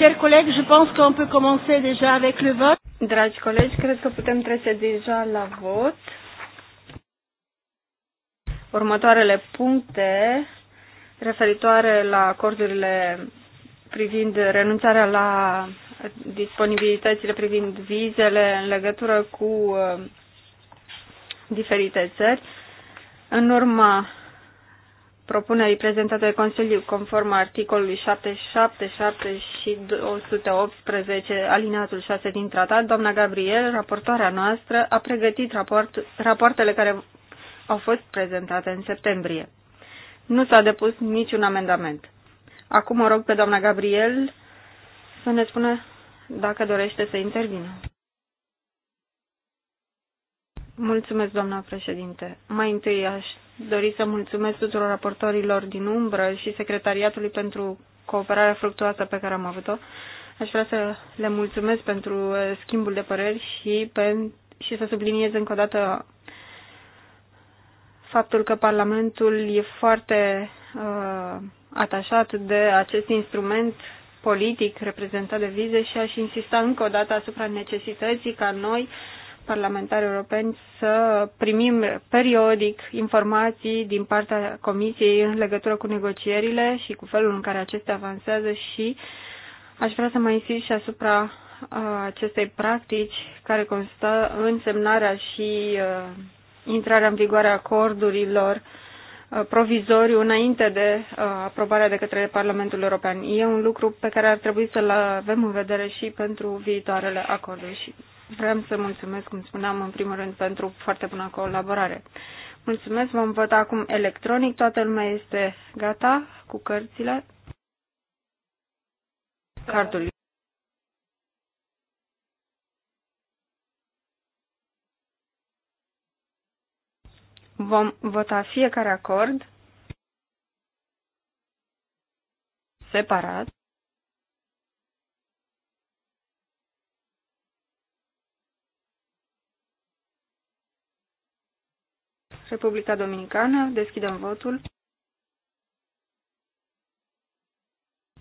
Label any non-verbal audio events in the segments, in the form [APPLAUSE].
Chers collègues, je pense qu'on peut commencer déjà avec le vote. Dragi colegi, cred că putem trece deja la vot. Următoarele puncte referitoare la acordurile privind renunțarea la disponibilitățile privind vizele în legătură cu uh, diferite țări. În urma propunerii prezentate de Consiliu conform articolului 777 și 218 alineatul 6 din tratat, doamna Gabriel, raportoarea noastră, a pregătit raport, rapoartele care au fost prezentate în septembrie. Nu s-a depus niciun amendament. Acum o rog pe doamna Gabriel să ne spună dacă dorește să intervină. Mulțumesc, doamna președinte. Mai întâi aș dori să mulțumesc tuturor raportorilor din umbră și secretariatului pentru cooperarea fructuoasă pe care am avut-o. Aș vrea să le mulțumesc pentru uh, schimbul de păreri și, pe, și să subliniez încă o dată faptul că Parlamentul e foarte uh, atașat de acest instrument politic reprezentat de vize și aș insista încă o dată asupra necesității ca noi uh, parlamentari europeni să primim periodic informații din partea Comisiei în legătură cu negocierile și cu felul în care acestea avansează și aș vrea să mai insist și asupra uh, acestei practici care constă în semnarea și uh, intrarea în vigoare a acordurilor uh, provizoriu înainte de aprobarea de către Parlamentul European. E un lucru pe care ar trebui să-l avem în vedere și pentru viitoarele acorduri. Și Vreau să mulțumesc, cum spuneam, în primul rând, pentru foarte bună colaborare. Mulțumesc, vom vota acum electronic. Toată lumea este gata cu cărțile. Cardul. Vom vota fiecare acord separat. Republica Dominicană. Deschidem votul.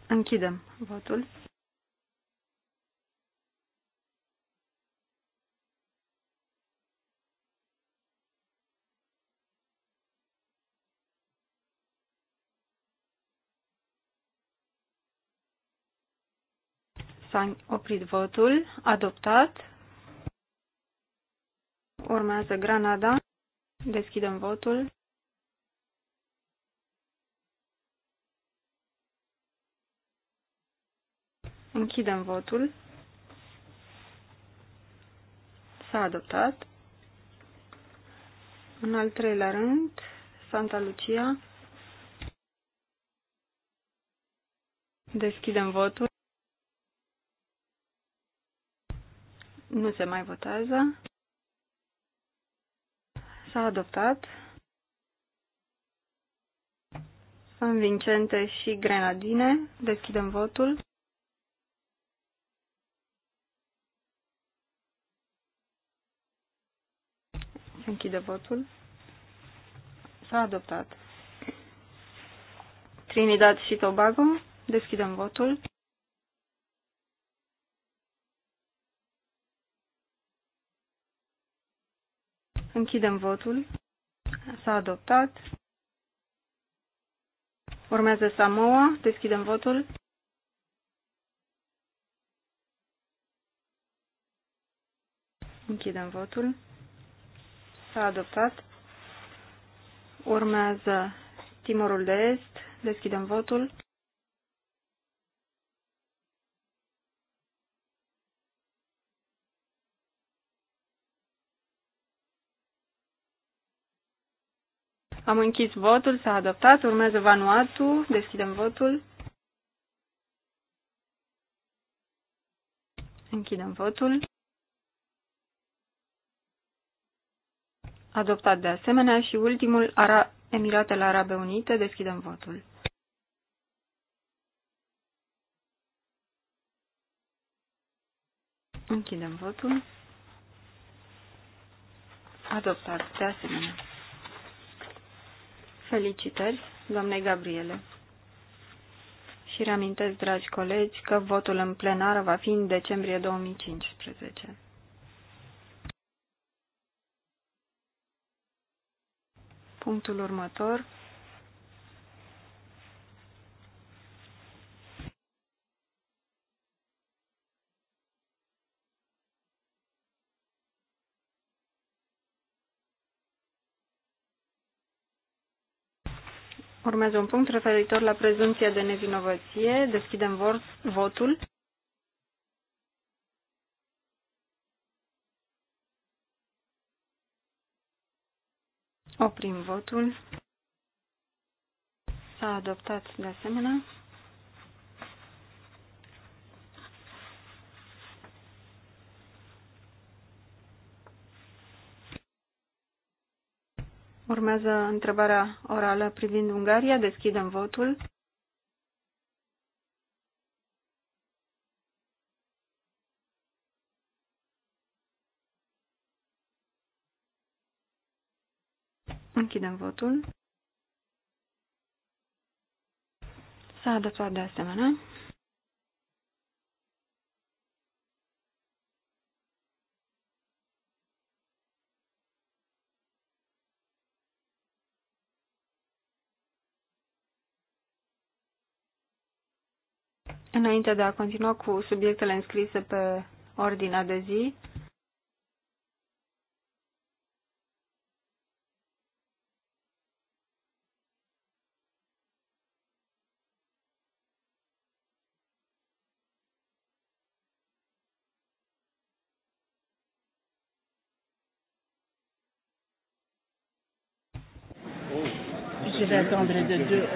Închidem votul. S-a oprit votul. Adoptat. Urmează Granada. Deschidem votul. Închidem votul. S-a adoptat. În al treilea rând, Santa Lucia. Deschidem votul. Nu se mai votează. S-a adoptat. San Vincente și Grenadine. Deschidem votul. Se închide votul. S-a adoptat. Trinidad și Tobago. Deschidem votul. Închidem votul. S-a adoptat. Urmează Samoa. Deschidem votul. Închidem votul. S-a adoptat. Urmează Timorul de Est. Deschidem votul. Am închis votul, s-a adoptat. Urmează Vanuatu. Deschidem votul. Închidem votul. Adoptat de asemenea și ultimul Ara Emiratele Arabe Unite. Deschidem votul. Închidem votul. Adoptat de asemenea. Felicitări, doamne Gabriele. Și reamintesc, dragi colegi, că votul în plenară va fi în decembrie 2015. Punctul următor Urmează un punct referitor la prezumția de nevinovăție. Deschidem vor, votul. Oprim votul. S-a adoptat de asemenea. Urmează întrebarea orală privind Ungaria. Deschidem votul. Închidem votul. S-a adăpat de asemenea. Înainte de a continua cu subiectele înscrise pe ordinea de zi, je vais attendre de deux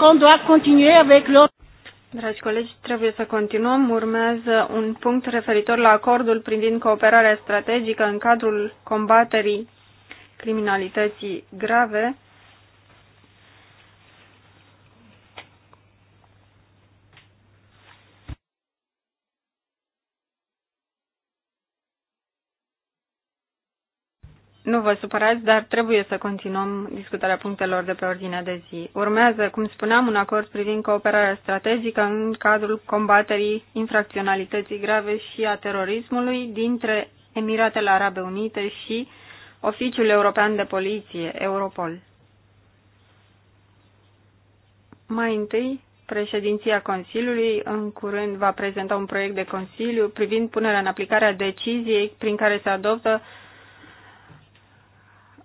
qu'on doit continuer avec l'autre. Dragi colegi, trebuie să continuăm. Urmează un punct referitor la acordul privind cooperarea strategică în cadrul combaterii criminalității grave. Nu vă supărați, dar trebuie să continuăm discutarea punctelor de pe ordinea de zi. Urmează, cum spuneam, un acord privind cooperarea strategică în cadrul combaterii infracționalității grave și a terorismului dintre Emiratele Arabe Unite și Oficiul European de Poliție, Europol. Mai întâi, președinția Consiliului în curând va prezenta un proiect de Consiliu privind punerea în aplicare a deciziei prin care se adoptă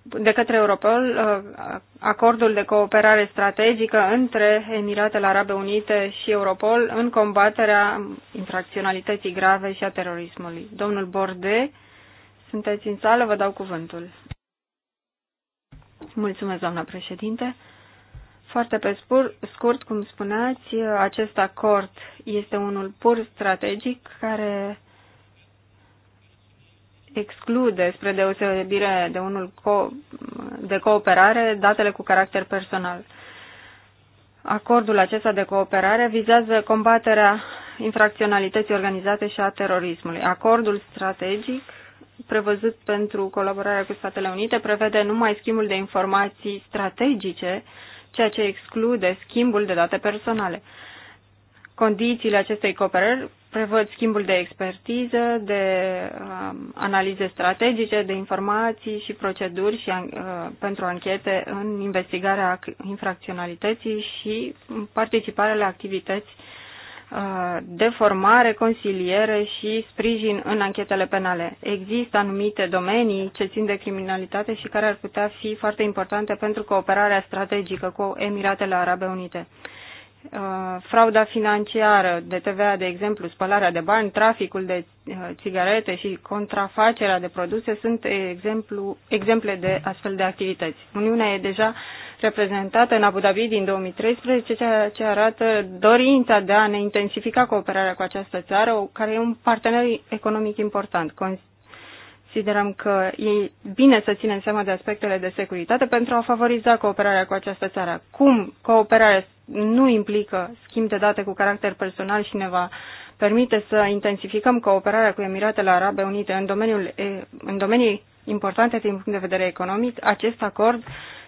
de către Europol uh, acordul de cooperare strategică între Emiratele Arabe Unite și Europol în combaterea infracționalității grave și a terorismului. Domnul Borde, sunteți în sală, vă dau cuvântul. Mulțumesc, doamna președinte. Foarte pe scurt, cum spuneați, acest acord este unul pur strategic care exclude, spre deosebire de unul co- de cooperare, datele cu caracter personal. Acordul acesta de cooperare vizează combaterea infracționalității organizate și a terorismului. Acordul strategic prevăzut pentru colaborarea cu Statele Unite prevede numai schimbul de informații strategice, ceea ce exclude schimbul de date personale. Condițiile acestei cooperări prevăd schimbul de expertiză, de uh, analize strategice, de informații și proceduri și, uh, pentru anchete în investigarea infracționalității și participarea la activități uh, de formare, consiliere și sprijin în anchetele penale. Există anumite domenii ce țin de criminalitate și care ar putea fi foarte importante pentru cooperarea strategică cu Emiratele Arabe Unite. Uh, frauda financiară de TVA, de exemplu, spălarea de bani, traficul de țigarete uh, și contrafacerea de produse sunt exemplu, exemple de astfel de activități. Uniunea e deja reprezentată în Abu Dhabi din 2013, ceea ce arată dorința de a ne intensifica cooperarea cu această țară, care e un partener economic important. Considerăm că e bine să ținem seama de aspectele de securitate pentru a favoriza cooperarea cu această țară. Cum cooperarea nu implică schimb de date cu caracter personal și ne va permite să intensificăm cooperarea cu Emiratele Arabe Unite în, domeniul, în domenii importante din punct de vedere economic, acest acord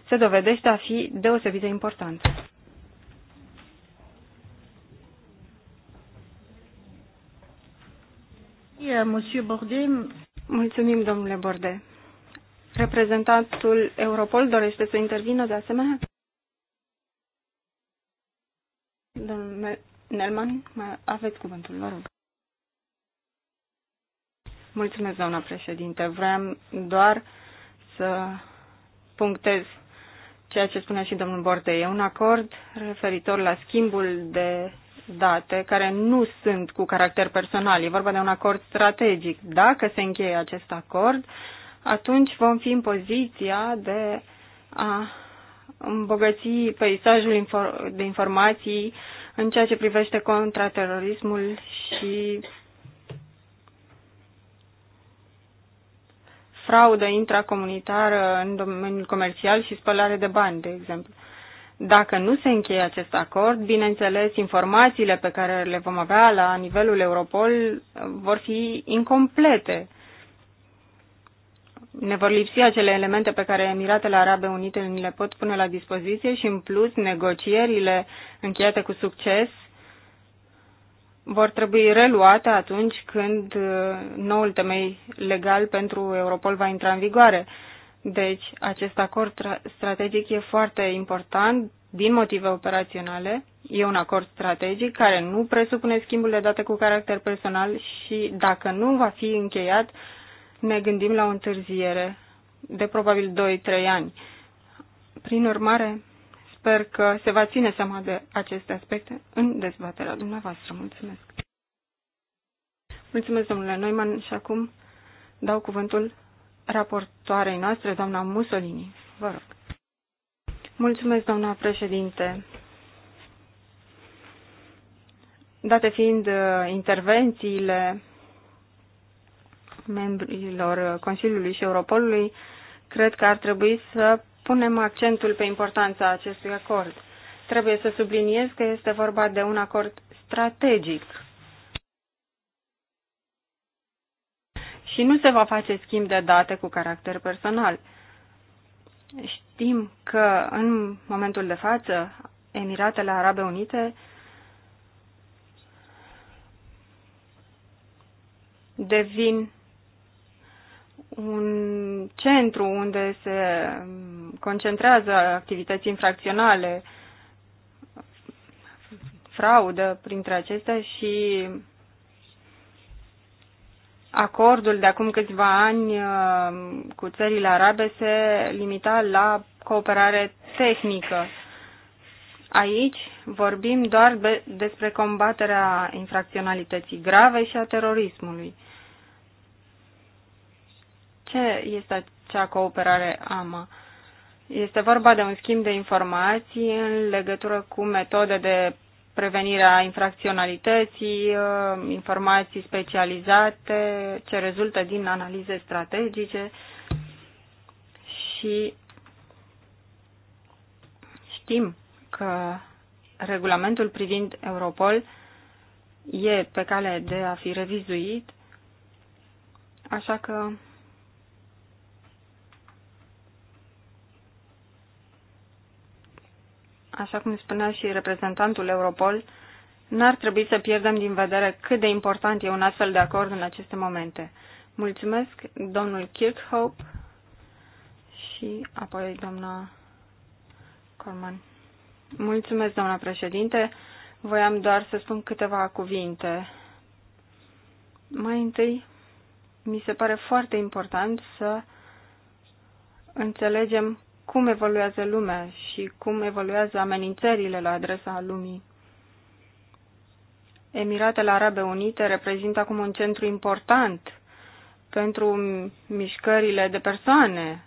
se dovedește a fi deosebit de important. Monsieur Bordet, Mulțumim, domnule Borde. Reprezentantul Europol dorește să intervină de asemenea? Domnul Nelman, mai aveți cuvântul, vă rog. Mulțumesc, doamna președinte. Vreau doar să punctez ceea ce spunea și domnul Borde. E un acord referitor la schimbul de date care nu sunt cu caracter personal. E vorba de un acord strategic. Dacă se încheie acest acord, atunci vom fi în poziția de a îmbogăți peisajul de informații în ceea ce privește contraterorismul și fraudă intracomunitară în domeniul comercial și spălare de bani, de exemplu. Dacă nu se încheie acest acord, bineînțeles, informațiile pe care le vom avea la nivelul Europol uh, vor fi incomplete. Ne vor lipsi acele elemente pe care Emiratele Arabe Unite ni le pot pune la dispoziție și, în plus, negocierile încheiate cu succes vor trebui reluate atunci când uh, noul temei legal pentru Europol va intra în vigoare. Deci, acest acord strategic e foarte important din motive operaționale. E un acord strategic care nu presupune schimbul de date cu caracter personal și dacă nu va fi încheiat, ne gândim la o întârziere de probabil 2-3 ani. Prin urmare, sper că se va ține seama de aceste aspecte în dezbaterea dumneavoastră. Mulțumesc! Mulțumesc, domnule Neumann, și acum dau cuvântul raportoarei noastre, doamna Mussolini. Vă rog. Mulțumesc, doamna președinte. Date fiind uh, intervențiile membrilor Consiliului și Europolului, cred că ar trebui să punem accentul pe importanța acestui acord. Trebuie să subliniez că este vorba de un acord strategic și nu se va face schimb de date cu caracter personal. Știm că în momentul de față Emiratele Arabe Unite devin un centru unde se concentrează activități infracționale, fraudă printre acestea și acordul de acum câțiva ani uh, cu țările arabe se limita la cooperare tehnică. Aici vorbim doar despre combaterea infracționalității grave și a terorismului. Ce este acea cooperare AMA? Este vorba de un schimb de informații în legătură cu metode de prevenirea infracționalității, uh, informații specializate ce rezultă din analize strategice și știm că regulamentul privind Europol e pe cale de a fi revizuit, așa că așa cum spunea și reprezentantul Europol, n-ar trebui să pierdem din vedere cât de important e un astfel de acord în aceste momente. Mulțumesc, domnul Kirkhope și apoi doamna Corman. Mulțumesc, doamna președinte. Voiam doar să spun câteva cuvinte. Mai întâi, mi se pare foarte important să înțelegem cum evoluează lumea și cum evoluează amenințările la adresa lumii. Emiratele Arabe Unite reprezintă acum un centru important pentru mișcările de persoane,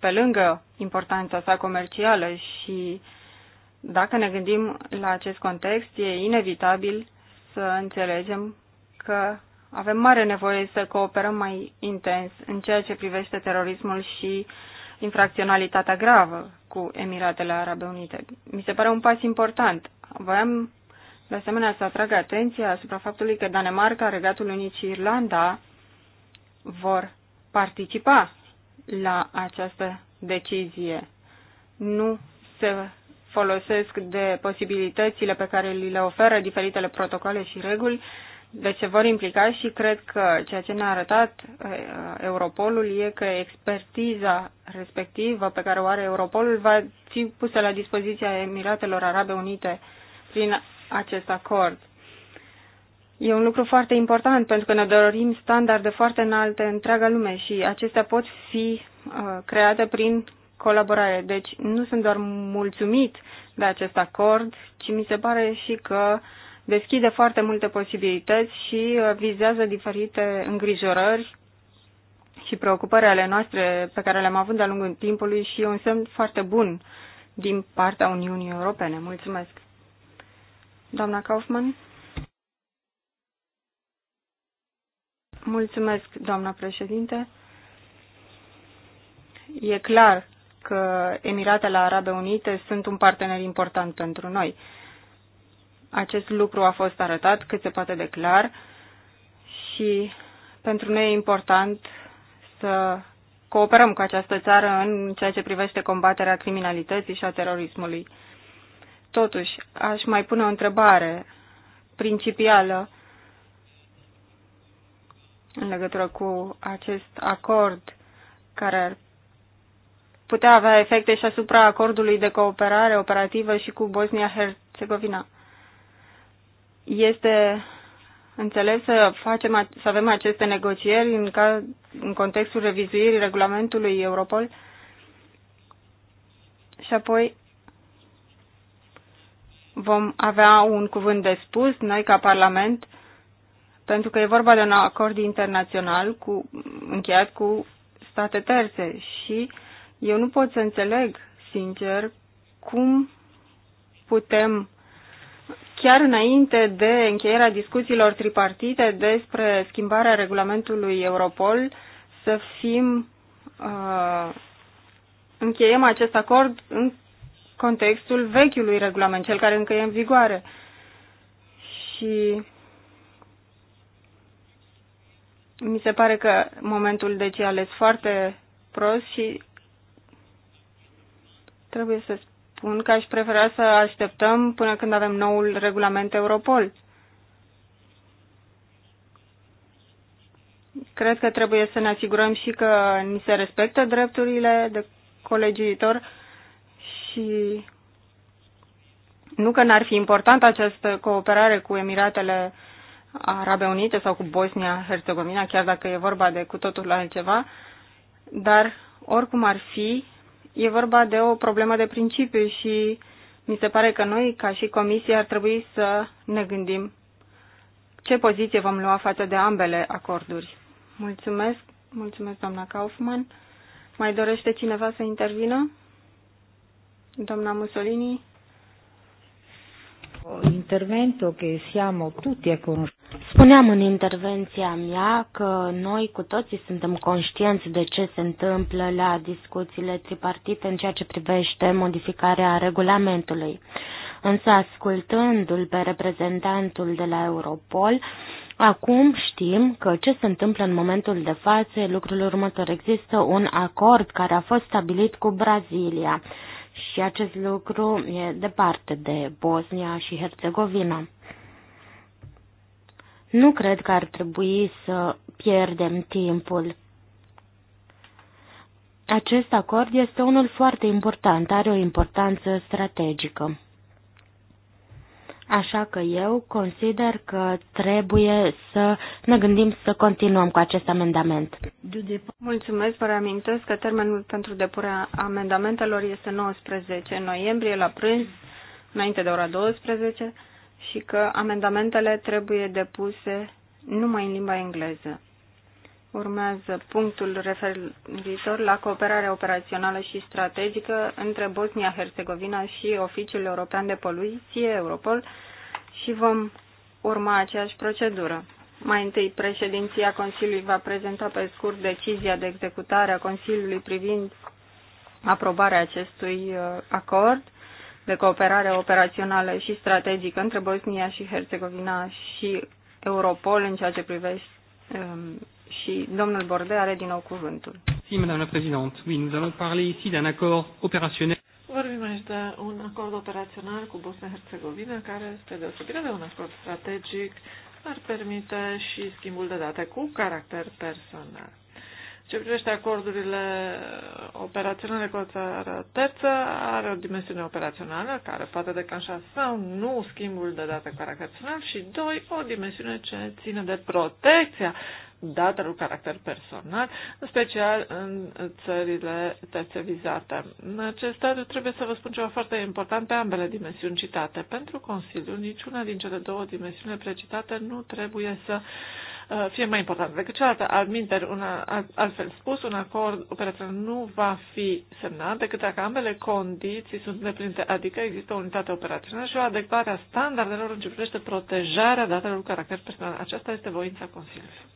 pe lângă importanța sa comercială și dacă ne gândim la acest context, e inevitabil să înțelegem că avem mare nevoie să cooperăm mai intens în ceea ce privește terorismul și uh, infracționalitatea gravă cu Emiratele Arabe Unite. Mi se pare un pas important. Voiam de asemenea să atrag atenția asupra faptului că Danemarca, Regatul Unit și Irlanda vor participa la această decizie. Nu se folosesc de posibilitățile pe care li le oferă diferitele protocole și reguli deci se vor implica și cred că ceea ce ne-a arătat uh, Europolul e că expertiza respectivă pe care o are Europolul va fi pusă la dispoziția Emiratelor Arabe Unite prin acest acord. E un lucru foarte important pentru că ne dorim standarde foarte înalte în întreaga lume și acestea pot fi uh, create prin colaborare. Deci nu sunt doar mulțumit de acest acord, ci mi se pare și că uh, deschide foarte multe posibilități și uh, vizează diferite îngrijorări și preocupări ale noastre pe care le-am avut de-a lungul timpului și e un semn foarte bun din partea Uniunii Europene. Mulțumesc. Doamna Kaufmann? Mulțumesc, doamna președinte. E clar că Emiratele Arabe Unite sunt un partener important pentru noi. Acest lucru a fost arătat cât se poate de clar și pentru noi e important să cooperăm cu această țară în ceea ce privește combaterea criminalității și a terorismului. Totuși, aș mai pune o întrebare principială în legătură cu acest acord care ar putea avea efecte și asupra acordului de cooperare operativă și cu Bosnia-Herzegovina este înțeles să, facem, să avem aceste negocieri în, ca, în contextul revizuirii regulamentului Europol și apoi vom avea un cuvânt de spus, noi ca Parlament, pentru că e vorba de un acord internațional cu, încheiat cu state terțe și eu nu pot să înțeleg, sincer, cum putem chiar înainte de încheierea discuțiilor tripartite despre schimbarea regulamentului Europol, să fim uh, încheiem acest acord în contextul vechiului regulament, cel care încă e în vigoare. Și mi se pare că momentul deci e ales foarte prost și trebuie să spun că aș prefera să așteptăm până când avem noul regulament Europol. Cred că trebuie să ne asigurăm și că ni se respectă drepturile de colegiitor și nu că n-ar fi importantă această cooperare cu Emiratele Arabe Unite sau cu Bosnia-Herzegovina, chiar dacă e vorba de cu totul altceva, dar oricum ar fi, E vorba de o problemă de principiu și mi se pare că noi, ca și Comisie, ar trebui să ne gândim ce poziție vom lua față de ambele acorduri. Mulțumesc, mulțumesc doamna Kaufman. Mai dorește cineva să intervină? Doamna Mussolini? Intervento che siamo tutti a Spuneam în intervenția mea că noi cu toții suntem conștienți de ce se întâmplă la discuțiile tripartite în ceea ce privește modificarea regulamentului. Însă ascultându-l pe reprezentantul de la Europol, Acum știm că ce se întâmplă în momentul de față e lucrul următor. Există un acord care a fost stabilit cu Brazilia și acest lucru e departe de Bosnia și Herțegovina. Nu cred că ar trebui să pierdem timpul. Acest acord este unul foarte important, are o importanță strategică. Așa că eu consider că trebuie să ne gândim să continuăm cu acest amendament. Mulțumesc, vă reamintesc că termenul pentru depunerea amendamentelor este 19 noiembrie la prânz, înainte de ora 12, și că amendamentele trebuie depuse numai în limba engleză. Urmează punctul referitor la cooperarea operațională și strategică între Bosnia-Herzegovina și Oficiul European de Poluție, Europol, și vom urma aceeași procedură. Mai întâi, președinția Consiliului va prezenta pe scurt decizia de executare a Consiliului privind aprobarea acestui uh, acord de cooperare operațională și strategică între Bosnia și Herzegovina și Europol în ceea ce privește um, și domnul Borde are din nou cuvântul. Si, madame la présidente. Oui, nous allons parler ici d'un accord opérationnel. Vorbim aici de un acord operațional cu Bosnia-Herzegovina, care, este deosebire de un acord strategic, ar permite și schimbul de date cu caracter personal. Ce privește acordurile operaționale cu o țară terță, are o dimensiune operațională care poate declanșa sau nu schimbul de date cu caracter personal și, doi, o dimensiune ce ține de protecția datelor caracter personal, în special în țările terțe vizate. În acest stadiu trebuie să vă spun ceva foarte important pe ambele dimensiuni citate. Pentru Consiliu, niciuna din cele două dimensiuni precitate nu trebuie să uh, fie mai importantă decât cealaltă. Alminter, una, altfel spus, un acord operațional nu va fi semnat decât dacă ambele condiții sunt îndeplinite, adică există o unitate operațională și o adecvare a standardelor în ce privește protejarea datelor cu caracter personal. Aceasta este voința Consiliului.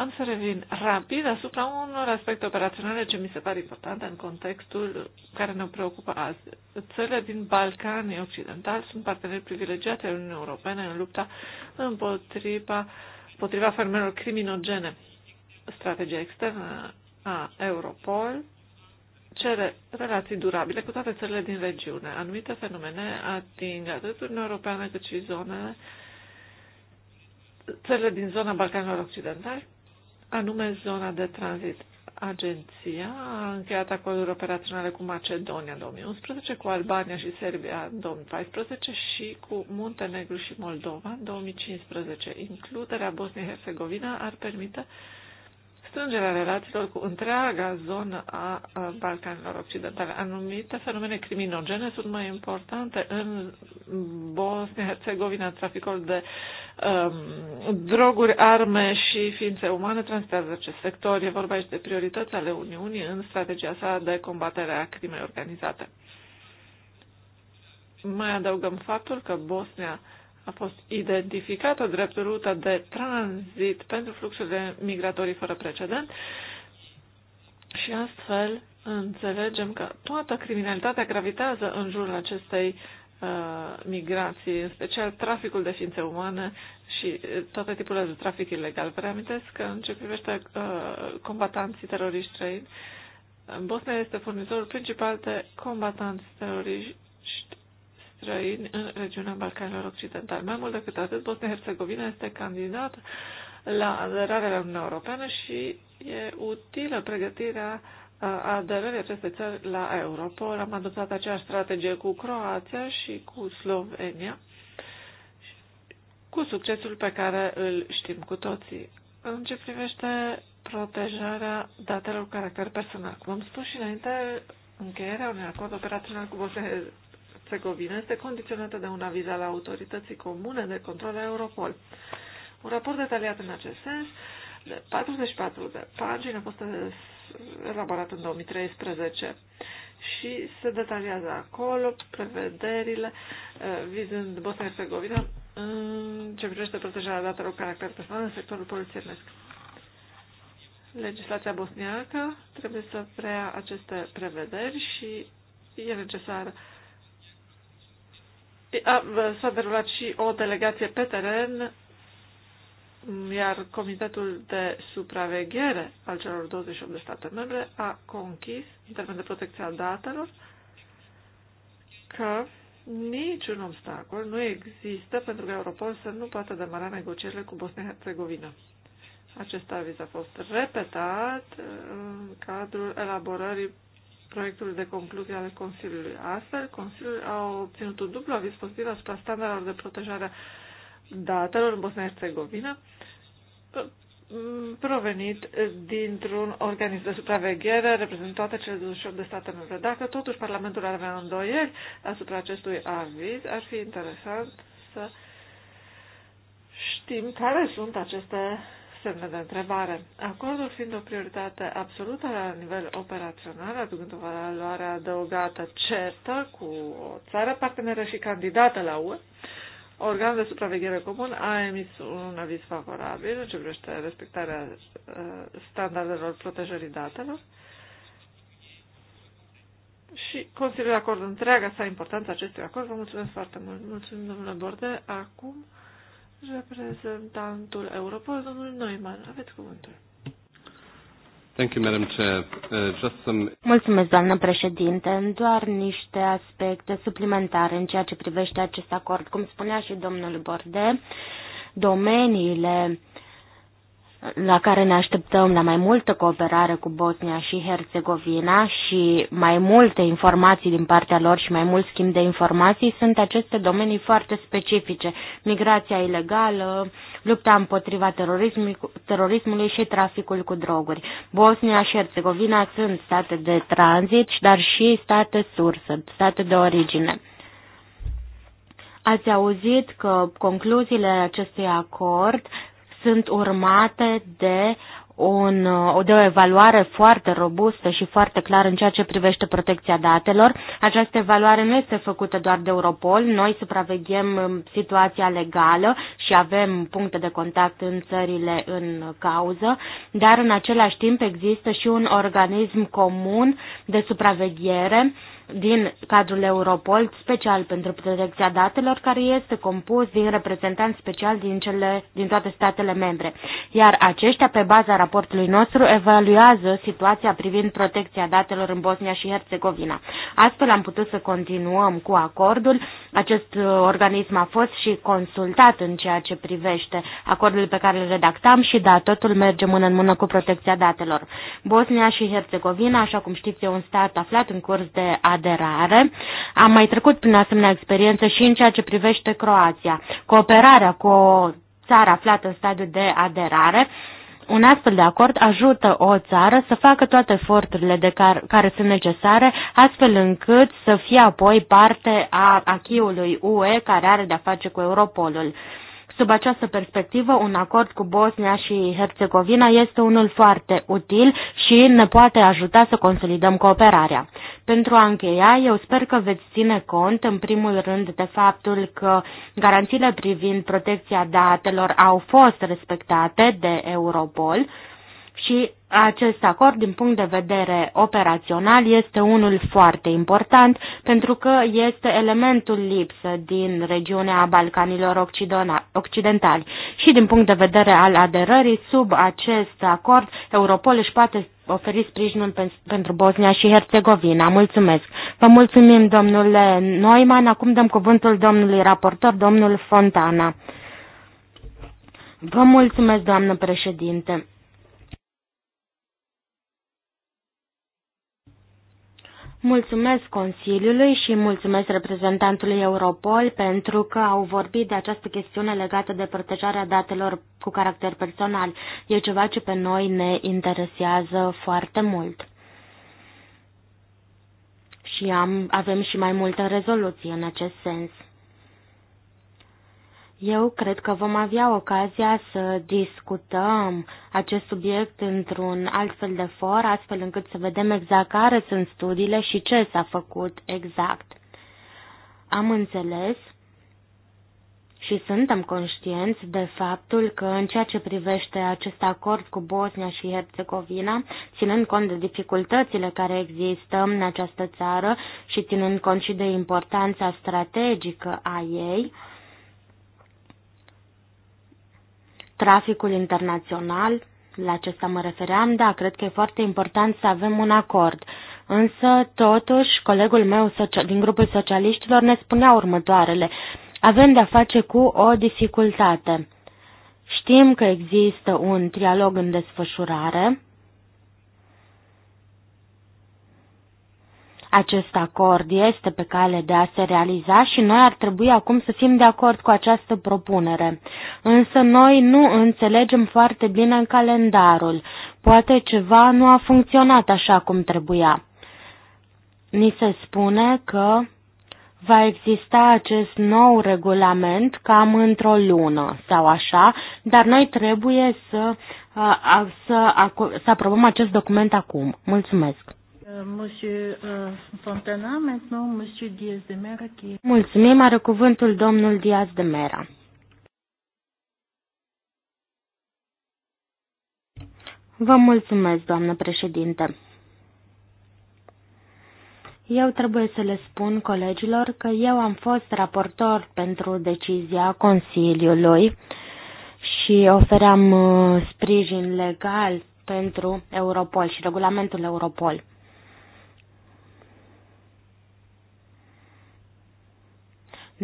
Am să revin rapid asupra unor aspecte operaționale ce mi se pare importante în contextul care ne preocupă azi. Țările din Balcanii Occidentali sunt parteneri privilegiate în Uniunea Europeană în lupta împotriva, împotriva fermelor criminogene. Strategia externă a Europol cere relații durabile cu toate țările din regiune. Anumite fenomene ating atât Uniunea Europeană cât și zonele țările din zona Balcanilor Occidentali anume zona de tranzit. Agenția a încheiat acorduri operaționale cu Macedonia în 2011, cu Albania și Serbia în 2014 și cu Muntenegru și Moldova în 2015. Includerea Bosniei-Herzegovina ar permite strângerea relațiilor cu întreaga zonă a Balcanilor Occidentale. Anumite fenomene criminogene sunt mai importante în Bosnia-Herzegovina, traficul de um, droguri, arme și ființe umane transitează acest sector. E vorba aici de priorități ale Uniunii în strategia sa de combatere a crimei organizate. Mai adăugăm faptul că Bosnia a fost identificată drept rută de tranzit pentru fluxurile migratorii fără precedent și astfel înțelegem că toată criminalitatea gravitează în jurul acestei uh, migrații, în special traficul de ființe umane și uh, toate tipurile de trafic ilegal. Vă reamintesc că în ce privește uh, combatanții teroriști străini, Bosnia este furnizorul principal de combatanți teroriști străini în regiunea Balcanilor Occidentali. Mai mult decât atât, Bosnia-Herzegovina este candidat la aderarea la Uniunea Europeană și e utilă pregătirea aderării acestei țări la Europol. Am adoptat aceeași strategie cu Croația și cu Slovenia, cu succesul pe care îl știm cu toții. În ce privește protejarea datelor cu caracter personal. Cum am spus și înainte, încheierea unui acord operațional cu Bosnia-Herzegovina este condiționată de un aviz al autorității comune de control a Europol. Un raport detaliat în acest sens de 44 de pagini a fost elaborat în 2013 și se detaliază acolo prevederile eh, vizând Bosnia-Herzegovina în ce privește protejarea datelor caracter personal în sectorul polițienesc. Legislația bosniacă trebuie să preia aceste prevederi și e necesar S-a derulat și o delegație pe teren iar Comitetul de Supraveghere al celor 28 de state membre a conchis, în termen de protecție datelor, că niciun obstacol nu există pentru că Europol să nu poată demara negocierile cu Bosnia-Herzegovina. Acest aviz a fost repetat în cadrul elaborării proiectului de concluzie ale Consiliului. Astfel, Consiliul a obținut un dublu aviz pozitiv asupra standardelor de protejare datelor în Bosnia-Herzegovina provenit dintr-un organism de supraveghere reprezentată cele 28 de state membre. Dacă totuși Parlamentul ar avea îndoieli asupra acestui aviz, ar fi interesant să știm care sunt aceste semne de întrebare. Acordul fiind o prioritate absolută la nivel operațional, aducând o valoare adăugată certă cu o țară parteneră și candidată la UE, organul de supraveghere comun a emis un aviz favorabil în ce privește respectarea uh, standardelor protejării datelor și Consiliul acord întreaga sa importanță acestui acord. Vă mulțumesc foarte mult. Mulțumim, domnule Borde. Acum, reprezentantul Europol, domnul Neumann. Aveți cuvântul. Thank you, Madam Chair. Uh, just some... Mulțumesc, doamnă președinte. Doar niște aspecte suplimentare în ceea ce privește acest acord. Cum spunea și domnul Borde, domeniile la care ne așteptăm la mai multă cooperare cu Bosnia și Herțegovina și mai multe informații din partea lor și mai mult schimb de informații, sunt aceste domenii foarte specifice. Migrația ilegală, lupta împotriva terorismului, terorismului și traficul cu droguri. Bosnia și Herțegovina sunt state de tranzit, dar și state sursă, state de origine. Ați auzit că concluziile acestui acord sunt urmate de un, de o evaluare foarte robustă și foarte clară în ceea ce privește protecția datelor. Această evaluare nu este făcută doar de Europol, noi supraveghem um, situația legală și avem puncte de contact în țările în cauză, dar în același timp există și un organism comun de supraveghere din cadrul Europol, special pentru protecția datelor, care este compus din reprezentanți special din, cele, din toate statele membre. Iar aceștia, pe baza raportului nostru, evaluează situația privind protecția datelor în Bosnia și Herțegovina. Astfel am putut să continuăm cu acordul. Acest uh, organism a fost și consultat în ceea ce privește acordul pe care îl redactam și da, totul merge mână în mână cu protecția datelor. Bosnia și Herțegovina, așa cum știți, e un stat aflat în curs de a aderare. Am mai trecut prin asemenea experiență și în ceea ce privește Croația. Cooperarea cu o țară aflată în stadiu de aderare un astfel de acord ajută o țară să facă toate eforturile de car- care sunt necesare, astfel încât să fie apoi parte a achiului UE care are de-a face cu Europolul. Sub această perspectivă, un acord cu Bosnia și Herțegovina este unul foarte util și ne poate ajuta să consolidăm cooperarea. Pentru a încheia, eu sper că veți ține cont, în primul rând, de faptul că garanțiile privind protecția datelor au fost respectate de Europol, și acest acord, din punct de vedere operațional, este unul foarte important pentru că este elementul lipsă din regiunea Balcanilor Occidentali. Și din punct de vedere al aderării, sub acest acord, Europol își poate oferi sprijinul pentru Bosnia și Herțegovina. Mulțumesc! Vă mulțumim, domnule Neumann. Acum dăm cuvântul domnului raportor, domnul Fontana. Vă mulțumesc, doamnă președinte. Mulțumesc Consiliului și mulțumesc reprezentantului Europol pentru că au vorbit de această chestiune legată de protejarea datelor cu caracter personal. E ceva ce pe noi ne interesează foarte mult. Și am, avem și mai multe rezoluții în acest sens. Eu cred că vom avea ocazia să discutăm acest subiect într-un alt fel de for, astfel încât să vedem exact care sunt studiile și ce s-a făcut exact. Am înțeles și suntem conștienți de faptul că în ceea ce privește acest acord cu Bosnia și Herțegovina, ținând cont de dificultățile care există în această țară și ținând cont și de importanța strategică a ei, traficul internațional, la acesta mă refeream, da, cred că e foarte important să avem un acord. Însă, totuși, colegul meu din grupul socialiștilor ne spunea următoarele. Avem de-a face cu o dificultate. Știm că există un trialog în desfășurare, Acest acord este pe cale de a se realiza și noi ar trebui acum să fim de acord cu această propunere. Însă noi nu înțelegem foarte bine calendarul. Poate ceva nu a funcționat așa cum trebuia. Ni se spune că va exista acest nou regulament cam într-o lună sau așa, dar noi trebuie să, să, să aprobăm acest document acum. Mulțumesc! Monsieur euh, Fontana, maintenant Monsieur Diaz de Mera. Mulțumim, are cuvântul domnul Diaz de Mera. Vă mulțumesc, doamnă președinte. Eu trebuie să le spun colegilor că eu am fost raportor pentru decizia Consiliului și ofeream uh, sprijin legal pentru Europol și regulamentul Europol.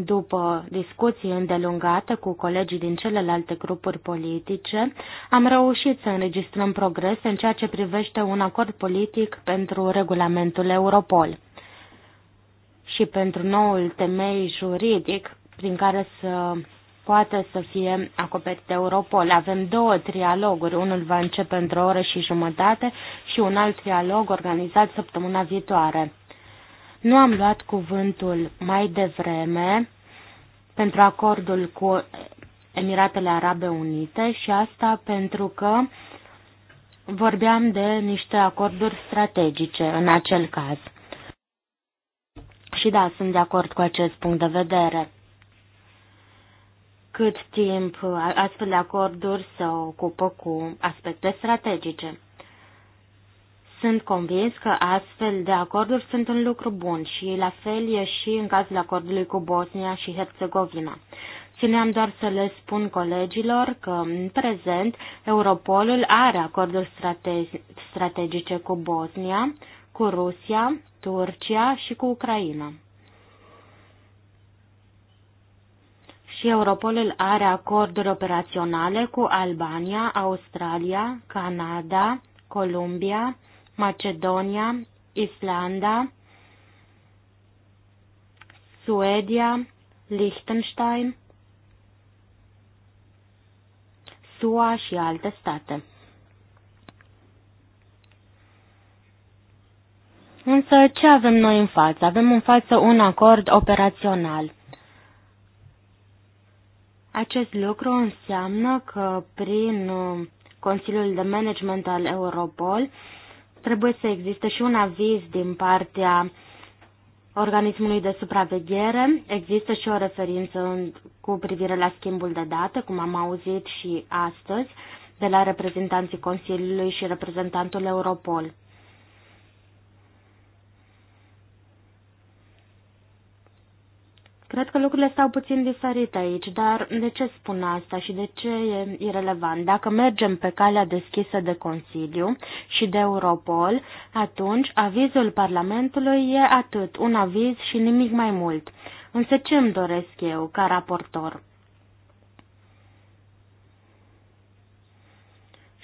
După discuții îndelungate cu colegii din celelalte grupuri politice, am reușit să înregistrăm progrese în ceea ce privește un acord politic pentru regulamentul Europol și pentru noul temei juridic prin care să poate să fie acoperit Europol. Avem două trialoguri, unul va începe într-o oră și jumătate și un alt trialog organizat săptămâna viitoare. Nu am luat cuvântul mai devreme pentru acordul cu Emiratele Arabe Unite și asta pentru că vorbeam de niște acorduri strategice în acel caz. Și da, sunt de acord cu acest punct de vedere. Cât timp astfel de acorduri se ocupă cu aspecte strategice. Sunt convins că astfel de acorduri sunt un lucru bun și la fel e și în cazul acordului cu Bosnia și Herțegovina. Țineam doar să le spun colegilor că, în prezent, Europolul are acorduri strate- strategice cu Bosnia, cu Rusia, Turcia și cu Ucraina. și Europolul are acorduri operaționale cu Albania, Australia, Canada, Columbia, Macedonia, Islanda, Suedia, Liechtenstein, SUA și alte state. Însă ce avem noi în față? Avem în față un acord operațional. Acest lucru înseamnă că prin uh, Consiliul de Management al Europol trebuie să existe și un aviz din partea organismului de supraveghere. Există și o referință cu privire la schimbul de date, cum am auzit și astăzi, de la reprezentanții Consiliului și reprezentantul Europol. Cred că lucrurile stau puțin diferit aici, dar de ce spun asta și de ce e irrelevant? Dacă mergem pe calea deschisă de Consiliu și de Europol, atunci avizul Parlamentului e atât, un aviz și nimic mai mult. Însă ce îmi doresc eu ca raportor?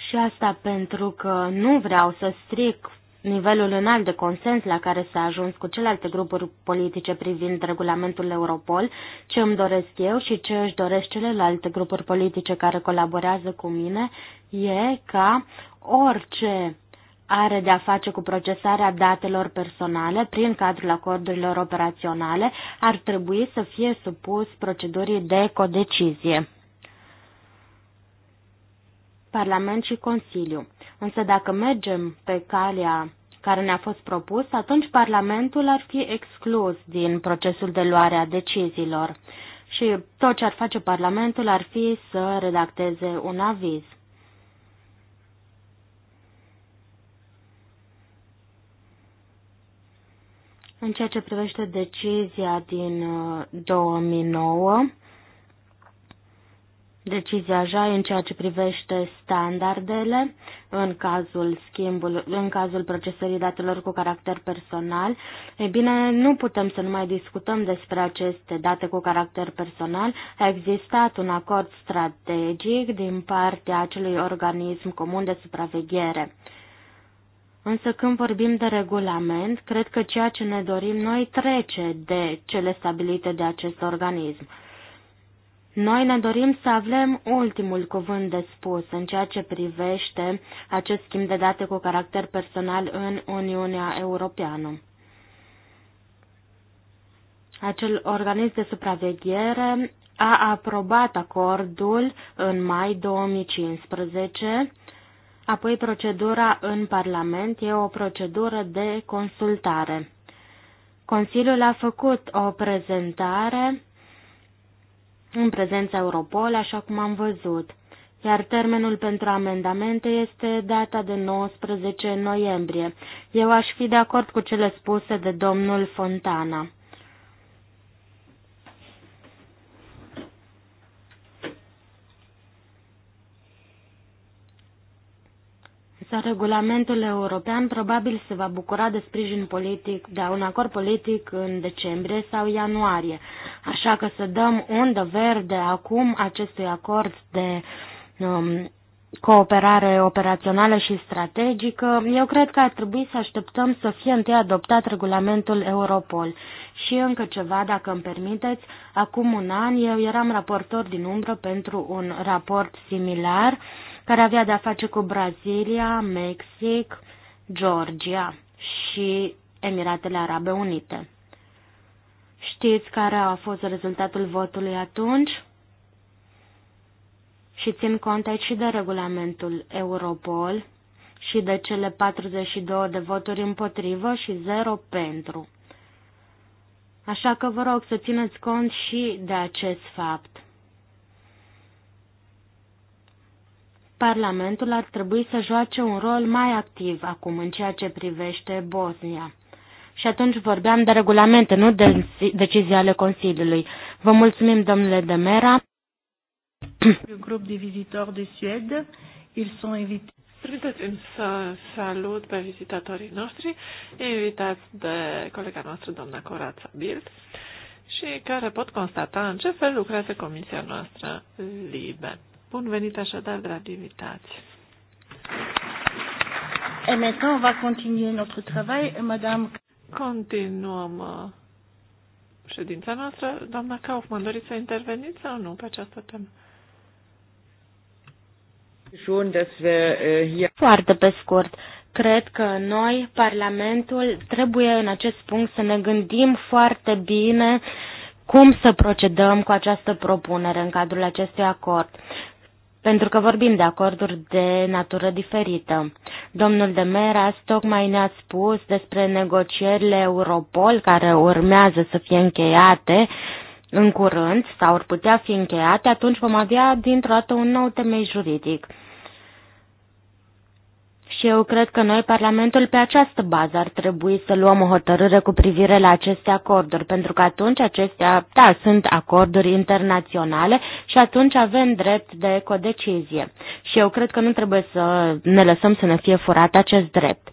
Și asta pentru că nu vreau să stric nivelul înalt de consens la care s-a ajuns cu celelalte grupuri politice privind regulamentul Europol, ce îmi doresc eu și ce își doresc celelalte grupuri politice care colaborează cu mine, e ca orice are de-a face cu procesarea datelor personale prin cadrul acordurilor operaționale ar trebui să fie supus procedurii de codecizie. Parlament și Consiliu. Însă dacă mergem pe calea care ne-a fost propus, atunci Parlamentul ar fi exclus din procesul de luare a deciziilor și tot ce ar face Parlamentul ar fi să redacteze un aviz. În ceea ce privește decizia din 2009, uh, decizia JAI în ceea ce privește standardele în cazul schimbul, în cazul procesării datelor cu caracter personal, e bine, nu putem să nu mai discutăm despre aceste date cu caracter personal. A existat un acord strategic din partea acelui organism comun de supraveghere. Însă când vorbim de regulament, cred că ceea ce ne dorim noi trece de cele stabilite de acest organism. Noi ne dorim să avem ultimul cuvânt de spus în ceea ce privește acest schimb de date cu caracter personal în Uniunea Europeană. Acel organism de supraveghere a aprobat acordul în mai 2015, apoi procedura în Parlament e o procedură de consultare. Consiliul a făcut o prezentare în prezența Europol, așa cum am văzut, iar termenul pentru amendamente este data de 19 noiembrie. Eu aș fi de acord cu cele spuse de domnul Fontana. Însă regulamentul european probabil se va bucura de sprijin politic, de un acord politic în decembrie sau ianuarie. Așa că să dăm undă verde acum acestui acord de um, cooperare operațională și strategică, eu cred că ar trebui să așteptăm să fie întâi adoptat regulamentul Europol. Și încă ceva, dacă îmi permiteți, acum un an eu eram raportor din umbră pentru un raport similar uh, care avea de-a face cu Brazilia, Mexic, Georgia și Emiratele Arabe Unite. Știți care a fost rezultatul votului atunci? Și țin cont aici și de regulamentul Europol și de cele 42 de voturi împotrivă și 0 pentru. Așa că vă rog să țineți cont și de acest fapt. Parlamentul ar trebui să joace un rol mai activ acum în ceea ce privește Bosnia. Și atunci vorbeam de regulamente, nu de decizii ale Consiliului. Vă mulțumim, domnule Demera. Un grup de vizitori de Suede, ils sont invités. Permiteți-mi să salut pe vizitatorii noștri, invitați de colega noastră, doamna Corața Bild, și care pot constata în ce fel lucrează comisia noastră libe. Bun venit așadar, dragi invitați. Et maintenant, on va continuer notre travail. Madame... Continuăm uh, ședința noastră. Doamna Kaufmann, doriți să interveniți sau nu pe această temă? Äh, foarte pe scurt. Cred că noi, Parlamentul, trebuie în acest punct să ne gândim foarte bine cum să procedăm cu această propunere în cadrul acestui acord pentru că vorbim de acorduri de natură diferită. Domnul de Meras tocmai ne-a spus despre negocierile Europol care urmează să fie încheiate în curând sau ar putea fi încheiate, atunci vom avea dintr-o dată un nou temei juridic și eu cred că noi, Parlamentul, pe această bază ar trebui să luăm o hotărâre cu privire la aceste acorduri, pentru că atunci acestea, da, sunt acorduri internaționale și atunci avem drept de codecizie. Și eu cred că nu trebuie să ne lăsăm să ne fie furat acest drept.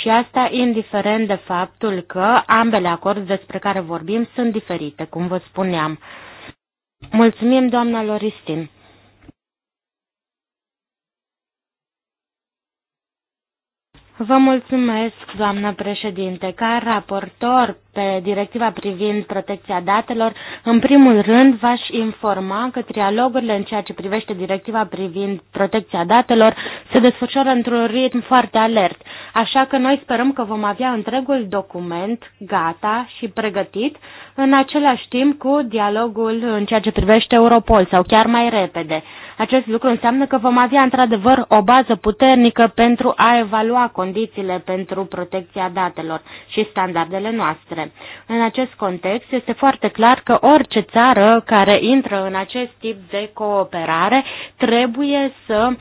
Și asta indiferent de faptul că ambele acorduri despre care vorbim sunt diferite, cum vă spuneam. Mulțumim, doamna Loristin. Vă mulțumesc, doamnă președinte. Ca raportor pe directiva privind protecția datelor, în primul rând v-aș informa că trialogurile în ceea ce privește directiva privind protecția datelor se desfășoară într-un ritm foarte alert. Așa că noi sperăm că vom avea întregul document gata și pregătit în același timp cu dialogul în ceea ce privește Europol sau chiar mai repede. Acest lucru înseamnă că vom avea într-adevăr o bază puternică pentru a evalua condițiile pentru protecția datelor și standardele noastre. În acest context este foarte clar că orice țară care intră în acest tip de cooperare trebuie să uh,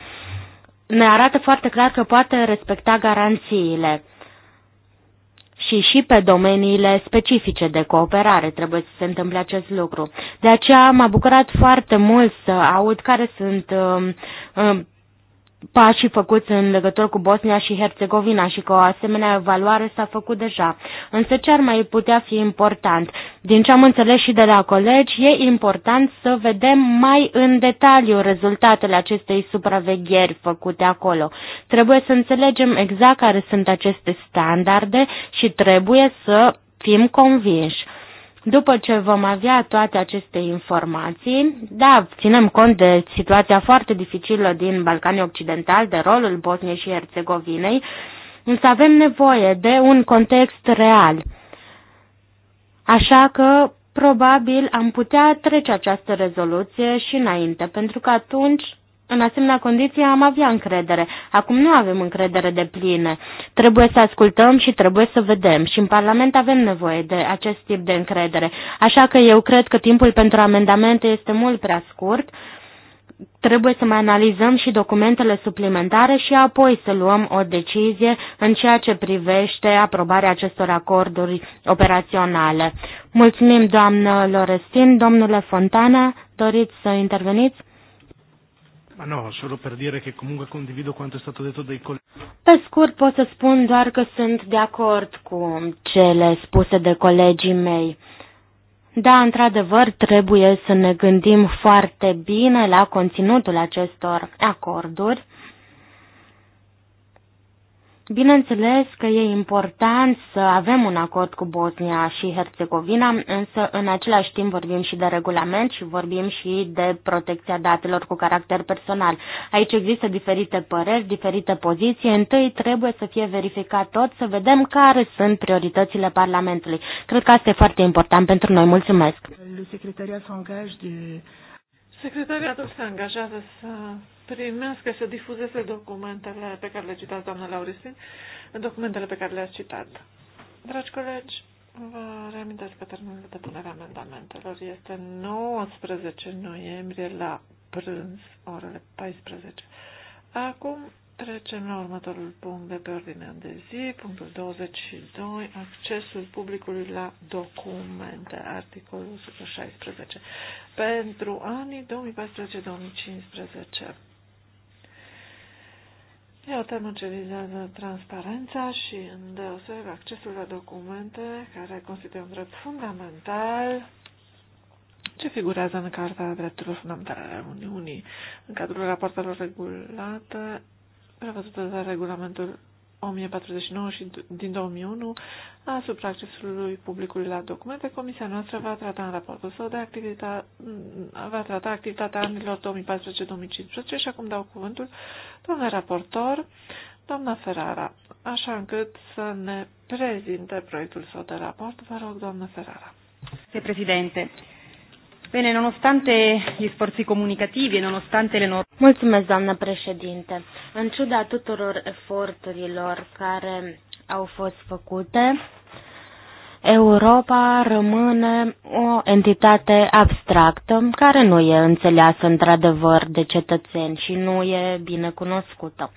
ne arată foarte clar că poate respecta garanțiile și și pe domeniile specifice de cooperare trebuie să se întâmple acest lucru. De aceea m-a bucurat foarte mult să aud care sunt uh, uh, pașii făcuți în legătură cu Bosnia și Herțegovina și că o asemenea evaluare s-a făcut deja. Însă ce ar mai putea fi important? Din ce am înțeles și de la colegi, e important să vedem mai în detaliu rezultatele acestei supravegheri făcute acolo. Trebuie să înțelegem exact care sunt aceste standarde și trebuie să fim convinși. După ce vom avea toate aceste informații, da, ținem cont de situația foarte dificilă din Balcanii Occidentali, de rolul Bosniei și Herțegovinei, însă avem nevoie de un context real. Așa că probabil am putea trece această rezoluție și înainte, pentru că atunci în asemenea condiție am avea încredere. Acum nu avem încredere de plină. Trebuie să ascultăm și trebuie să vedem. Și în Parlament avem nevoie de acest tip de încredere. Așa că eu cred că timpul pentru amendamente este mult prea scurt. Trebuie să mai analizăm și documentele suplimentare și apoi să luăm o decizie în ceea ce privește aprobarea acestor acorduri operaționale. Mulțumim, doamnă Lorestin. Domnule Fontana, doriți să interveniți? Ma ah, no, solo per dire che comunque condivido quanto è stato detto dai colleghi. Pe scurt pot să spun doar că sunt de acord cu cele spuse de colegii mei. Da, într-adevăr, trebuie să ne gândim foarte bine la conținutul acestor acorduri Bineînțeles că e important să avem un acord cu Bosnia și Herțegovina, însă în același timp vorbim și de regulament și vorbim și de protecția datelor cu caracter personal. Aici există diferite păreri, diferite poziții. Întâi trebuie să fie verificat tot, să vedem care sunt prioritățile Parlamentului. Cred că asta e foarte important pentru noi. Mulțumesc! Secretariatul se angajează să primească să difuzeze documentele pe care le citați, doamna Laurisin, documentele pe care le-ați citat. Dragi colegi, vă reamintesc că termenul de depunere amendamentelor este 19 noiembrie la prânz, orele 14. Acum trecem la următorul punct de pe ordinea de zi, punctul 22, accesul publicului la documente, articolul 116, pentru anii 2014-2015. E o temă ce transparența și îndeoseb accesul la documente care constituie un drept fundamental ce figurează în Carta Drepturilor Fundamentale ale Uniunii în cadrul raportelor regulate prevăzute de regulamentul 1049 și din 2001 asupra accesului publicului la documente, comisia noastră va trata în raportul său de activitate va trata activitatea anilor 2014-2015 și acum dau cuvântul doamnei raportor, doamna Ferrara, așa încât să ne prezinte proiectul său de raport. Vă rog, doamna Ferrara. Se Președinte, Bine, nonostante gli sforzi comunicativi e nonostante le norme... Mulțumesc, doamnă președinte. În ciuda tuturor eforturilor care au fost făcute, Europa rămâne o entitate abstractă care nu e înțeleasă într-adevăr de cetățeni și nu e bine cunoscută.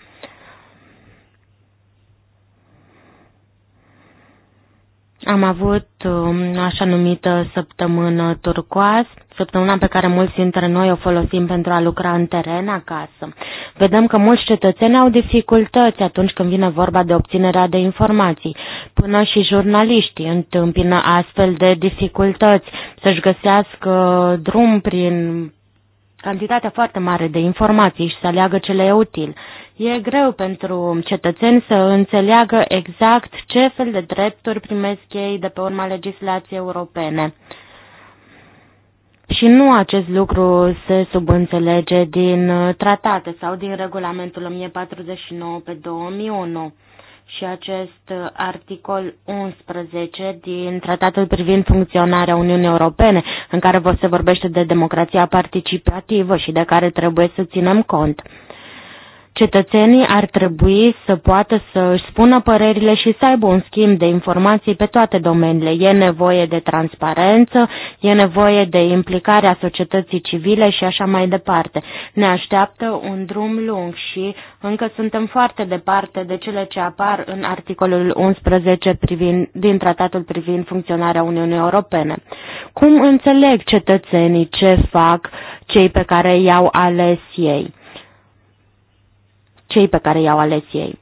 Am avut um, așa numită săptămână turcoaz, săptămâna pe care mulți dintre noi o folosim pentru a lucra în teren acasă. Vedem că mulți cetățeni au dificultăți atunci când vine vorba de obținerea de informații. Până și jurnaliștii întâmpină astfel de dificultăți să-și găsească drum prin cantitatea foarte mare de informații și să aleagă cele util. E greu pentru cetățeni să înțeleagă exact ce fel de drepturi primesc ei de pe urma legislației europene. Și nu acest lucru se subînțelege din tratate sau din regulamentul 1049 pe 2001 și acest articol 11 din Tratatul privind funcționarea Uniunii Europene, în care se vorbește de democrația participativă și de care trebuie să ținem cont. Cetățenii ar trebui să poată să își spună părerile și să aibă un schimb de informații pe toate domeniile. E nevoie de transparență, e nevoie de implicarea societății civile și așa mai departe. Ne așteaptă un drum lung și încă suntem foarte departe de cele ce apar în articolul 11 privind, din tratatul privind funcționarea Uniunii Europene. Cum înțeleg cetățenii ce fac cei pe care i-au ales ei? cei pe care i-au ales ei.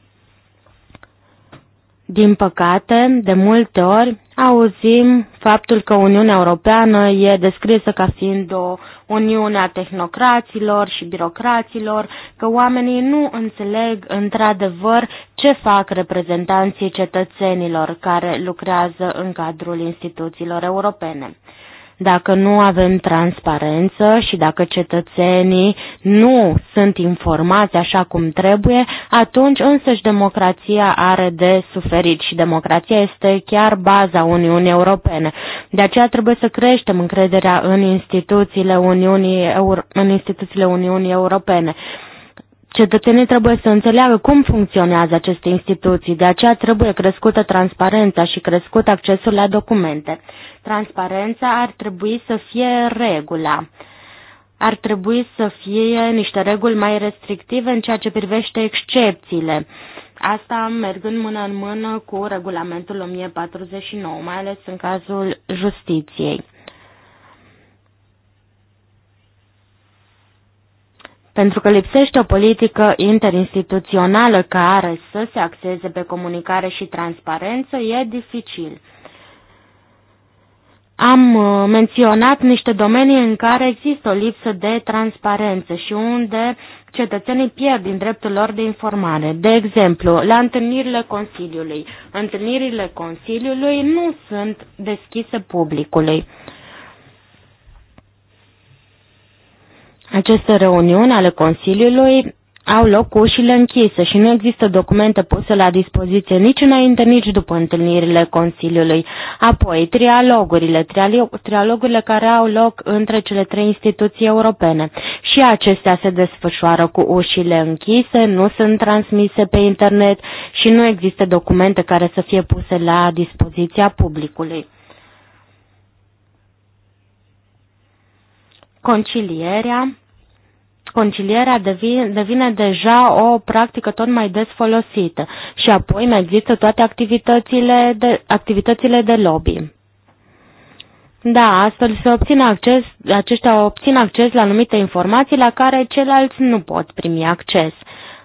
Din păcate, de multe ori auzim faptul că Uniunea Europeană e descrisă ca fiind o uniune a tehnocraților și birocraților, că oamenii nu înțeleg într-adevăr ce fac reprezentanții cetățenilor care lucrează în cadrul instituțiilor europene. Dacă nu avem transparență și dacă cetățenii nu sunt informați așa cum trebuie, atunci însăși democrația are de suferit și democrația este chiar baza Uniunii Europene. De aceea trebuie să creștem încrederea în instituțiile Uniunii, Euro- în instituțiile Uniunii Europene. Cetățenii trebuie să înțeleagă cum funcționează aceste instituții, de aceea trebuie crescută transparența și crescut accesul la documente. Transparența ar trebui să fie regula. Ar trebui să fie niște reguli mai restrictive în ceea ce privește excepțiile. Asta mergând mână în mână cu regulamentul 1049, mai ales în cazul justiției. pentru că lipsește o politică interinstituțională care să se axeze pe comunicare și transparență, e dificil. Am uh, menționat niște domenii în care există o lipsă de transparență și unde cetățenii pierd din dreptul lor de informare. De exemplu, la întâlnirile Consiliului. Întâlnirile Consiliului nu sunt deschise publicului. Aceste reuniuni ale Consiliului au loc cu ușile închise și nu există documente puse la dispoziție nici înainte, nici după întâlnirile Consiliului. Apoi, trialogurile, trialogurile care au loc între cele trei instituții europene. Și acestea se desfășoară cu ușile închise, nu sunt transmise pe internet și nu există documente care să fie puse la dispoziția publicului. Concilierea concilierea devine deja o practică tot mai des folosită și apoi mai există toate activitățile de, activitățile de lobby. Da, astfel se obține acces, aceștia obțin acces la anumite informații la care ceilalți nu pot primi acces.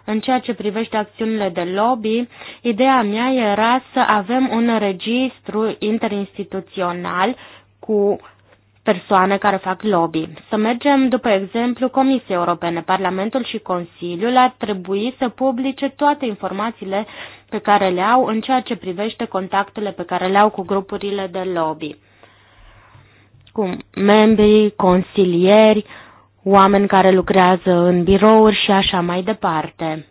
În ceea ce privește acțiunile de lobby, ideea mea era să avem un registru interinstituțional cu persoane care fac lobby. Să mergem după exemplu Comisiei Europene. Parlamentul și Consiliul ar trebui să publice toate informațiile pe care le au în ceea ce privește contactele pe care le au cu grupurile de lobby. Cum membrii, consilieri, oameni care lucrează în birouri și așa mai departe.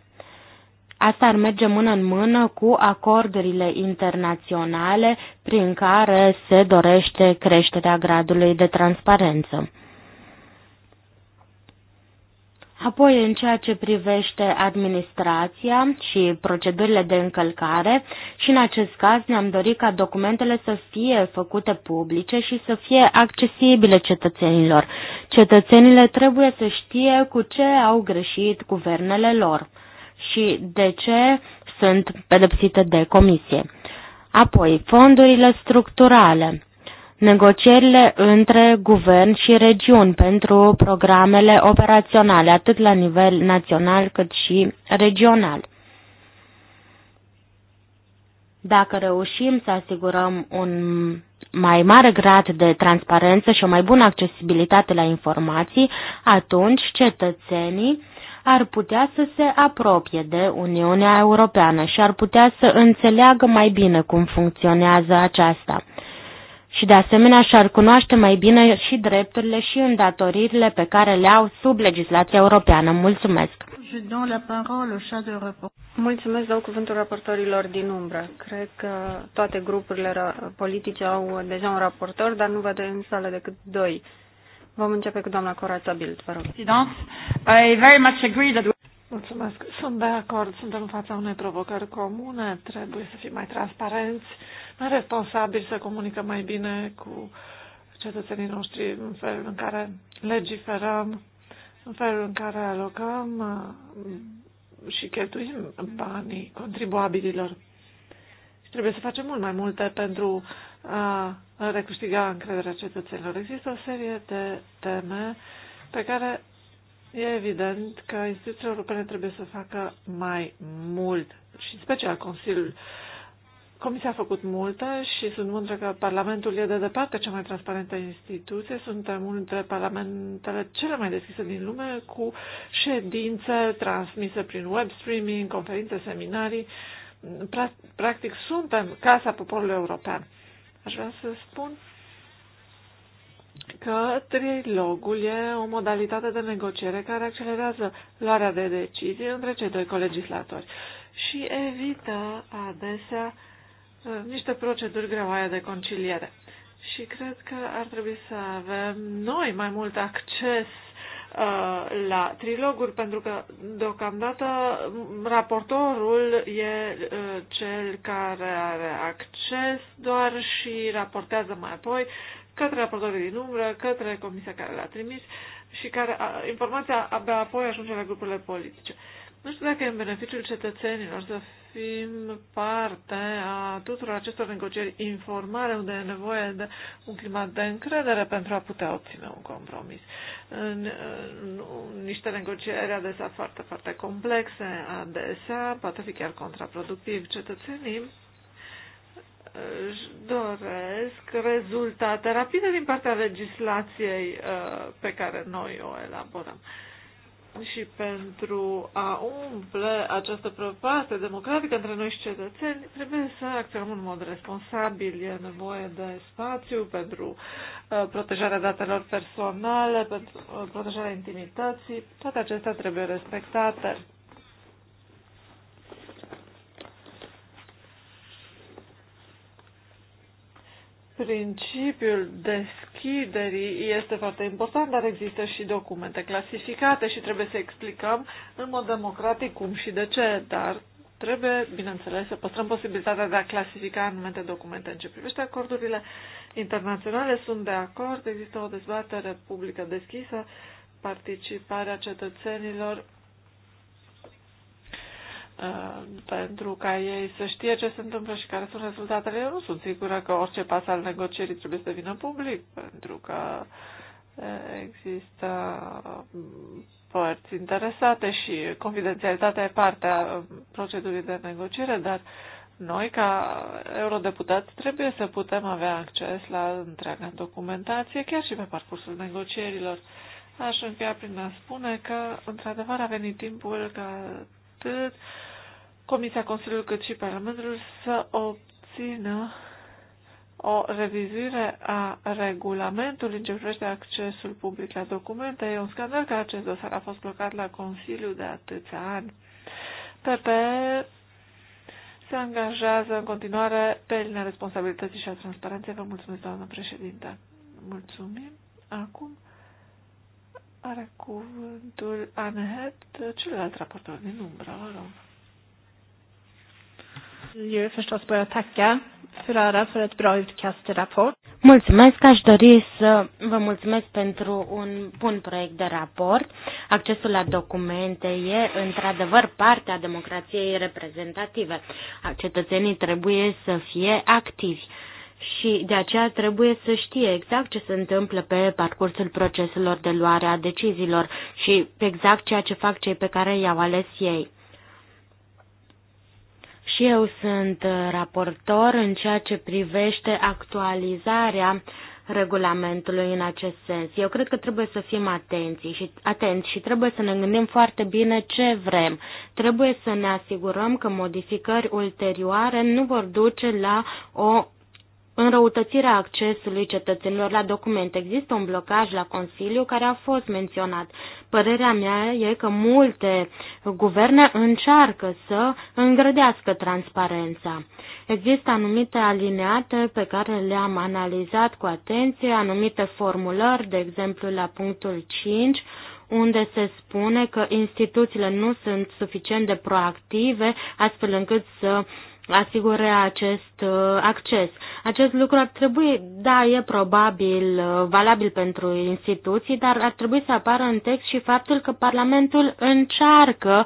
Asta ar merge mână în mână cu acordurile internaționale prin care se dorește creșterea gradului de transparență. Apoi, în ceea ce privește administrația și procedurile de încălcare, și în acest caz ne-am dorit ca documentele să fie făcute publice și să fie accesibile cetățenilor. Cetățenile trebuie să știe cu ce au greșit guvernele lor și de ce sunt pedepsite de comisie. Apoi, fondurile structurale, negocierile între guvern și regiuni pentru programele operaționale, atât la nivel național cât și regional. Dacă reușim să asigurăm un mai mare grad de transparență și o mai bună accesibilitate la informații, atunci cetățenii ar putea să se apropie de Uniunea Europeană și ar putea să înțeleagă mai bine cum funcționează aceasta. Și de asemenea și-ar cunoaște mai bine și drepturile și îndatoririle pe care le au sub legislația europeană. Mulțumesc! Mulțumesc, dau cuvântul raportorilor din umbră. Cred că toate grupurile politice au deja un raportor, dar nu văd în sală decât doi Vom începe cu doamna Corața Bild, vă rog. I very much agree that Mulțumesc. Sunt de acord. Suntem în fața unei provocări comune. Trebuie să fim mai transparenți, mai responsabili, să comunicăm mai bine cu cetățenii noștri în felul în care legiferăm, în felul în care alocăm uh, și cheltuim banii contribuabililor. Și trebuie să facem mult mai multe pentru a recâștiga încrederea cetățenilor. Există o serie de teme pe care e evident că instituțiile europene trebuie să facă mai mult și în special Consiliul. Comisia a făcut multe și sunt mândră că Parlamentul e de departe cea mai transparentă instituție. Suntem unul dintre parlamentele cele mai deschise din lume cu ședințe transmise prin web streaming, conferințe, seminarii. Practic suntem Casa Poporului European. Aș vrea să spun că trilogul e o modalitate de negociere care accelerează luarea de decizii între cei doi colegislatori și evită adesea uh, niște proceduri greoaie de conciliere. Și cred că ar trebui să avem noi mai mult acces Uh, la triloguri, pentru că deocamdată raportorul e uh, cel care are acces doar și raportează mai apoi către raportorii din umbră, către comisia care l-a trimis și care informația abia apoi ajunge la grupurile politice. Nu știu dacă e în beneficiul cetățenilor să fim parte a tuturor acestor negocieri informale, unde e nevoie de un climat de încredere pentru a putea obține un compromis. În, în niște negocieri adesea foarte, foarte complexe, adesea poate fi chiar contraproductiv. Cetățenii își doresc rezultate rapide din partea legislației uh, pe care noi o elaborăm. Uh, și pentru a umple această prăpastie democratică între noi și cetățeni, trebuie să acționăm în mod responsabil. E nevoie de spațiu pentru uh, protejarea datelor personale, pentru uh, protejarea intimității. Toate acestea trebuie respectate. Principiul deschis deschiderii este foarte important, dar există și documente clasificate și trebuie să explicăm în mod democratic cum și de ce, dar trebuie, bineînțeles, să păstrăm posibilitatea de a clasifica anumite documente. În ce privește acordurile internaționale, sunt de acord, există o dezbatere publică deschisă, participarea cetățenilor Uh, pentru ca ei să știe ce se întâmplă și care sunt rezultatele. Eu nu sunt sigură că orice pas al negocierii trebuie să vină public, pentru că uh, există uh, părți interesate și confidențialitatea e partea procedurii de negociere, dar noi, ca eurodeputați, trebuie să putem avea acces la întreaga documentație, chiar și pe parcursul negocierilor. Aș încheia prin a spune că, într-adevăr, a venit timpul ca atât Comisia Consiliului cât și Parlamentul să obțină o revizuire a regulamentului în ce privește accesul public la documente. E un scandal că acest dosar a fost blocat la Consiliu de atâția ani. PP se angajează în continuare pe linia responsabilității și a transparenței. Vă mulțumesc, doamnă președinte. Mulțumim. Acum are cuvântul Anhet, celălalt raportor din umbră, vă rog. Eu, förstås, börja tacka Ferrara för ett bra utkast de raport. Mulțumesc, aș dori să vă mulțumesc pentru un bun proiect de raport. Accesul la documente e într-adevăr parte a democrației reprezentative. Cetățenii trebuie să fie activi și de aceea trebuie să știe exact ce se întâmplă pe parcursul proceselor de luare a deciziilor și exact ceea ce fac cei pe care i-au ales ei. Și eu sunt raportor în ceea ce privește actualizarea regulamentului în acest sens. Eu cred că trebuie să fim atenți și, atenți și trebuie să ne gândim foarte bine ce vrem. Trebuie să ne asigurăm că modificări ulterioare nu vor duce la o înrăutățirea accesului cetățenilor la documente. Există un blocaj la Consiliu care a fost menționat. Părerea mea e că multe guverne încearcă să îngrădească transparența. Există anumite alineate pe care le-am analizat cu atenție, anumite formulări, de exemplu la punctul 5, unde se spune că instituțiile nu sunt suficient de proactive, astfel încât să uh, asigure acest uh, acces. Acest lucru ar trebui, da, e probabil uh, valabil pentru instituții, dar ar trebui să apară în text și faptul că Parlamentul încearcă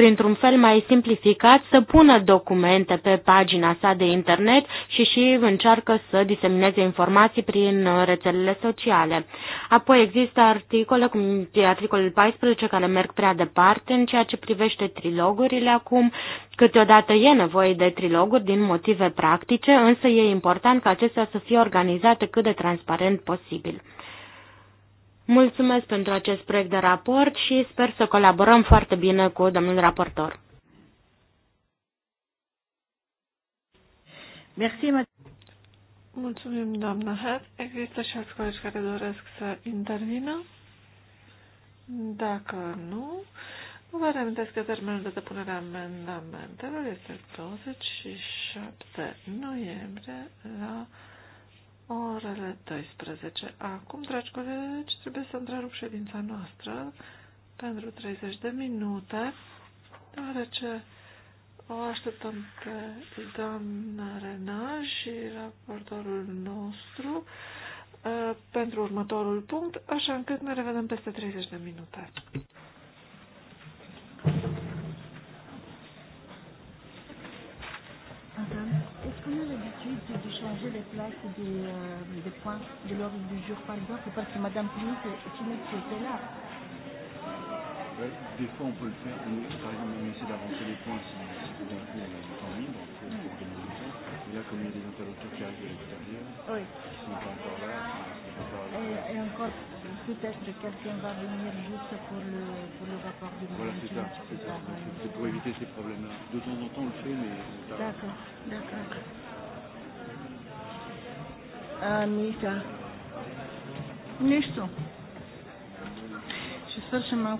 printr-un fel mai simplificat, să pună documente pe pagina sa de internet și și încearcă să disemineze informații prin uh, rețelele sociale. Apoi există articole, cum e articolul 14, care merg prea departe în ceea ce privește trilogurile acum. Câteodată e nevoie de triloguri din motive practice, însă e important ca acestea să fie organizate cât de transparent posibil. Mulțumesc pentru acest proiect de raport și sper să colaborăm foarte bine cu domnul raportor. Merci, Mulțumim, doamna Hart. Există și alți colegi care doresc să intervină? Dacă nu, vă reamintesc că termenul de depunere a amendamentelor este 27 noiembrie la orele 12. Acum, dragi colegi, trebuie să întrerup ședința noastră pentru 30 de minute, deoarece o așteptăm pe doamna Rena și raportorul nostru uh, pentru următorul punct, așa încât ne revedem peste 30 de minute. est qu'on a l'habitude de changer les places des, euh, des points de l'ordre du jour, par exemple, parce que Mme Plinc est une autre qui était là ouais, Des fois, on peut le faire. Mais, par exemple, on essaie d'avancer les points si, si tout d'un coup on a du temps libre pour organiser le temps. Et là, comme il y a des interlocuteurs qui arrivent de l'extérieur, oui. qui ne sont pas encore là, Et, et encore, peut-être quelqu'un va venir juste pour le, pour le rapport du Voilà, c'est ça. C'est ça. Da. C'est pour éviter ces problèmes-là. De temps en temps, on le fait, mais... D'accord, d'accord. Euh, Anita. Nisto. Și să-și mă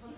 Gracias.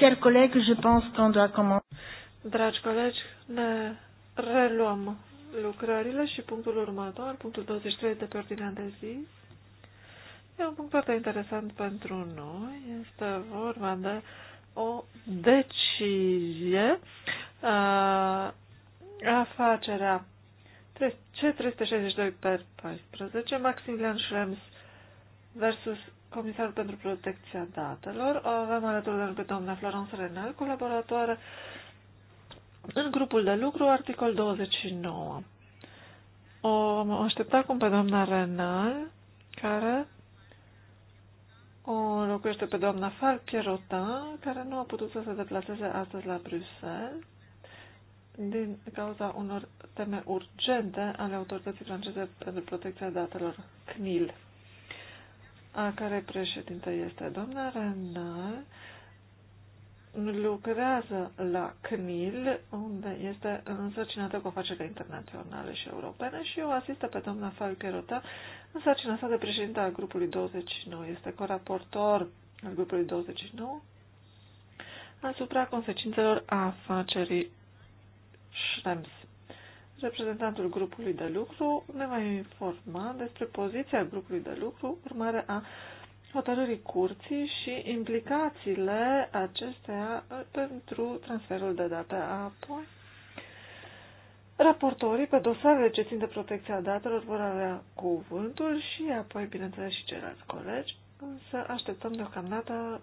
Chers collègues, je pense qu'on doit commencer. Dragi colegi, ne reluăm lucrările și punctul următor, punctul 23 de pe ordinea de zi. E un punct foarte interesant pentru noi. Este vorba de o decizie uh, afacerea C362 pe 14, Maximilian Schrems versus Comisarul pentru Protecția Datelor. O avem alături de noi doamna Florence Renal, colaboratoare în grupul de lucru, articol 29. O mă aștepta acum pe doamna Renal, care o locuiește pe doamna Far care nu a putut să se deplaseze astăzi la Bruxelles din cauza unor teme urgente ale Autorității franceze pentru protecția datelor CNIL a care președinte este doamna Renal, lucrează la CNIL, unde este însărcinată cu afacerile internaționale și europene și o asistă pe doamna Falcherota, însărcinată de președinte al grupului 29. Este coraportor al grupului 29 asupra consecințelor afacerii Schrems. Reprezentantul grupului de lucru ne va informa despre poziția grupului de lucru, urmare a hotărârii curții și implicațiile acestea pentru transferul de date. Apoi, raportorii pe dosarele ce țin de protecția datelor vor avea cuvântul și apoi, bineînțeles, și ceilalți colegi, însă așteptăm deocamdată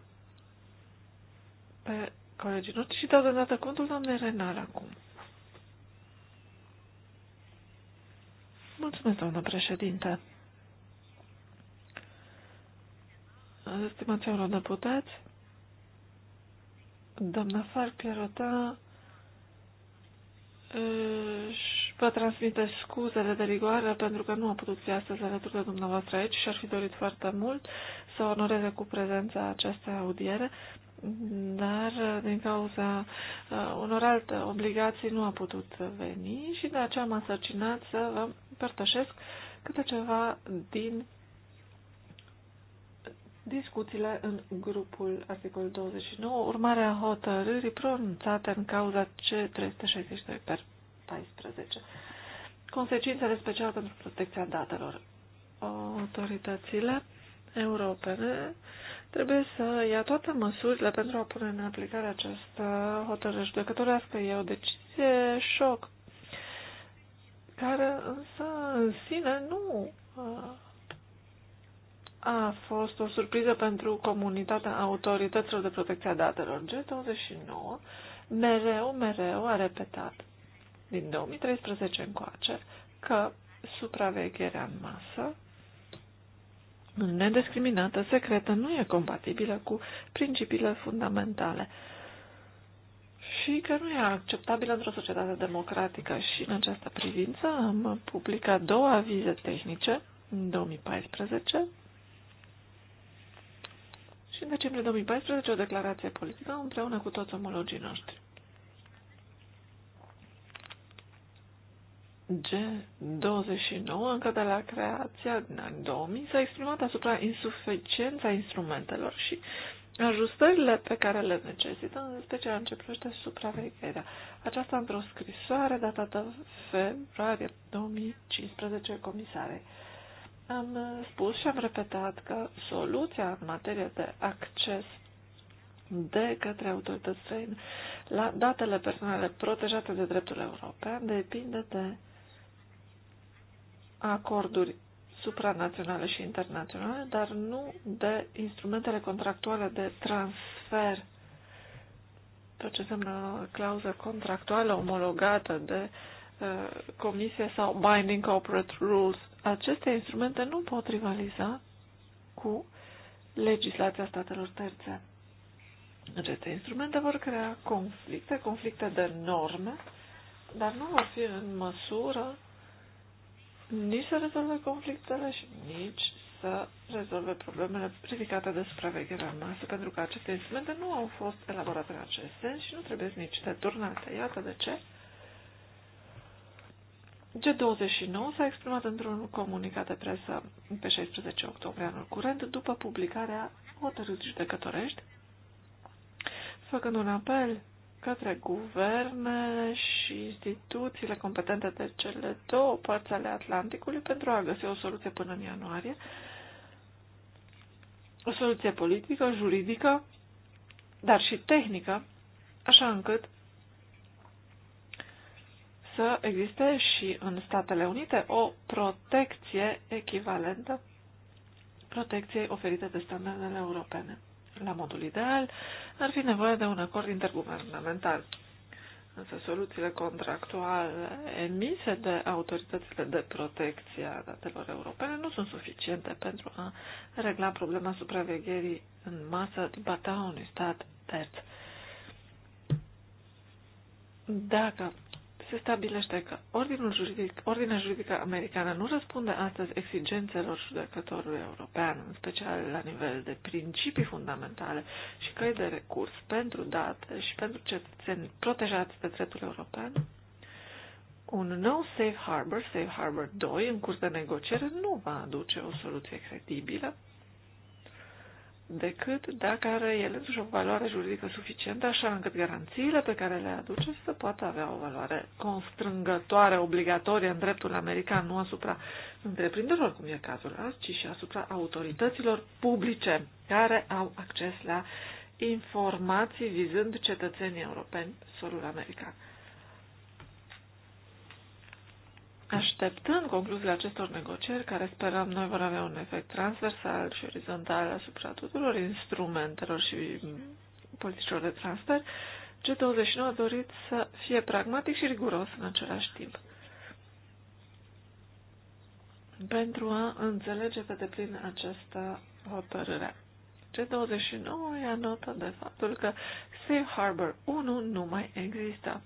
pe colegii noștri și dau de dată contul doamnei Renal acum. Mulțumesc, doamnă președinte. Stimați deputați, doamna Farclerota își vă transmite scuzele de rigoare pentru că nu a putut fi astăzi alături de dumneavoastră aici și ar fi dorit foarte mult să onoreze cu prezența această audiere dar din cauza uh, unor alte obligații nu a putut veni și de aceea m-am sărcinat să vă împărtășesc câte ceva din discuțiile în grupul articolul 29, urmarea hotărârii pronunțate în cauza C362 per 14. Consecințele speciale pentru protecția datelor. Autoritățile europene trebuie să ia toate măsurile pentru a pune în aplicare această hotărâre judecătorească. E o decizie șoc, care însă în sine nu a fost o surpriză pentru comunitatea autorităților de protecție a datelor. G29 mereu, mereu a repetat din 2013 încoace că supravegherea în masă nediscriminată, secretă, nu e compatibilă cu principiile fundamentale și că nu e acceptabilă într-o societate democratică. Și în această privință am publicat două avize tehnice în 2014 și în decembrie 2014 o declarație politică împreună cu toți omologii noștri. G29, încă la creația din anii 2000, s-a exprimat asupra insuficiența instrumentelor și ajustările pe care le necesită, în special în ce privește supravegherea. Aceasta într-o scrisoare datată februarie 2015 comisare. Am spus și am repetat că soluția în materie de acces de către autorități străine la datele personale protejate de dreptul european depinde de acorduri supranaționale și internaționale, dar nu de instrumentele contractuale de transfer. Tot ce înseamnă clauză contractuală omologată de uh, comisie sau binding corporate rules. Aceste instrumente nu pot rivaliza cu legislația statelor terțe. Aceste instrumente vor crea conflicte, conflicte de norme, dar nu vor fi în măsură nici să rezolve conflictele și nici să rezolve problemele ridicate de supraveghere masă, pentru că aceste instrumente nu au fost elaborate în acest sens și nu trebuie nici deturnate. Iată de ce. G29 s-a exprimat într-un comunicat de presă pe 16 octombrie anul curent, după publicarea hotărârii judecătorești, făcând un apel către guverne și instituțiile competente de cele două părți ale Atlanticului pentru a găsi o soluție până în ianuarie, o soluție politică, juridică, dar și tehnică, așa încât să existe și în Statele Unite o protecție echivalentă protecției oferite de standardele europene. La modul ideal, ar fi nevoie de un acord interguvernamental. Însă soluțiile contractuale emise de autoritățile de protecție a datelor europene nu sunt suficiente pentru a regla problema supravegherii în masă din partea unui stat terț. Dacă se stabilește că ordinul juridic, ordinea juridică americană nu răspunde astăzi exigențelor judecătorului european, în special la nivel de principii fundamentale și căi de recurs pentru date și pentru cetățeni protejați de dreptul european, un nou safe harbor, safe harbor 2, în curs de negociere, nu va aduce o soluție credibilă decât dacă are ele și o valoare juridică suficientă, așa încât garanțiile pe care le aduce să poată avea o valoare constrângătoare, obligatorie în dreptul american, nu asupra întreprinderilor, cum e cazul azi, ci și asupra autorităților publice care au acces la informații vizând cetățenii europeni, solul american. Așteptând concluziile acestor negocieri, care sperăm noi vor avea un efect transversal și orizontal asupra tuturor instrumentelor și politicilor de transfer, G29 a dorit să fie pragmatic și riguros în același timp. Pentru a înțelege pe deplin această hotărâre. G29 ia notă de faptul că Safe Harbor 1 nu mai există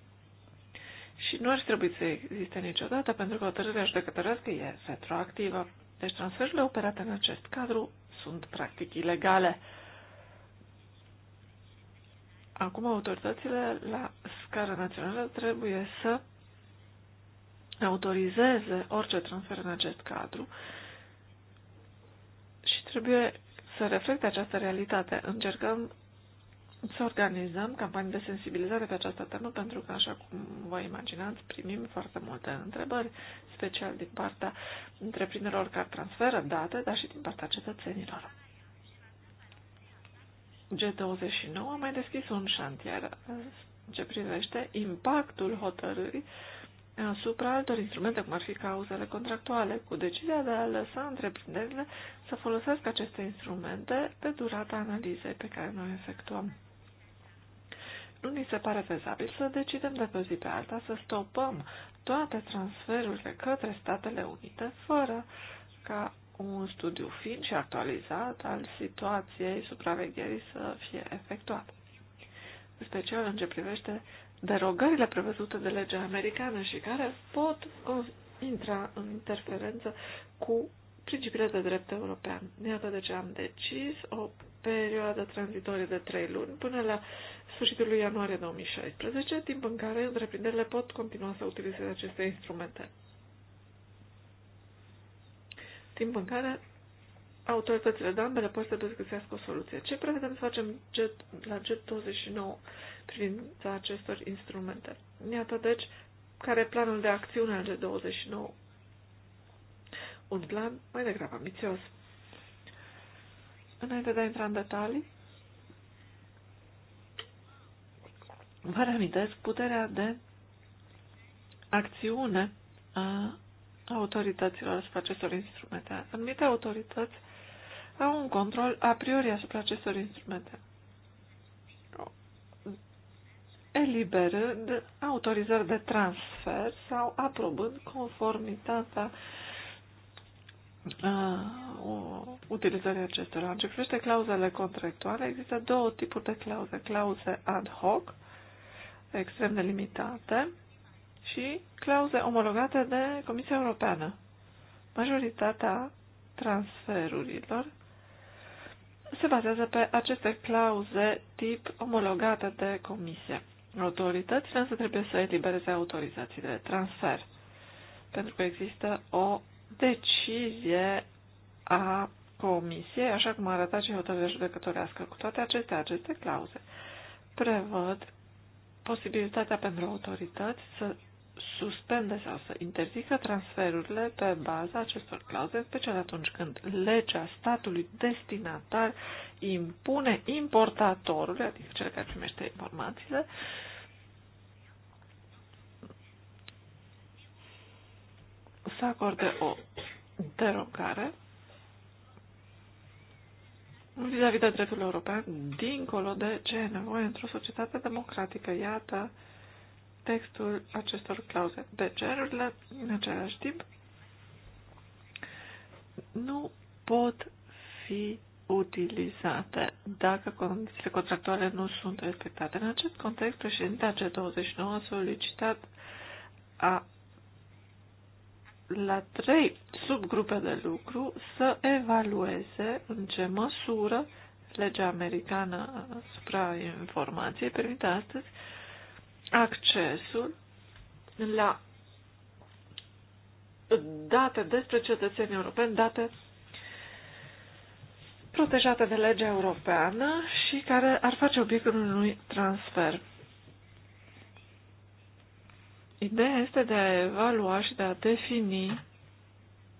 și nu ar trebui să existe niciodată, pentru că hotărârea judecătorească e retroactivă. Deci transferurile operate în acest cadru sunt practic ilegale. Acum autoritățile la scară națională trebuie să autorizeze orice transfer în acest cadru și trebuie să reflecte această realitate. Încercăm să organizăm campanii de sensibilizare pe această temă, pentru că, așa cum vă imaginați, primim foarte multe întrebări, special din partea întreprinderilor care transferă date, dar și din partea cetățenilor. G29 a mai deschis un șantier ce privește impactul hotărârii asupra altor instrumente, cum ar fi cauzele contractuale, cu decizia de a lăsa întreprinderile să folosească aceste instrumente pe durata analizei pe care noi o efectuăm nu ni se pare fezabil să decidem de pe zi pe alta să stopăm toate transferurile către Statele Unite fără ca un studiu fin și actualizat al situației supravegherii să fie efectuat. În special în ce privește derogările prevăzute de legea americană și care pot intra în interferență cu principiile de drept european. Iată de ce am decis o perioada tranzitorie de 3 luni până la sfârșitul lui ianuarie 2016, timp în care întreprinderile pot continua să utilizeze aceste instrumente. Timp în care autoritățile de ambele părți să găsească o soluție. Ce prevedem să facem jet, la g 29 prin acestor instrumente? Iată, deci, care e planul de acțiune al g 29 Un plan mai degrabă ambițios. Înainte de a intra în detalii, vă reamintesc puterea de acțiune a autorităților asupra acestor instrumente. Anumite autorități au un control a priori asupra acestor instrumente, eliberând autorizări de transfer sau aprobând conformitatea uh, ah, utilizării acestora. În ce privește clauzele contractuale, există două tipuri de clauze. Clauze ad hoc, extrem de limitate, și clauze omologate de Comisia Europeană. Majoritatea transferurilor se bazează pe aceste clauze tip omologate de comisie. Autoritățile însă trebuie să elibereze autorizațiile de transfer, pentru că există o decizie a comisiei, așa cum arăta și hotărârea judecătorească. Cu toate acestea, aceste clauze prevăd posibilitatea pentru autorități să suspende sau să interzică transferurile pe baza acestor clauze, în special atunci când legea statului destinatar impune importatorului, adică cel care primește informațiile, uh, să acorde o derogare vis-a-vis -vis de dreptul european, dincolo de ce e nevoie într-o societate democratică. Iată textul acestor clauze. De cerurile, în același timp, nu pot fi utilizate dacă condițiile contractuale nu sunt respectate. În acest context, președintele C29 a solicitat a la trei subgrupe de lucru să evalueze în ce măsură legea americană asupra informației permite astăzi accesul la date despre cetățenii europeni, date protejate de legea europeană și care ar face obiectul unui transfer. Ideea este de a evalua și de a defini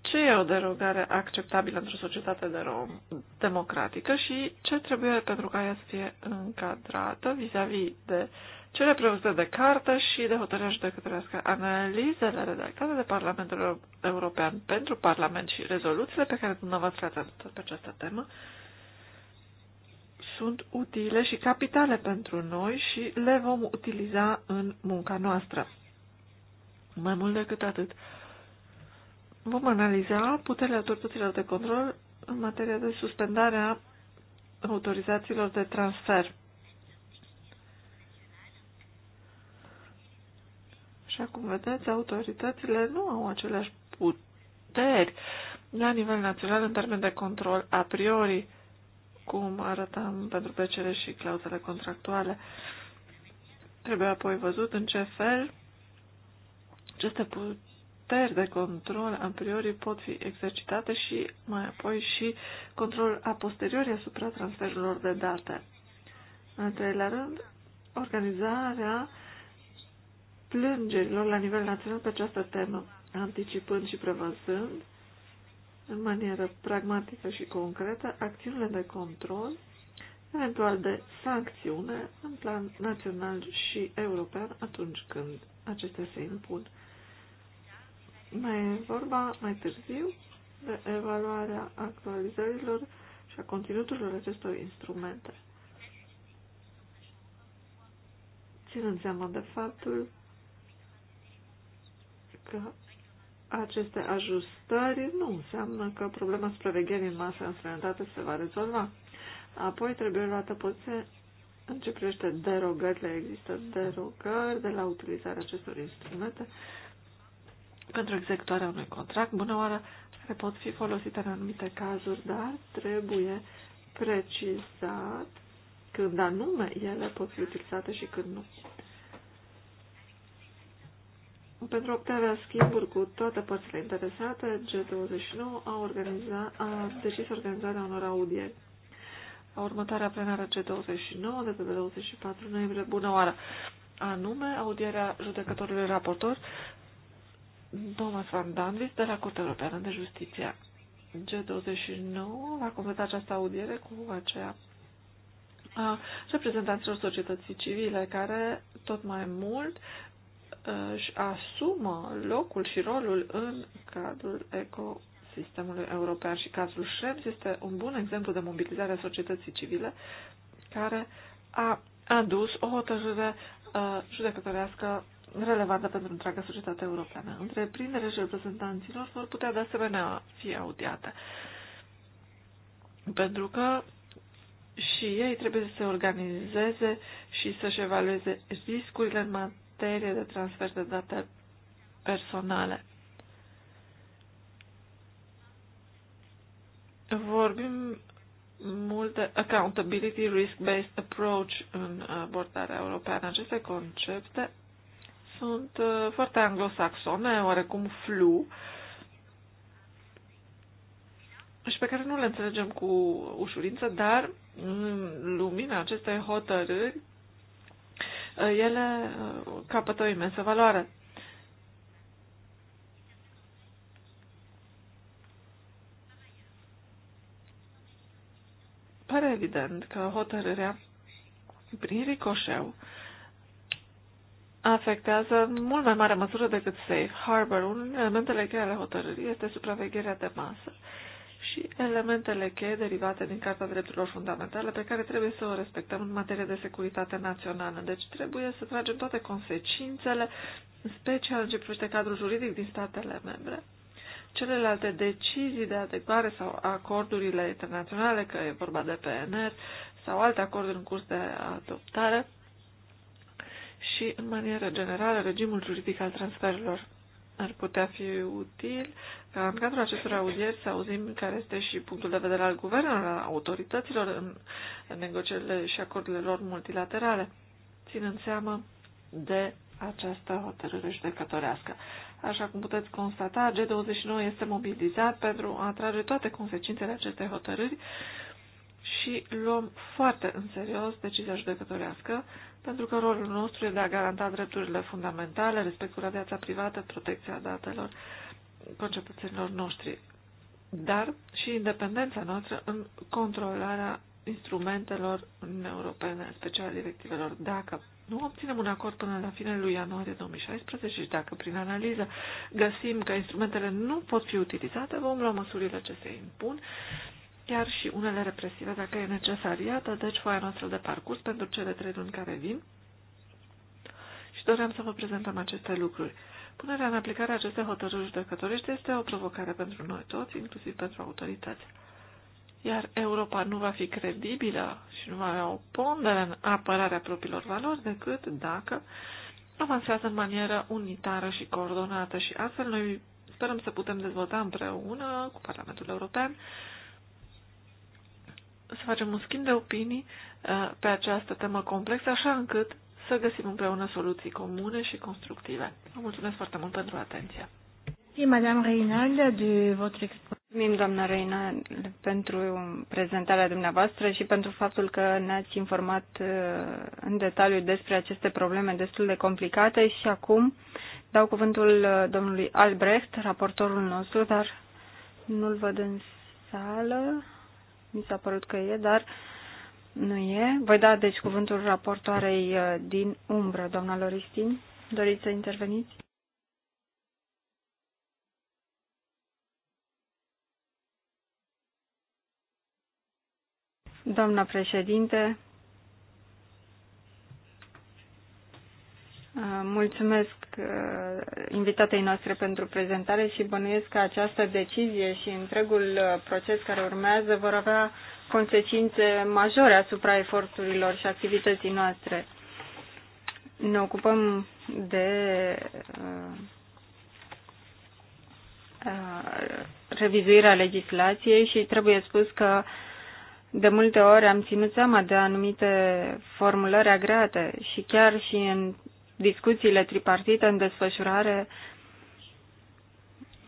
ce e o derogare acceptabilă într-o societate de rom- democratică și ce trebuie pentru ca ea să fie încadrată vis-a-vis -vis de cele prevăzute de carte și de hotărârea judecătorească. Analizele redactate de Parlamentul European pentru Parlament și rezoluțiile pe care dumneavoastră le-ați adoptat pe această temă sunt utile și capitale pentru noi și le vom utiliza în munca noastră. Mai mult decât atât, vom analiza puterile autorităților de control în materie de suspendare a autorizațiilor de transfer. Așa cum vedeți, autoritățile nu au aceleași puteri la nivel național în termen de control a priori, cum arătam pentru PCR și clauzele contractuale. Trebuie apoi văzut în ce fel aceste puteri de control a priori pot fi exercitate și mai apoi și controlul a posteriori asupra transferurilor de date. În treilea rând, organizarea plângerilor la nivel național pe această temă, anticipând și prevăzând, în manieră pragmatică și concretă, acțiunile de control, eventual de sancțiune, în plan național și european, atunci când acestea se impun. Mai e vorba mai târziu de evaluarea actualizărilor și a conținuturilor acestor instrumente. Ținând seama de faptul că aceste ajustări nu înseamnă că problema supravegherii în masă în străinătate se va rezolva. Apoi trebuie luată poziție în ce privește derogările. Există derogări de la utilizarea acestor instrumente pentru executarea unui contract, bună oară, care pot fi folosite în anumite cazuri, dar trebuie precizat când anume ele pot fi utilizate și când nu. Pentru optarea schimburi cu toate părțile interesate, G29 a, organiza, a decis organizarea unor audieri. La următoarea plenară G29, de pe 24 noiembrie, bună oară, anume audierea judecătorului raportor Thomas Van Danvis de la Curtea Europeană de Justiție. G29 va completa această audiere cu aceea a reprezentanților societății civile care tot mai mult uh, își asumă locul și rolul în cadrul ecosistemului european și cazul Schrems este un bun exemplu de mobilizare a societății civile care a adus o hotărâre uh, judecătorească relevantă pentru întreaga societate europeană. Întreprinderile și reprezentanților vor putea de asemenea fi audiate. Pentru că și ei trebuie să se organizeze și să-și evalueze riscurile în materie de transfer de date personale. Vorbim multe accountability risk-based approach în abordarea europeană. Aceste concepte sunt uh, foarte anglosaxone, oarecum flu, și pe care nu le înțelegem cu ușurință, dar în lumina acestei hotărâri, uh, ele uh, capătă o imensă valoare. Pare evident că hotărârea prin ricoșeu afectează în mult mai mare măsură decât safe harbor. Unul din elementele cheie ale hotărârii este supravegherea de masă și elementele cheie derivate din Carta Drepturilor Fundamentale pe care trebuie să o respectăm în materie de securitate națională. Deci trebuie să tragem toate consecințele, în special în ce privește cadrul juridic din statele membre. Celelalte decizii de adecvare sau acordurile internaționale, că e vorba de PNR sau alte acorduri în curs de adoptare, și, în manieră generală, regimul juridic al transferurilor. Ar putea fi util ca în cadrul acestor audieri să auzim care este și punctul de vedere al guvernului al autorităților în negocierile și acordurile lor multilaterale, ținând seama de această hotărâre judecătorească. Așa cum puteți constata, G29 este mobilizat pentru a atrage toate consecințele acestei hotărâri și luăm foarte în serios decizia judecătorească pentru că rolul nostru e de a garanta drepturile fundamentale, respectul la viața privată, protecția datelor concetățenilor noștri, dar și independența noastră în controlarea instrumentelor europene, în special directivelor. Dacă nu obținem un acord până la finele lui ianuarie 2016 și dacă prin analiză găsim că instrumentele nu pot fi utilizate, vom lua măsurile ce se impun chiar și unele represive dacă e necesar. Iată, deci, foaia noastră de parcurs pentru cele trei luni care vin și doream să vă prezentăm aceste lucruri. Punerea în aplicare a acestei hotărâri judecătorești este o provocare pentru noi toți, inclusiv pentru autorități. Iar Europa nu va fi credibilă și nu va avea o pondere în apărarea propriilor valori decât dacă avansează în manieră unitară și coordonată și astfel noi sperăm să putem dezvolta împreună cu Parlamentul European să facem un schimb de opinii uh, pe această temă complexă, așa încât să găsim împreună soluții comune și constructive. Vă mulțumesc foarte mult pentru atenție. Mulțumim, doamna Reina, pentru prezentarea dumneavoastră și pentru faptul că ne-ați informat uh, în detaliu despre aceste probleme destul de complicate și acum dau cuvântul uh, domnului Albrecht, raportorul nostru, dar nu-l văd în sală. Mi s-a părut că e, dar nu e. Voi da, deci, cuvântul raportoarei uh, din umbră, doamna Loristin. Doriți să interveniți? Doamna președinte, Uh, mulțumesc uh, invitatei noastre pentru prezentare și bănuiesc că această decizie și întregul uh, proces care urmează vor avea consecințe majore asupra eforturilor și activității noastre. Ne ocupăm de revizuirea legislației și trebuie spus că de multe ori am ținut seama de anumite formulări agreate și chiar și în discuțiile tripartite în desfășurare,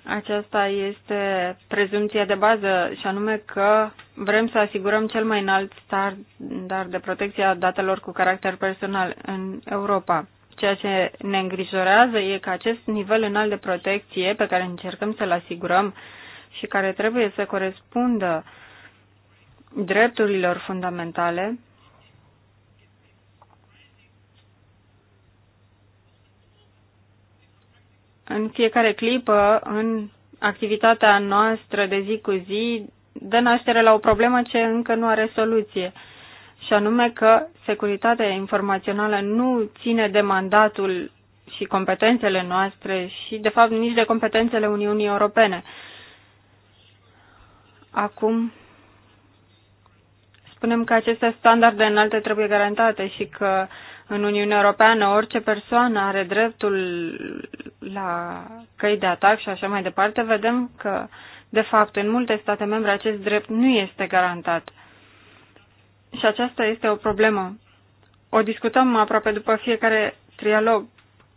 aceasta este prezumția de bază și anume că vrem să asigurăm cel mai înalt standard de protecție a datelor cu caracter personal în Europa. Ceea ce ne îngrijorează e că acest nivel înalt de protecție pe care încercăm să-l asigurăm și care trebuie să corespundă drepturilor fundamentale, în fiecare clipă, în activitatea noastră de zi cu zi, dă naștere la o problemă ce încă nu are soluție, și anume că securitatea informațională nu ține de mandatul și competențele noastre și, de fapt, nici de competențele Uniunii Europene. Acum, spunem că aceste standarde înalte trebuie garantate și că uh, în Uniunea Europeană orice persoană are dreptul la căi de atac și așa mai departe, vedem că, de fapt, în multe state membre acest drept nu este garantat. Și aceasta este o problemă. O discutăm aproape după fiecare trialog.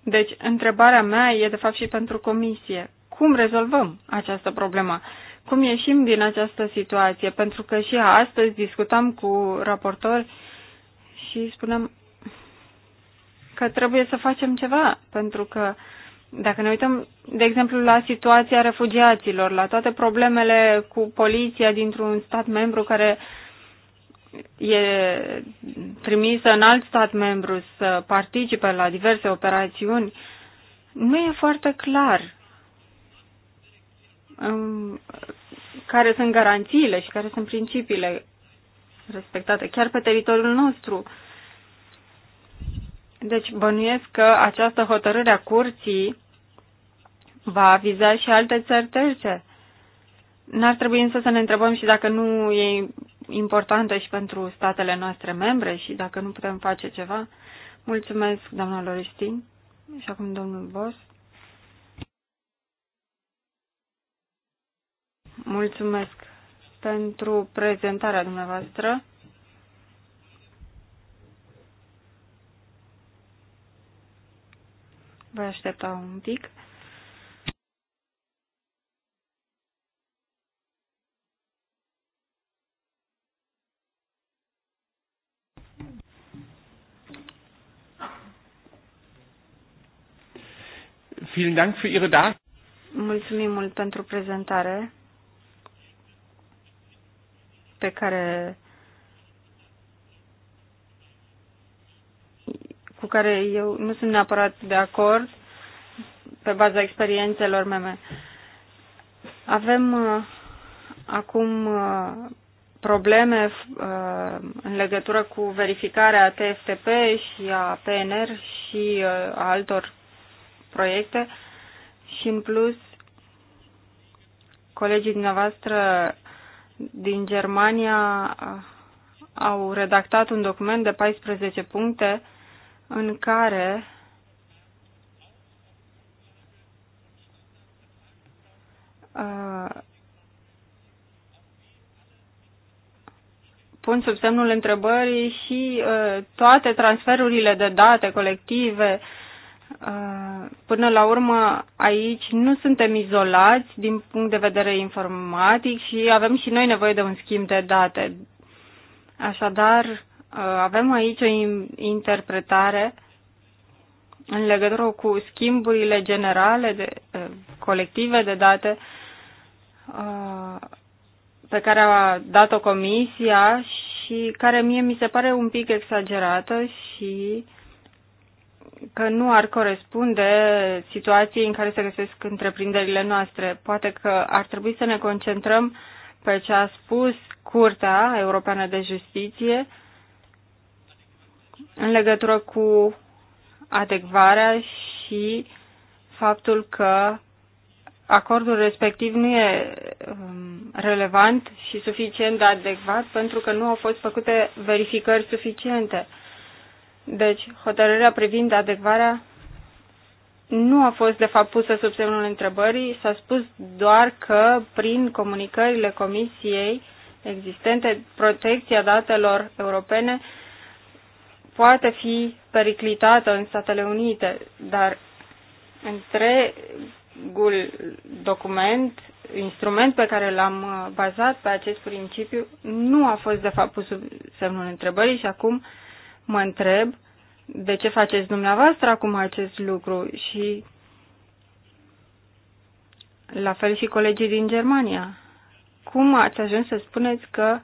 Deci, întrebarea mea e, de fapt, și pentru comisie. Cum rezolvăm această problemă? Cum ieșim din această situație? Pentru că și astăzi discutam cu raportori și spuneam că trebuie să facem ceva, pentru că dacă ne uităm, de exemplu, la situația refugiaților, la toate problemele cu poliția dintr-un stat membru care e trimisă în alt stat membru să participe la diverse operațiuni, nu e foarte clar um, care sunt garanțiile și care sunt principiile respectate, chiar pe teritoriul nostru. Uh, deci bănuiesc că această hotărâre a curții va viza și alte țări terțe. N-ar trebui însă să ne întrebăm și dacă nu e importantă și pentru statele noastre membre și dacă nu putem face ceva. Mulțumesc, doamna Loristin. Și acum domnul Bos. Mulțumesc pentru prezentarea dumneavoastră. Voi aștepta un pic. Vielen Dank für Ihre Mulțumim mult pentru prezentare pe care cu care eu nu sunt neapărat de acord pe baza experiențelor mele. Avem uh, acum uh, probleme uh, în legătură cu verificarea TFTP și a PNR și uh, a altor proiecte și în plus colegii dumneavoastră din Germania uh, au redactat un document de 14 puncte uh, în care uh, pun sub semnul întrebării și uh, toate transferurile de date colective. Uh, până la urmă, aici nu suntem izolați din punct de vedere informatic și avem și noi nevoie de un schimb de date. Așadar, Uh, avem aici o interpretare în legătură cu schimburile generale de, uh, colective de date uh, pe care a dat-o comisia și care mie mi se pare un pic exagerată și că nu ar corespunde situației în care se găsesc întreprinderile noastre. Poate că ar trebui să ne concentrăm pe ce a spus Curtea Europeană de Justiție în legătură cu adecvarea și faptul că acordul respectiv nu e um, relevant și suficient de adecvat pentru că nu au fost făcute verificări suficiente. Deci, hotărârea privind adecvarea nu a fost, de fapt, pusă sub semnul întrebării. S-a spus doar că, prin comunicările Comisiei existente, protecția datelor europene poate fi periclitată în Statele Unite, dar întregul document, instrument pe care l-am uh, bazat pe acest principiu, nu a fost de fapt pus sub semnul întrebării și acum mă întreb de ce faceți dumneavoastră acum acest lucru și la fel și colegii din Germania. Cum ați ajuns să spuneți că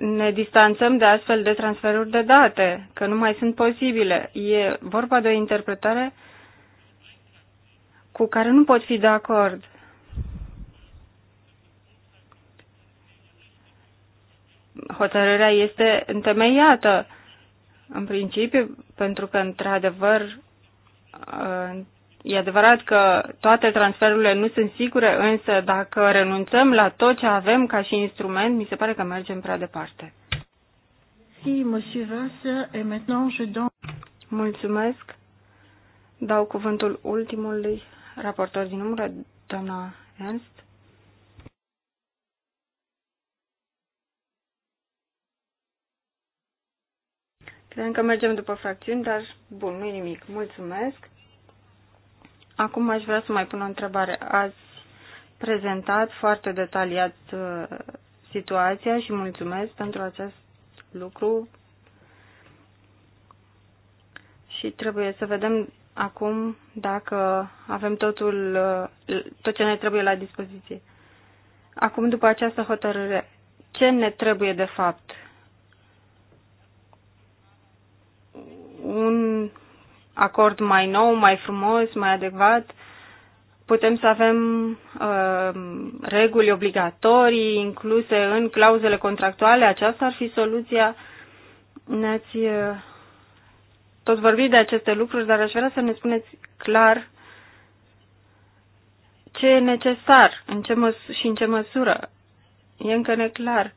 ne distanțăm de astfel de transferuri de date, că nu mai sunt posibile. E vorba de o interpretare cu care nu pot fi de acord. Hotărârea este întemeiată, în principiu, pentru că, într-adevăr, E adevărat că toate transferurile nu sunt sigure, însă dacă renunțăm la tot ce avem ca și instrument, mi se pare că mergem prea departe. Si, monsieur et maintenant je don... Mulțumesc. Dau cuvântul ultimului raportor din umbră, doamna Ernst. Cred că mergem după fracțiuni, dar bun, nu nimic. Mulțumesc. Acum aș vrea să mai pun o întrebare. Ați prezentat foarte detaliat uh, situația și mulțumesc pentru acest lucru și trebuie să vedem acum dacă avem totul, uh, tot ce ne trebuie la dispoziție. Acum, după această hotărâre, ce ne trebuie de fapt? Un acord mai nou, mai frumos, mai adecvat, putem să avem uh, reguli obligatorii incluse în clauzele contractuale. Aceasta ar fi soluția. Ne-ați uh, tot vorbit de aceste lucruri, dar aș vrea să ne spuneți clar ce e necesar în ce măs- și în ce măsură. E încă neclar.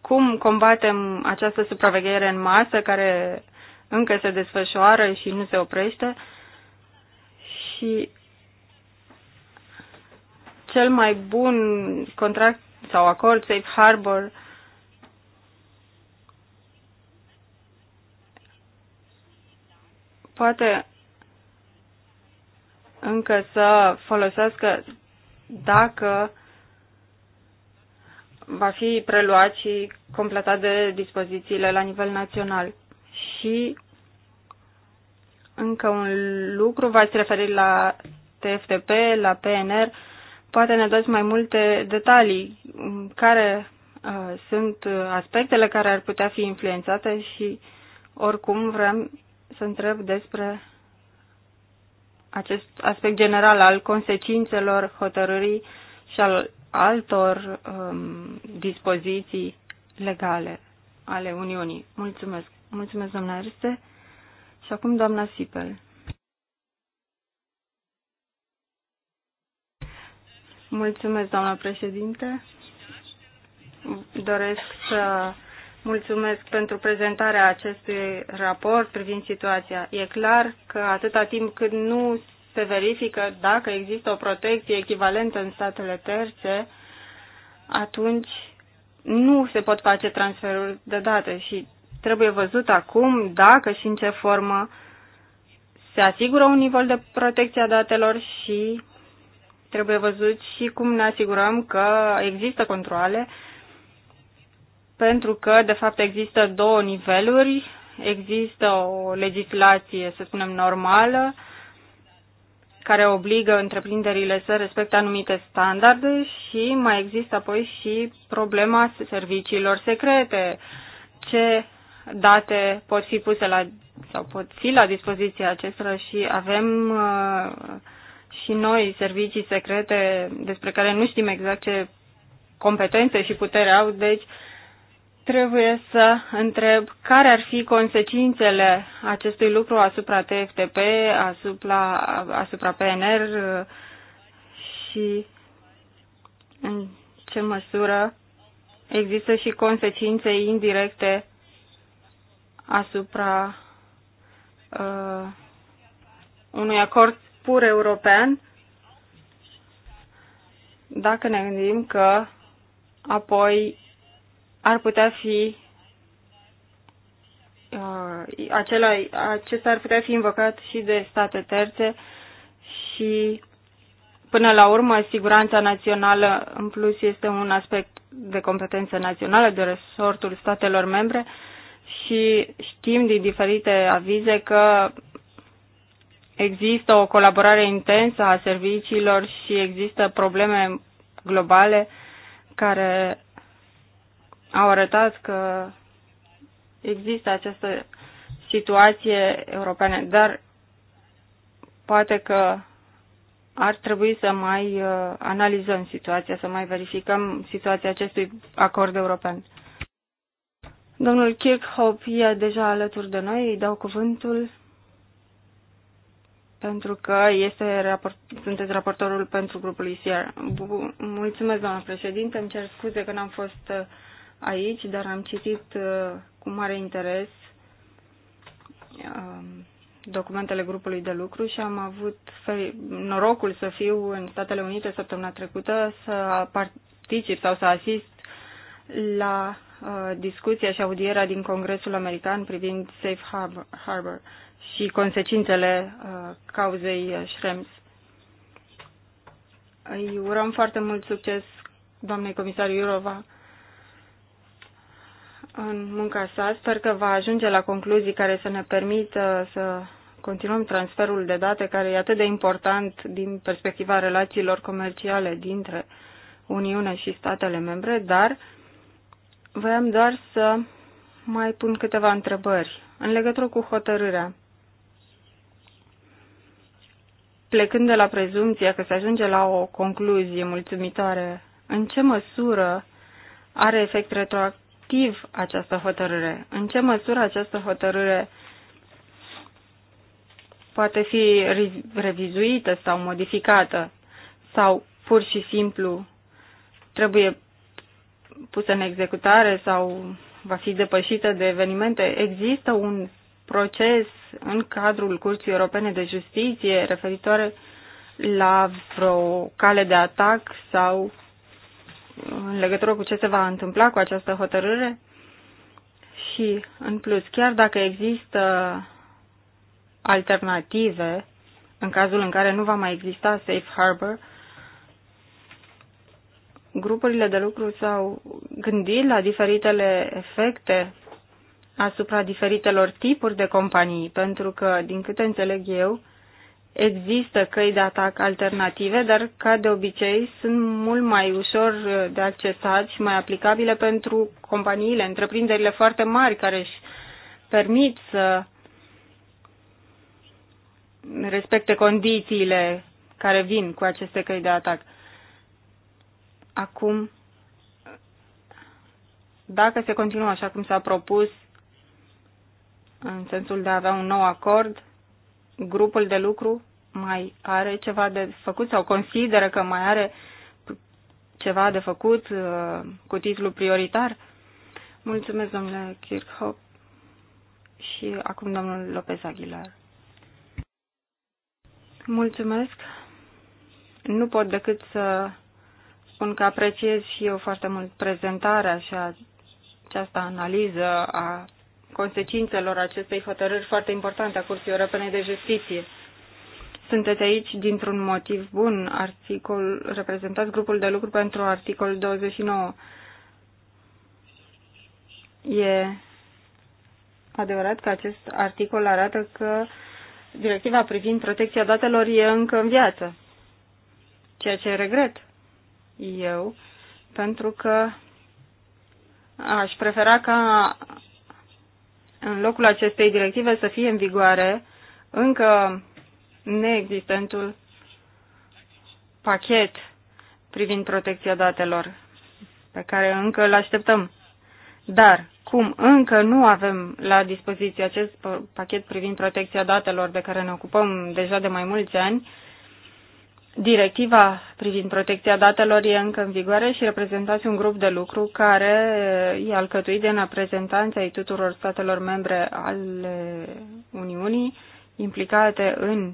Cum combatem această supraveghere în masă care încă se desfășoară și nu se oprește și cel mai bun contract sau acord safe harbor poate încă să folosească dacă va fi preluat și completat de dispozițiile la nivel național. Și încă un lucru, v-ați referit la TFTP, la PNR, poate ne dați mai multe detalii care uh, sunt aspectele care ar putea fi influențate și oricum vrem să întreb despre acest aspect general al consecințelor hotărârii și al altor um, dispoziții legale ale Uniunii. Mulțumesc! Mulțumesc, doamna Erste. Și acum doamna Sipel. Mulțumesc, doamna președinte. Doresc să mulțumesc pentru prezentarea acestui raport privind situația. E clar că atâta timp cât nu se verifică dacă există o protecție echivalentă în statele terțe, atunci nu se pot face transferuri de date și Trebuie văzut acum dacă și în ce formă se asigură un nivel de protecție a datelor și trebuie văzut și cum ne asigurăm că există controle, pentru că, de fapt, există două niveluri. Există o legislație, să spunem, normală, care obligă întreprinderile să respecte anumite standarde și mai există apoi și problema serviciilor secrete. Ce date pot fi puse la sau pot fi la dispoziția acestora și avem uh, și noi servicii secrete despre care nu știm exact ce competențe și putere au, deci trebuie să întreb care ar fi consecințele acestui lucru asupra TFTP, asupra, asupra PNR uh, și în ce măsură există și consecințe indirecte asupra uh, unui acord pur european dacă ne gândim că apoi ar putea fi uh, acela, acesta ar putea fi invocat și de state terțe și până la urmă siguranța națională în plus este un aspect de competență națională, de resortul statelor membre, uh, și știm din diferite avize că există o colaborare intensă a serviciilor și există probleme globale care au arătat că există această situație europeană, dar poate că ar trebui să mai uh, analizăm situația, să mai verificăm situația acestui acord european. Domnul Kirchhoff e deja alături de noi, îi dau cuvântul pentru că este raport, sunteți raportorul pentru grupul ICR. Mulțumesc, doamnă președinte, îmi cer scuze că n-am fost uh, aici, dar am citit uh, cu mare interes um, documentele grupului de lucru și am avut norocul să fiu în Statele Unite săptămâna trecută să particip sau să asist la Uh, discuția și audierea din Congresul American privind Safe Harbor și consecințele uh, cauzei Schrems. Îi urăm foarte mult succes doamnei comisar Iurova în munca sa. Sper că va ajunge la concluzii care să ne permită să continuăm transferul de date care e atât de important din perspectiva relațiilor comerciale dintre Uniune și statele membre, dar uh, Voiam doar să mai pun câteva întrebări în legătură cu hotărârea. Plecând de la prezumția că se ajunge la o concluzie mulțumitoare, în ce măsură are efect retroactiv această hotărâre? În ce măsură această hotărâre poate fi revizuită sau modificată sau pur și simplu trebuie pusă în executare sau va fi depășită de evenimente. Există un proces în cadrul Curții Europene de Justiție referitoare la vreo cale de atac sau în legătură cu ce se va întâmpla cu această hotărâre? Și, în plus, chiar dacă există alternative, în cazul în care nu va mai exista safe harbor, grupurile de lucru s-au gândit la diferitele efecte asupra diferitelor tipuri de companii, pentru că, din câte înțeleg eu, există căi de atac alternative, dar, ca de obicei, sunt mult mai ușor de accesat și mai aplicabile pentru companiile, întreprinderile foarte mari care își permit să respecte condițiile care vin cu aceste căi de atac. Acum, dacă se continuă așa cum s-a propus, în sensul de a avea un nou acord, grupul de lucru mai are ceva de făcut sau consideră că mai are ceva de făcut uh, cu titlul prioritar? Mulțumesc, domnule Kirchhoff. Și acum domnul Lopez Aguilar. Mulțumesc. Nu pot decât să spun că apreciez și eu foarte mult prezentarea și această analiză a consecințelor acestei hotărâri foarte importante a Curții Europene de Justiție. Sunteți aici dintr-un motiv bun, articol, reprezentați grupul de lucru pentru articolul 29. E adevărat că acest articol arată că directiva privind protecția datelor e încă în viață, ceea ce regret, eu, pentru că aș prefera ca în locul acestei directive să fie în vigoare încă neexistentul pachet privind protecția datelor, pe care încă îl așteptăm. Dar, cum încă nu avem la dispoziție acest pachet privind protecția datelor de care ne ocupăm deja de mai mulți ani, Directiva privind protecția datelor e încă în vigoare și reprezentați un grup de lucru care e alcătuit din reprezentanța ai tuturor statelor membre ale Uniunii implicate în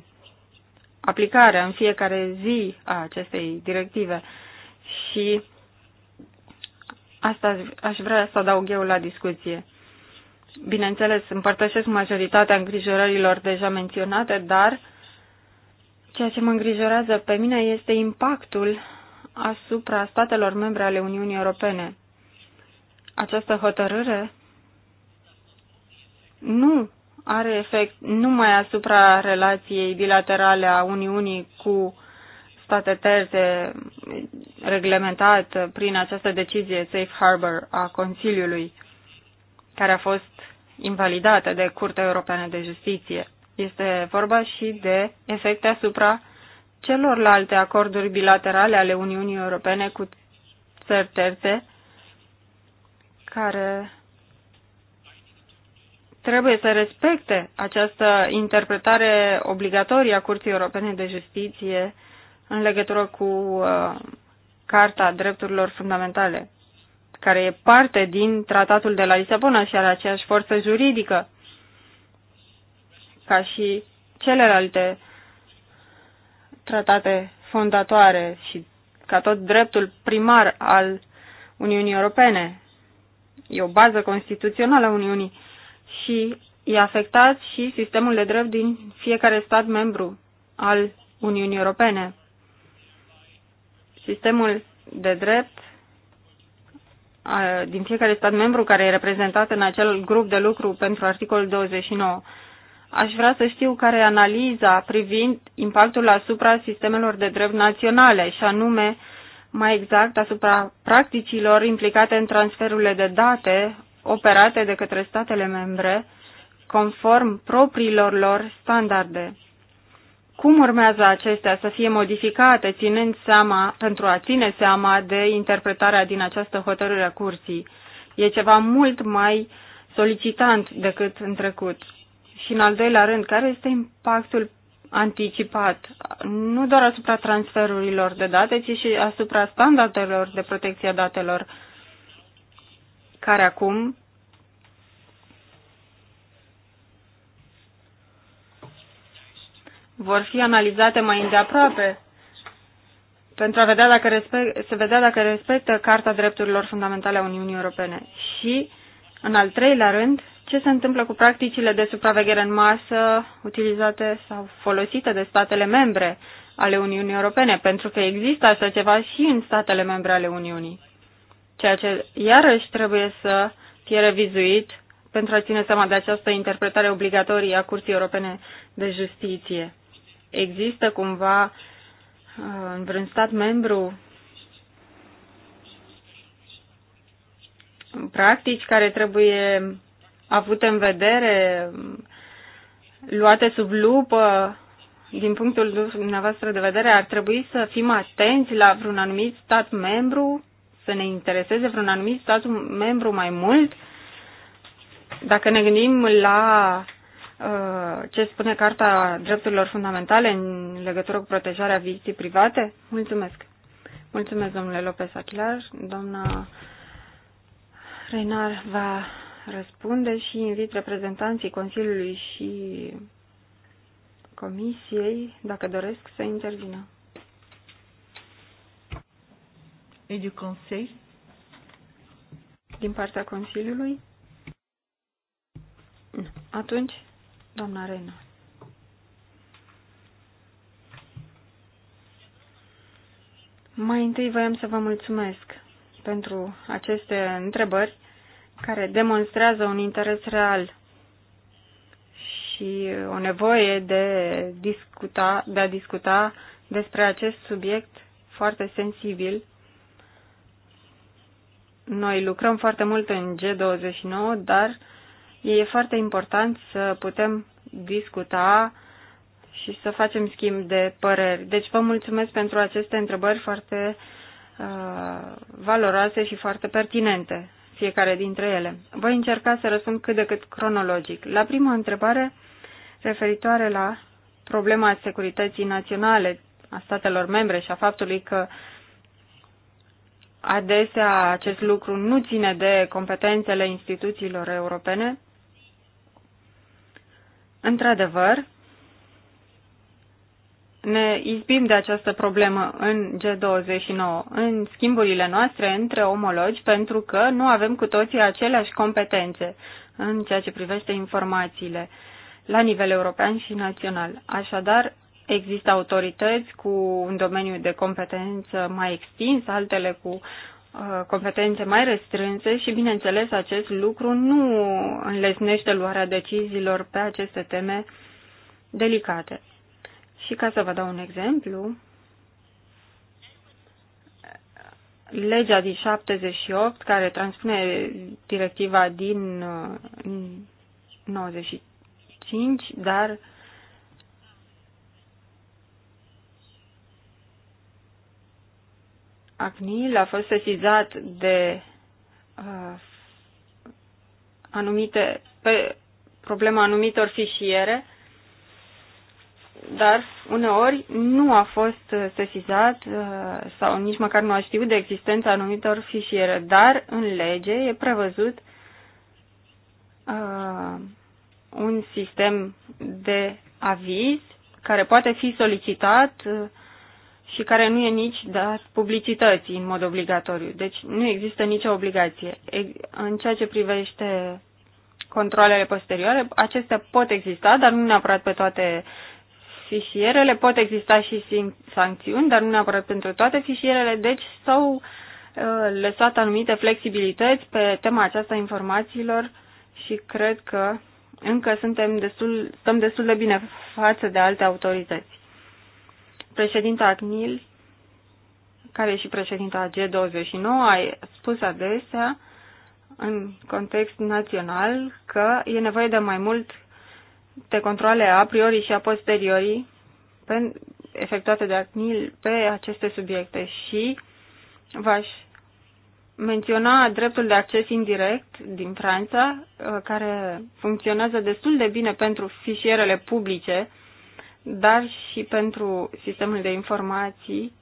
aplicarea în fiecare zi a acestei directive. Și asta aș vrea să adaug eu la discuție. Bineînțeles, împărtășesc majoritatea îngrijorărilor deja menționate, dar uh, Ceea ce mă îngrijorează pe mine este impactul asupra statelor membre ale Uniunii Europene. Această hotărâre nu are efect numai asupra relației bilaterale a Uniunii cu state terțe reglementat prin această decizie Safe Harbor a Consiliului, care a fost invalidată de Curtea Europeană de Justiție. Este vorba și de efecte asupra celorlalte acorduri bilaterale ale Uniunii Europene cu țări terțe care trebuie să respecte această interpretare obligatorie a Curții Europene de Justiție în legătură cu uh, Carta Drepturilor Fundamentale, care e parte din Tratatul de la Lisabona și are aceeași forță juridică ca și celelalte tratate fondatoare și ca tot dreptul primar al Uniunii Europene. E o bază constituțională a Uniunii și e afectat și sistemul de drept din fiecare stat membru al Uniunii Europene. Sistemul de drept din fiecare stat membru care e reprezentat în acel grup de lucru pentru articolul 29. Aș vrea să știu care e analiza privind impactul asupra sistemelor de drept naționale și anume mai exact asupra practicilor implicate în transferurile de date operate de către statele membre conform propriilor lor standarde. Cum urmează acestea să fie modificate ținând seama, pentru a ține seama de interpretarea din această hotărâre a curții? E ceva mult mai solicitant decât în trecut. Și în al doilea rând, care este impactul anticipat, nu doar asupra transferurilor de date, ci și asupra standardelor de protecție a datelor, care acum vor fi analizate mai îndeaproape pentru a vedea dacă respect, se vedea dacă respectă Carta Drepturilor Fundamentale a Uniunii Europene. Și, în al treilea rând, ce se întâmplă cu practicile de supraveghere în masă utilizate sau folosite de statele membre ale Uniunii Europene, pentru că există așa ceva și în statele membre ale Uniunii, ceea ce iarăși trebuie să fie revizuit pentru a ține seama de această interpretare obligatorie a Curții Europene de Justiție. Există cumva uh, în vreun stat membru practici care trebuie avute în vedere, luate sub lupă, din punctul dumneavoastră de vedere, ar trebui să fim atenți la vreun anumit stat membru, să ne intereseze vreun anumit stat membru mai mult, dacă ne gândim la uh, ce spune Carta Drepturilor Fundamentale în legătură cu protejarea vieții private? Mulțumesc. Mulțumesc, domnule Lopez Achilar. Doamna Reinar va răspunde și invit reprezentanții Consiliului și Comisiei, dacă doresc, să intervină. Edu Consei. Conseil? Din partea Consiliului? Nu. Atunci, doamna Rena. Mai întâi voiam să vă mulțumesc pentru aceste întrebări care demonstrează un interes real și o nevoie de, discuta, de a discuta despre acest subiect foarte sensibil. Noi lucrăm foarte mult în G29, dar e foarte important să putem discuta și să facem schimb de păreri. Deci vă mulțumesc pentru aceste întrebări foarte uh, valoroase și foarte pertinente fiecare dintre ele. Voi încerca să răspund cât de cât cronologic. La prima întrebare, referitoare la problema securității naționale a statelor membre și a faptului că adesea acest lucru nu ține de competențele instituțiilor europene, într-adevăr, ne izbim de această problemă în G29, în schimburile noastre între omologi, pentru că nu avem cu toții aceleași competențe în ceea ce privește informațiile la nivel european și național. Așadar, există autorități cu un domeniu de competență mai extins, altele cu uh, competențe mai restrânse și, bineînțeles, acest lucru nu înlesnește luarea deciziilor pe aceste teme delicate. Și ca să vă dau un exemplu, legea din 78, care transpune directiva din 95, uh, dar ACNIL a fost sesizat de uh, anumite, pe problema anumitor fișiere dar uneori nu a fost sesizat uh, sau nici măcar nu a știut de existența anumitor fișiere, dar în lege e prevăzut uh, un sistem de aviz care poate fi solicitat uh, și care nu e nici dat publicității în mod obligatoriu. Deci nu există nicio obligație. În ceea ce privește controlele posterioare, acestea pot exista, dar nu neapărat pe toate uh, fișierele, pot exista și sancțiuni, dar nu neapărat pentru toate fișierele, deci s-au uh, lăsat anumite flexibilități pe tema aceasta informațiilor și cred că încă suntem destul, stăm destul de bine față de alte autorități. Președinta CNIL, care e și președinta G29, a spus adesea în context național că e nevoie de mai mult de controle a priori și a posteriori efectuate de ACNIL pe aceste subiecte și v-aș menționa dreptul de acces indirect din Franța, uh, care funcționează destul de bine pentru fișierele publice, dar și pentru sistemul de informații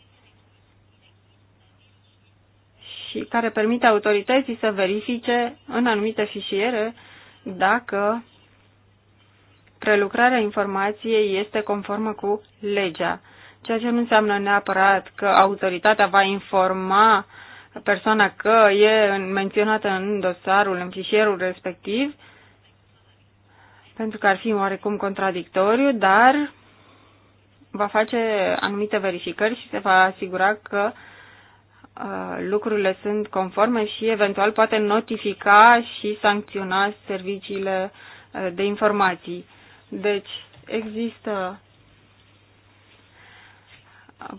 și care permite autorității să verifice în anumite fișiere dacă prelucrarea informației este conformă cu legea, ceea ce nu înseamnă neapărat că autoritatea va informa persoana că e menționată în dosarul, în fișierul respectiv, pentru că ar fi oarecum contradictoriu, dar va face anumite verificări și se va asigura că uh, lucrurile sunt conforme și eventual poate notifica și sancționa serviciile uh, de informații. Deci există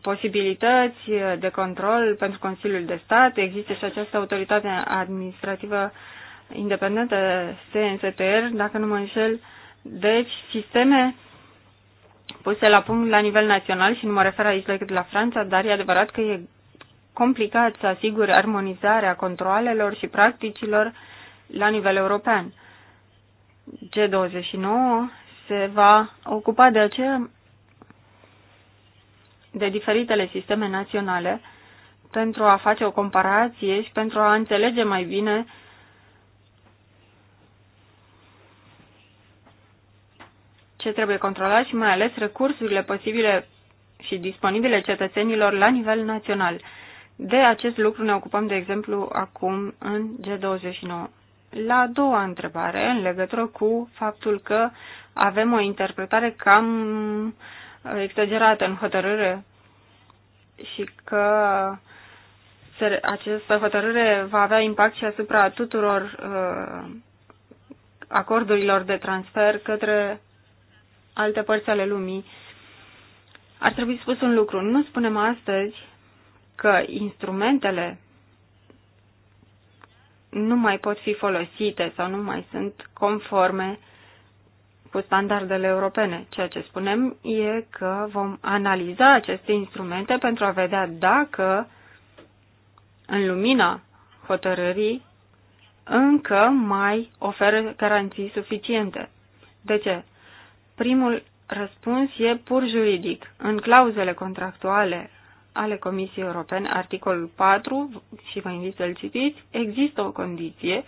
posibilități de control pentru Consiliul de Stat, există și această autoritate administrativă independentă, CNSTR, dacă nu mă înșel, deci sisteme puse la punct la nivel național și nu mă refer aici decât la Franța, dar e adevărat că e complicat să asigure armonizarea controalelor și practicilor la nivel european. G29 se va ocupa de aceea de diferitele sisteme naționale pentru a face o comparație și pentru a înțelege mai bine ce trebuie controlat și mai ales recursurile posibile și disponibile cetățenilor la nivel național. De acest lucru ne ocupăm, de exemplu, acum în G29. La a doua întrebare, în legătură cu faptul că avem o interpretare cam exagerată în hotărâre și că această hotărâre va avea impact și asupra tuturor uh, acordurilor de transfer către alte părți ale lumii. Ar trebui spus un lucru. Nu spunem astăzi că instrumentele nu mai pot fi folosite sau nu mai sunt conforme uh, cu standardele europene. Ceea ce spunem e că vom analiza aceste instrumente pentru a vedea dacă, în lumina hotărârii, încă mai oferă garanții suficiente. De ce? Primul răspuns e pur juridic. În clauzele contractuale ale Comisiei Europene, articolul 4, și vă invit să-l citiți, există o condiție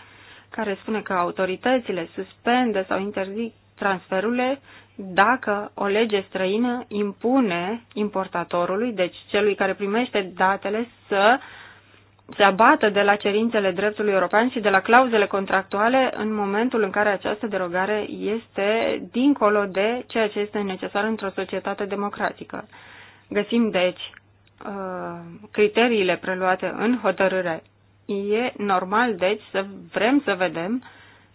care spune că autoritățile suspendă sau interzic transferurile dacă o lege străină impune importatorului, deci celui care primește datele, să se abată de la cerințele dreptului european și de la clauzele contractuale în momentul în care această derogare este dincolo de ceea ce este necesar într-o societate democratică. Găsim, deci, uh, criteriile preluate în hotărâre. E normal, deci, să vrem să vedem,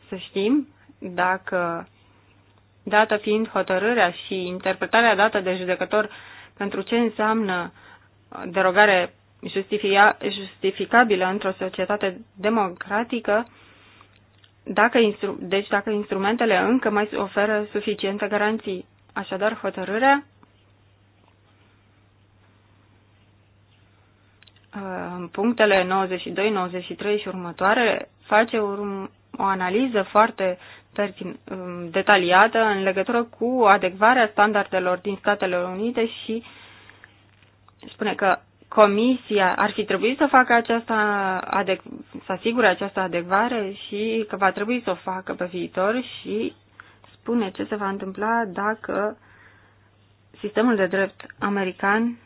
să știm dacă dată fiind hotărârea și interpretarea dată de judecător pentru ce înseamnă derogare justificabilă într-o societate democratică, dacă instru- deci dacă instrumentele încă mai oferă suficiente garanții. Așadar, hotărârea în uh, punctele 92, 93 și următoare face urm- o analiză foarte Um, detaliată în legătură cu adecvarea standardelor din Statele Unite și spune că Comisia ar fi trebuit să facă aceasta, să asigure această adecvare și că va trebui să o facă pe viitor și spune ce se va întâmpla dacă sistemul de drept american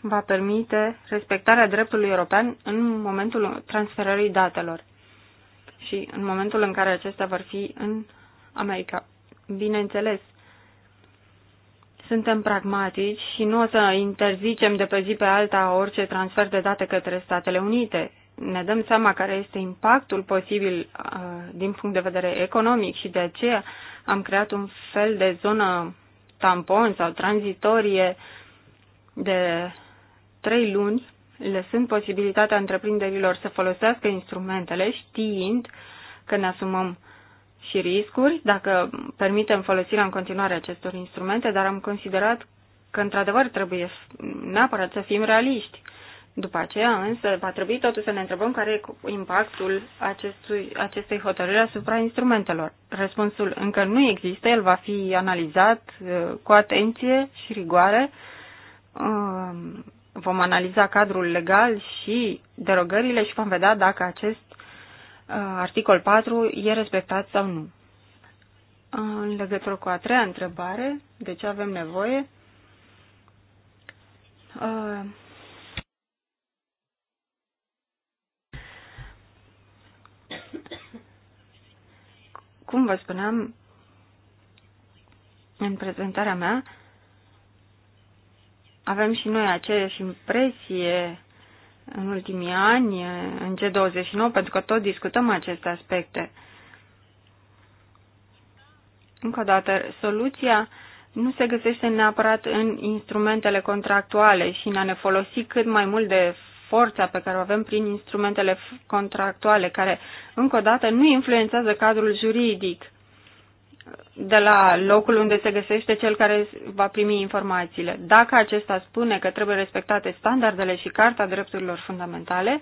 va permite respectarea dreptului european în momentul transferării datelor și în momentul în care acestea vor fi în America. Bineînțeles, suntem pragmatici și nu o să interzicem de pe zi pe alta orice transfer de date către Statele Unite. Ne dăm seama care este impactul posibil uh, din punct de vedere economic și de aceea am creat un fel de zonă tampon sau tranzitorie de trei luni lăsând posibilitatea întreprinderilor să folosească instrumentele, știind că ne asumăm și riscuri, dacă permitem folosirea în continuare acestor instrumente, dar am considerat că, într-adevăr, trebuie neapărat să fim realiști. După aceea, însă, va trebui totuși să ne întrebăm care e impactul acestui, acestei hotărâri asupra instrumentelor. Răspunsul încă nu există, el va fi analizat uh, cu atenție și rigoare um, vom analiza cadrul legal și derogările și vom vedea dacă acest uh, articol 4 e respectat sau nu. În legătură cu a treia întrebare, de ce avem nevoie? Uh, cum vă spuneam în prezentarea mea, avem și noi aceeași impresie în ultimii ani în G29, pentru că tot discutăm aceste aspecte. Încă o dată, soluția nu se găsește neapărat în instrumentele contractuale și în a ne folosi cât mai mult de forța pe care o avem prin instrumentele contractuale, care, încă o dată, nu influențează cadrul juridic de la locul unde se găsește cel care va primi informațiile. Dacă acesta spune că trebuie respectate standardele și Carta Drepturilor Fundamentale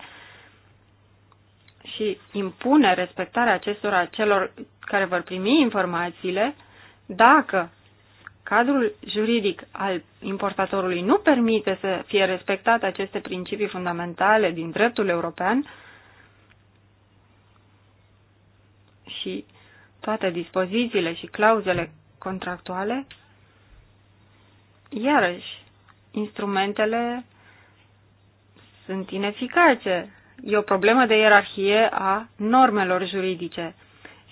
și impune respectarea acestora celor care vor primi informațiile, dacă cadrul juridic al importatorului nu permite să fie respectate aceste principii fundamentale din dreptul european și toate dispozițiile și clauzele contractuale, iarăși, instrumentele sunt ineficace. E o problemă de ierarhie a normelor juridice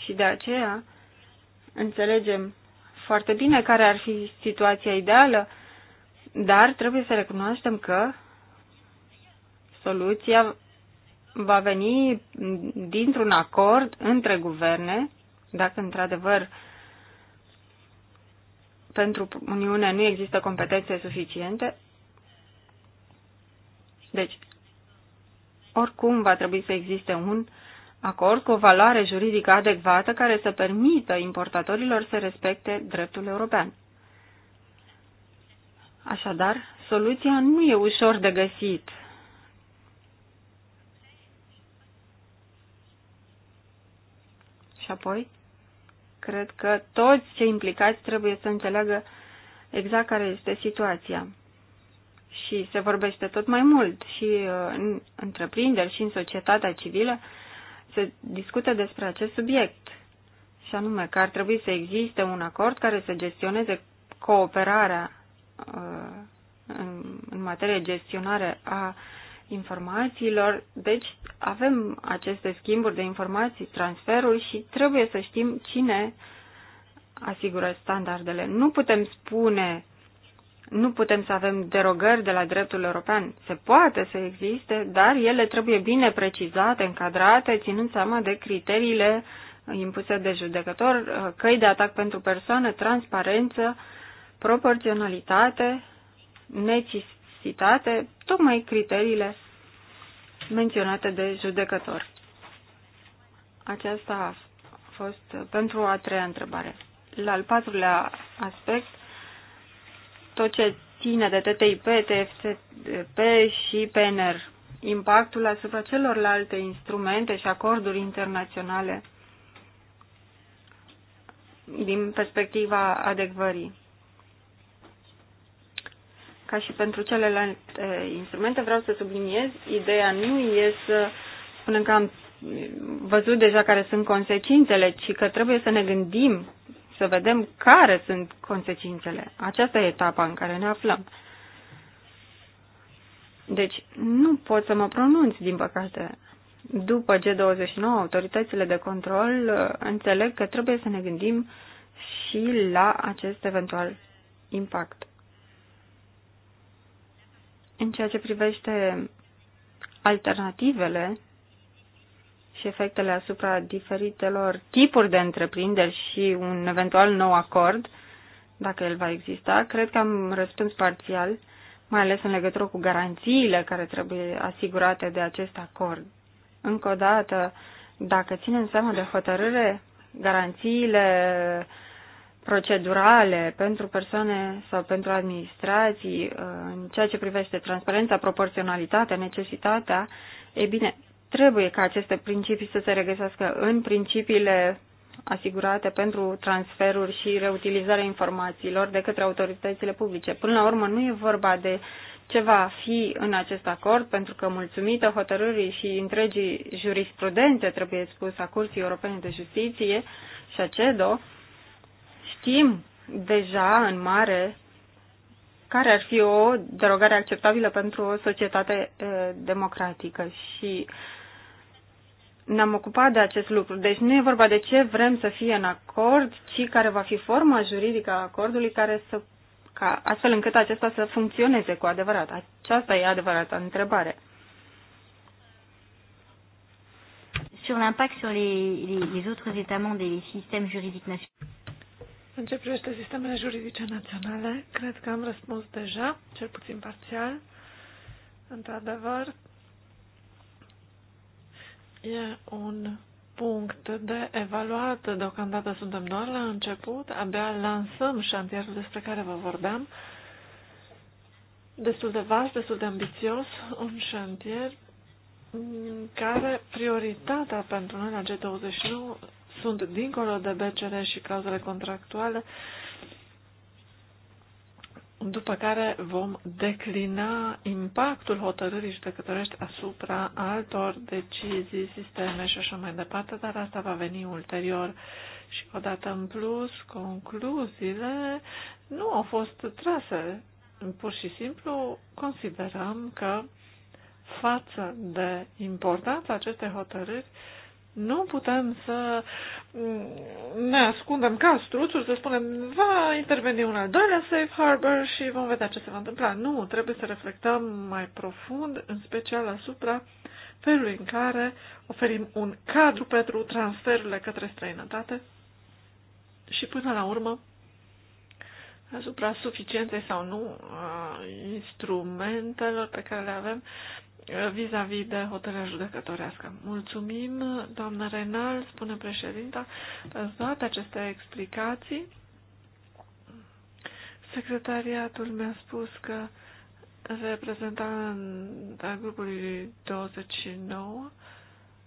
și de aceea înțelegem foarte bine care ar fi situația ideală, dar trebuie să recunoaștem că soluția va veni dintr-un acord între guverne dacă într-adevăr pentru Uniune nu există competențe suficiente, deci oricum va trebui să existe un acord cu o valoare juridică adecvată care să permită importatorilor să respecte dreptul european. Așadar, soluția nu e ușor de găsit. Și apoi, Cred că toți cei implicați trebuie să înțeleagă exact care este situația. Și se vorbește tot mai mult și uh, în întreprinderi și în societatea civilă se discută despre acest subiect. Și anume că ar trebui să existe un acord care să gestioneze cooperarea uh, în, în materie gestionare a informațiilor. Deci avem aceste schimburi de informații, transferul și trebuie să știm cine asigură standardele. Nu putem spune, nu putem să avem derogări de la dreptul european. Se poate să existe, dar ele trebuie bine precizate, încadrate, ținând seama de criteriile impuse de judecător, căi de atac pentru persoană, transparență, proporționalitate, necis citate tocmai criteriile menționate de judecător. Aceasta a fost pentru a treia întrebare. La al patrulea aspect, tot ce ține de TTIP, TFTP și PNR, impactul asupra celorlalte instrumente și acorduri internaționale din perspectiva adecvării ca și pentru celelalte eh, instrumente, vreau să subliniez, ideea nu e să spunem că am văzut deja care sunt consecințele, ci că trebuie să ne gândim, să vedem care sunt consecințele. Aceasta e etapa în care ne aflăm. Deci, nu pot să mă pronunț, din păcate. După G29, autoritățile de control eh, înțeleg că trebuie să ne gândim și la acest eventual impact. În ceea ce privește alternativele și efectele asupra diferitelor tipuri de întreprinderi și un eventual nou acord, dacă el va exista, cred că am răspuns parțial, mai ales în legătură cu garanțiile care trebuie asigurate de acest acord. Încă o dată, dacă ținem seama de hotărâre, garanțiile procedurale pentru persoane sau pentru administrații uh, în ceea ce privește transparența, proporționalitatea, necesitatea, e bine, trebuie ca aceste principii să se regăsească în principiile asigurate pentru transferuri și reutilizarea informațiilor de către autoritățile publice. Până la urmă, nu e vorba de ce va fi în acest acord, pentru că mulțumită hotărârii și întregii jurisprudențe, trebuie spus, a Curții Europene de Justiție și a CEDO, Știm deja în mare care ar fi o derogare acceptabilă pentru o societate democratică și ne-am ocupat de acest lucru. Deci nu e vorba de ce vrem să fie în acord, ci care va fi forma juridică a acordului care să, ca, astfel încât acesta să funcționeze cu adevărat. Aceasta e adevărata întrebare. Sur l'impact sur les, les, les autres États membres et les systèmes juridiques nationaux. În ce privește sistemele juridice naționale, cred că am răspuns deja, cel puțin parțial. Într-adevăr, e un punct de evaluat. Deocamdată suntem doar la început, abia lansăm șantierul despre care vă vorbeam. Destul de vast, destul de ambițios, un șantier în care prioritatea pentru noi la G29 sunt dincolo de BCR și clauzele contractuale, după care vom declina impactul hotărârii judecătorești asupra altor decizii, sisteme și așa mai departe, dar asta va veni ulterior. Și odată în plus, concluziile nu au fost trase. Pur și simplu considerăm că față de importanța acestei hotărâri, nu putem să ne ascundem ca struțuri, să spunem, va interveni un al doilea safe harbor și vom vedea ce se va întâmpla. Nu, trebuie să reflectăm mai profund, în special asupra felului în care oferim un cadru pentru transferurile către străinătate și până la urmă asupra suficienței sau nu a instrumentelor pe care le avem vis-a-vis -vis de hotărârea judecătorească. Mulțumim, doamnă Renal, spune președinta, pentru toate aceste explicații. Secretariatul mi-a spus că reprezentanta grupului 29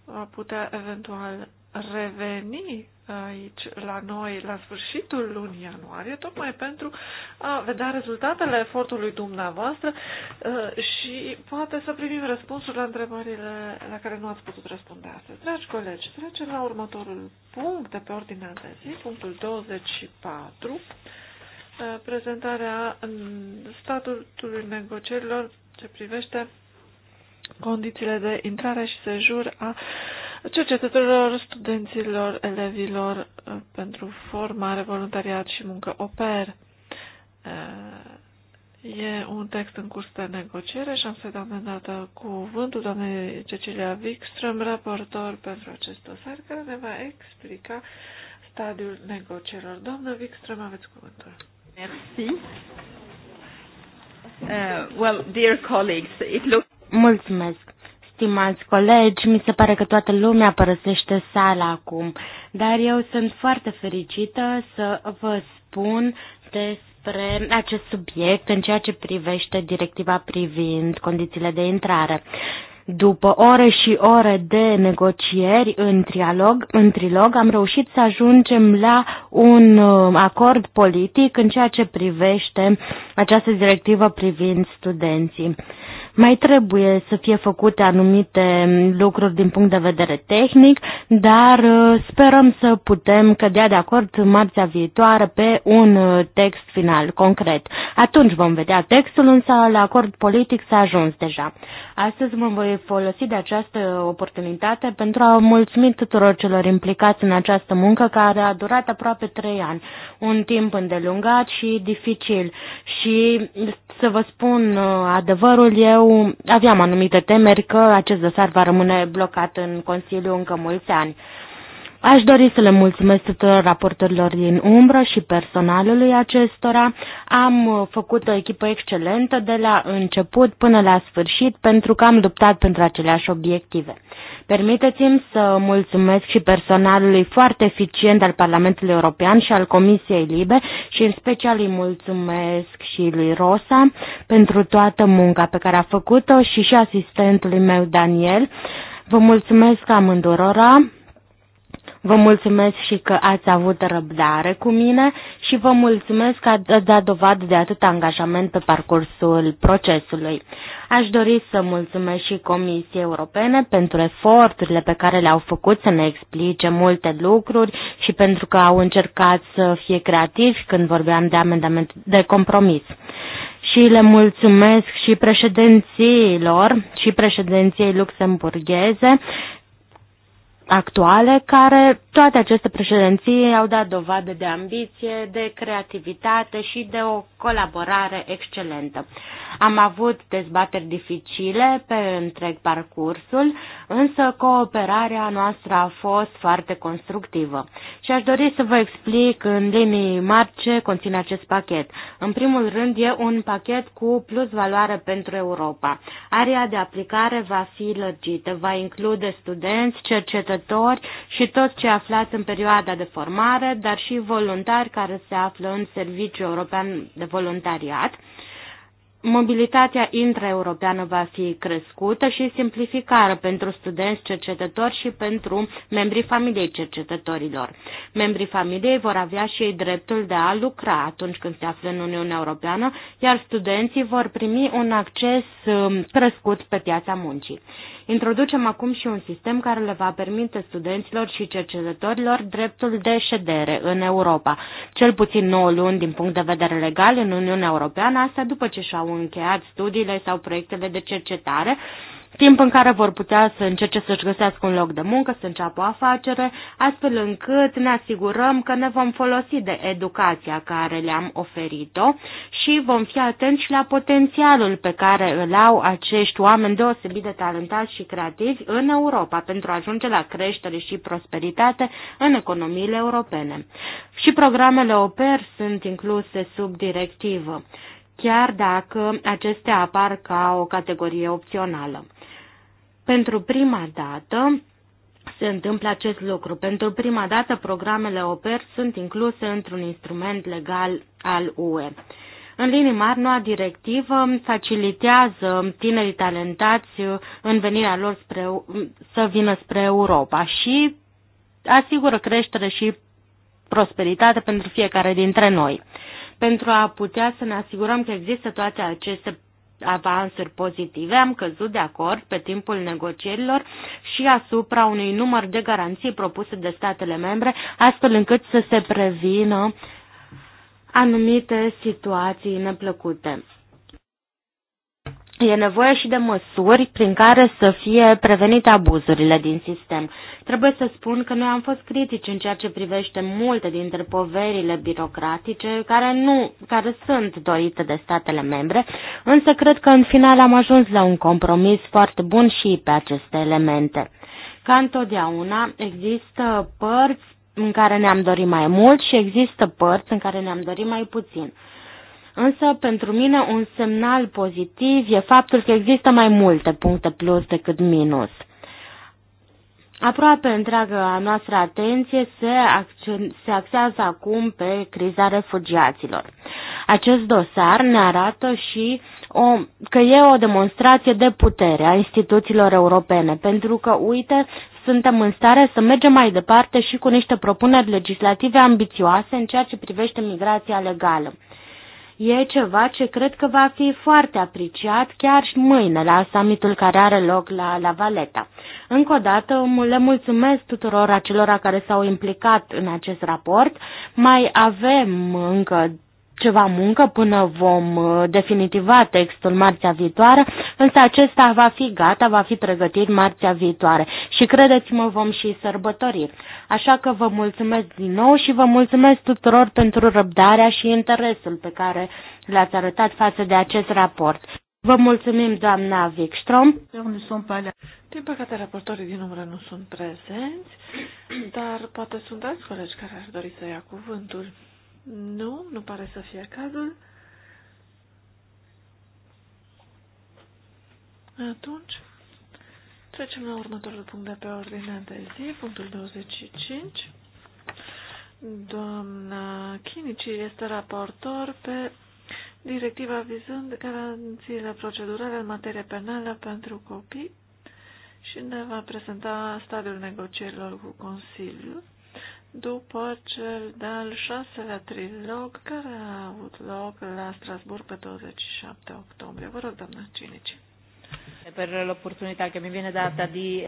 va putea eventual reveni aici la noi la sfârșitul lunii ianuarie, tocmai pentru a vedea rezultatele efortului dumneavoastră uh, și poate să primim răspunsuri la întrebările la care nu ați putut răspunde astăzi. Dragi colegi, trecem la următorul punct de pe ordinea de zi, punctul 24, uh, prezentarea statutului negocierilor ce privește condițiile de intrare și sejur a uh, cercetătorilor, studenților, elevilor uh, pentru formare, voluntariat și muncă oper. Uh, e un text în curs de negociere și am să dau dată cuvântul doamnei Cecilia Wikström, raportor pentru acest dosar, care ne va explica stadiul negocierilor. Doamna Wikström, aveți cuvântul. Merci. Uh, well, dear colleagues, it looks... Mulțumesc stimați colegi, mi se pare că toată lumea părăsește sala acum, dar eu sunt foarte fericită să vă spun despre acest subiect în ceea ce privește directiva privind condițiile de intrare. După ore și ore de negocieri în trilog, în trilog, am reușit să ajungem la un uh, acord politic în ceea ce privește această directivă privind studenții. Mai trebuie să fie făcute anumite lucruri din punct de vedere tehnic, dar uh, sperăm să putem cădea de acord marțea viitoare pe un uh, text final concret. Atunci vom vedea textul, însă la acord politic s-a ajuns deja. Astăzi mă voi folosi de această oportunitate pentru a mulțumi tuturor celor implicați în această muncă care a durat aproape trei ani un timp îndelungat și dificil. Și să vă spun uh, adevărul, eu aveam anumite temeri că acest dosar va rămâne blocat în Consiliu încă mulți ani. Aș dori să le mulțumesc tuturor raportorilor din umbră și personalului acestora. Am uh, făcut o echipă excelentă de la început până la sfârșit pentru că am luptat pentru aceleași obiective. Permiteți-mi să mulțumesc și personalului foarte eficient al Parlamentului European și al Comisiei Libe și în special îi mulțumesc și lui Rosa pentru toată munca pe care a făcut-o și și asistentului meu Daniel. Vă mulțumesc amândurora Vă mulțumesc și că ați avut răbdare cu mine și vă mulțumesc că ați dat dovadă de atât angajament pe parcursul procesului. Aș dori să mulțumesc și Comisiei Europene pentru eforturile pe care le-au făcut să ne explice multe lucruri și pentru că au încercat să fie creativi când vorbeam de amendament de compromis și le mulțumesc și președinților și președinției luxemburgheze actuale, care toate aceste președinții au dat dovadă de ambiție, de creativitate și de o colaborare excelentă. Am avut dezbateri dificile pe întreg parcursul, însă cooperarea noastră a fost foarte constructivă. Și aș dori să vă explic în linii mari ce conține acest pachet. În primul rând e un pachet cu plus valoare pentru Europa. Area de aplicare va fi lărgită, va include studenți, cercetători, lucrători și toți cei aflați în perioada de formare, dar și voluntari care se află în Serviciul European de Voluntariat. Mobilitatea intraeuropeană va fi crescută și simplificată pentru studenți cercetători și pentru membrii familiei cercetătorilor. Membrii familiei vor avea și ei dreptul de a lucra atunci când se află în Uniunea Europeană, iar studenții vor primi un acces um, crescut pe piața muncii. Introducem acum și un sistem care le va permite studenților și cercetătorilor dreptul de ședere în Europa, cel puțin 9 luni din punct de vedere legal în Uniunea Europeană, asta după ce și-au încheiat studiile sau proiectele de cercetare, timp în care vor putea să încerce să-și găsească un loc de muncă, să înceapă o afacere, astfel încât ne asigurăm că ne vom folosi de educația care le-am oferit-o și vom fi atenți și la potențialul pe care îl au acești oameni deosebit de talentați și creativi în Europa pentru a ajunge la creștere și prosperitate în economiile europene. Și programele OPER sunt incluse sub directivă chiar dacă acestea apar ca o categorie opțională. Pentru prima dată se întâmplă acest lucru. Pentru prima dată programele OPER sunt incluse într-un instrument legal al UE. În linii mari, noua directivă facilitează tinerii talentați în venirea lor spre, să vină spre Europa și asigură creștere și prosperitate pentru fiecare dintre noi. Pentru a putea să ne asigurăm că există toate aceste avansuri pozitive, am căzut de acord pe timpul negocierilor și asupra unui număr de garanții propuse de statele membre, astfel încât să se prevină anumite situații neplăcute. E nevoie și de măsuri prin care să fie prevenite abuzurile din sistem. Trebuie să spun că noi am fost critici în ceea ce privește multe dintre poverile birocratice care, nu, care sunt dorite de statele membre, însă cred că în final am ajuns la un compromis foarte bun și pe aceste elemente. Ca întotdeauna există părți în care ne-am dorit mai mult și există părți în care ne-am dorit mai puțin. Însă, pentru mine, un semnal pozitiv e faptul că există mai multe puncte plus decât minus. Aproape întreaga noastră atenție se, se axează acum pe criza refugiaților. Acest dosar ne arată și o, că e o demonstrație de putere a instituțiilor europene, pentru că, uite, suntem în stare să mergem mai departe și cu niște propuneri legislative ambițioase în ceea ce privește migrația legală. E ceva ce cred că va fi foarte apreciat chiar și mâine la summitul care are loc la La Valeta. Încă o dată le mulțumesc tuturor acelora care s-au implicat în acest raport. Mai avem încă ceva muncă până vom uh, definitiva textul marțea viitoare, însă acesta va fi gata, va fi pregătit marțea viitoare și credeți-mă vom și sărbători. Așa că vă mulțumesc din nou și vă mulțumesc tuturor pentru răbdarea și interesul pe care l-ați arătat față de acest raport. Vă mulțumim, doamna Wikstrom. Din păcate, raportorii din umbră nu sunt prezenți, dar poate sunt alți colegi care ar dori să ia cuvântul. Nu, nu pare să fie cazul. Atunci, trecem la următorul punct de pe ordinea de zi, punctul 25. Doamna Chinici este raportor pe directiva vizând garanțiile procedurale în materie penală pentru copii și ne va prezenta stadiul negocierilor cu Consiliul după cel de-al șaselea trilog care a avut loc la Strasburg pe 27 octombrie. Vă rog, doamna Cinici.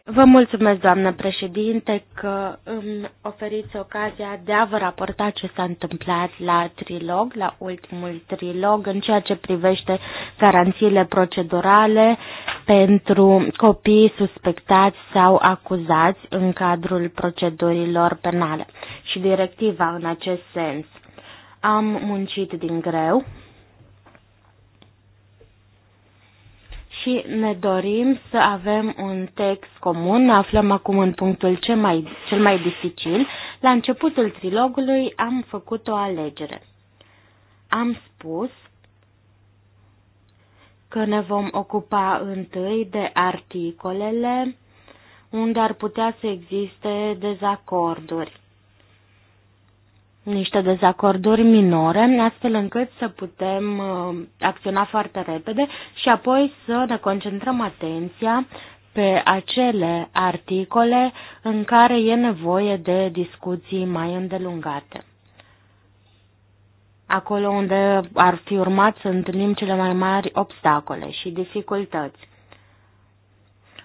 Vă mulțumesc, doamnă președinte, că îmi oferiți ocazia de a vă raporta ce s-a întâmplat la trilog, la ultimul trilog, în ceea ce privește garanțiile procedurale pentru copii suspectați sau acuzați în cadrul procedurilor penale și directiva în acest sens. Am muncit din greu, și ne dorim să avem un text comun. Ne aflăm acum în punctul cel mai, cel mai dificil. La începutul trilogului am făcut o alegere. Am spus că ne vom ocupa întâi de articolele unde ar putea să existe dezacorduri niște dezacorduri minore, astfel încât să putem uh, acționa foarte repede și apoi să ne concentrăm atenția pe acele articole în care e nevoie de discuții mai îndelungate. Acolo unde ar fi urmat să întâlnim cele mai mari obstacole și dificultăți.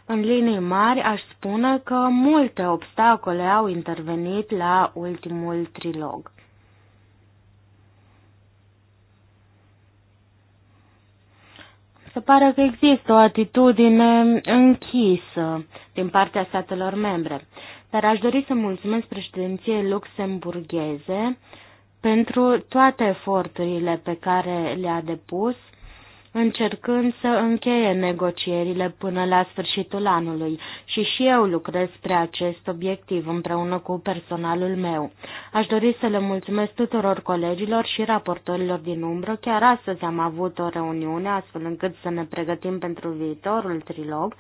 În linii mari aș spune că multe obstacole au intervenit la ultimul trilog. se pare că există o atitudine închisă din partea statelor membre, dar aș dori să mulțumesc președinției luxemburgheze pentru toate eforturile pe care le-a depus încercând să încheie negocierile până la sfârșitul anului și și eu lucrez spre acest obiectiv împreună cu personalul meu. Aș dori să le mulțumesc tuturor colegilor și raportorilor din umbră. Chiar astăzi am avut o reuniune astfel încât să ne pregătim pentru viitorul trilog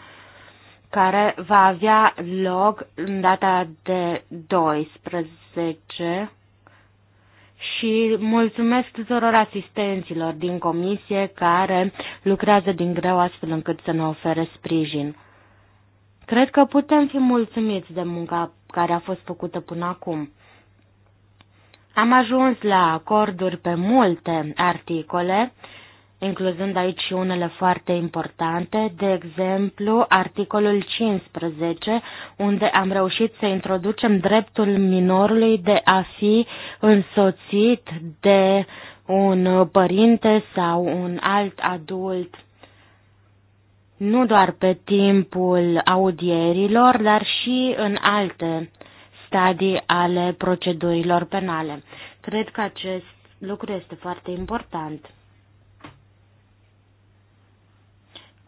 care va avea loc în data de 12 și mulțumesc tuturor asistenților din comisie care lucrează din greu astfel încât să ne ofere sprijin. Cred că putem fi mulțumiți de munca care a fost făcută până acum. Am ajuns la acorduri pe multe articole incluzând aici unele foarte importante, de exemplu articolul 15, unde am reușit să introducem dreptul minorului de a fi însoțit de un părinte sau un alt adult nu doar pe timpul audierilor, dar și în alte stadii ale procedurilor penale. Cred că acest lucru este foarte important.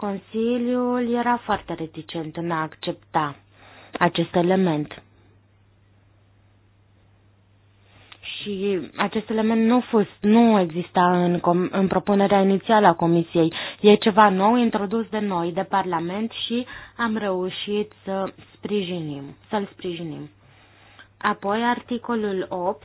Consiliul era foarte reticent în a accepta acest element. și acest element nu, fost, nu exista în, com, în propunerea inițială a Comisiei. E ceva nou introdus de noi, de Parlament și am reușit să sprijinim, să-l sprijinim. Apoi articolul 8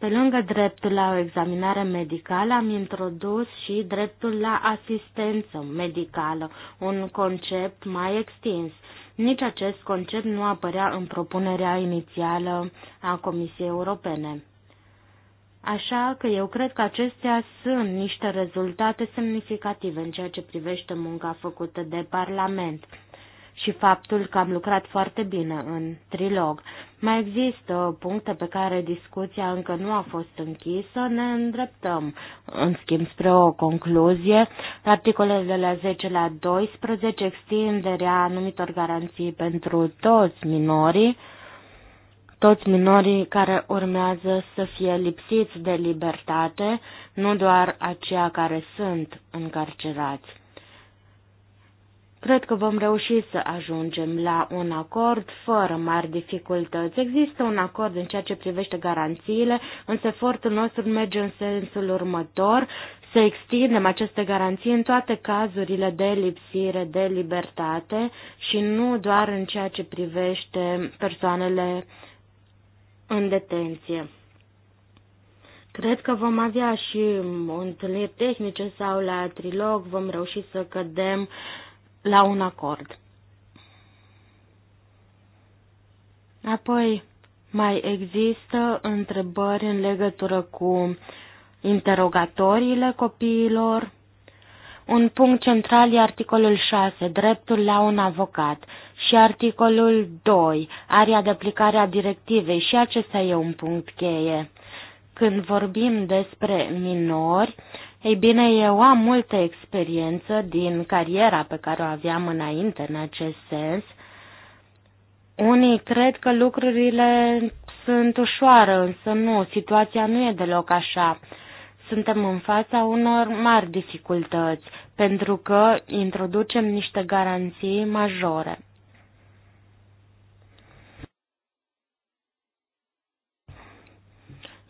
pe lângă dreptul la o examinare medicală, am introdus și dreptul la asistență medicală, un concept mai extins. Nici acest concept nu apărea în propunerea inițială a Comisiei Europene. Așa că eu cred că acestea sunt niște rezultate semnificative în ceea ce privește munca făcută de Parlament și faptul că am lucrat foarte bine în trilog. Mai există puncte pe care discuția încă nu a fost închisă, ne îndreptăm în schimb spre o concluzie. Articolele de la 10 la 12, extinderea anumitor garanții pentru toți minorii, toți minorii care urmează să fie lipsiți de libertate, nu doar aceia care sunt încarcerați. Cred că vom reuși să ajungem la un acord fără mari dificultăți. Există un acord în ceea ce privește garanțiile, însă efortul nostru merge în sensul următor, să extindem aceste garanții în toate cazurile de lipsire de libertate și nu doar în ceea ce privește persoanele în detenție. Cred că vom avea și întâlniri tehnice sau la trilog vom reuși să cădem uh, la un acord. Apoi, mai există întrebări în legătură cu interogatoriile copiilor. Un punct central e articolul 6, dreptul la un avocat, și articolul 2, area de aplicare a directivei, și acesta e un punct cheie. Când vorbim despre minori, ei bine, eu am multă experiență din cariera pe care o aveam înainte în acest sens. Unii cred că lucrurile sunt ușoare, însă nu, situația nu e deloc așa. Suntem în fața unor mari dificultăți, pentru că introducem niște garanții majore.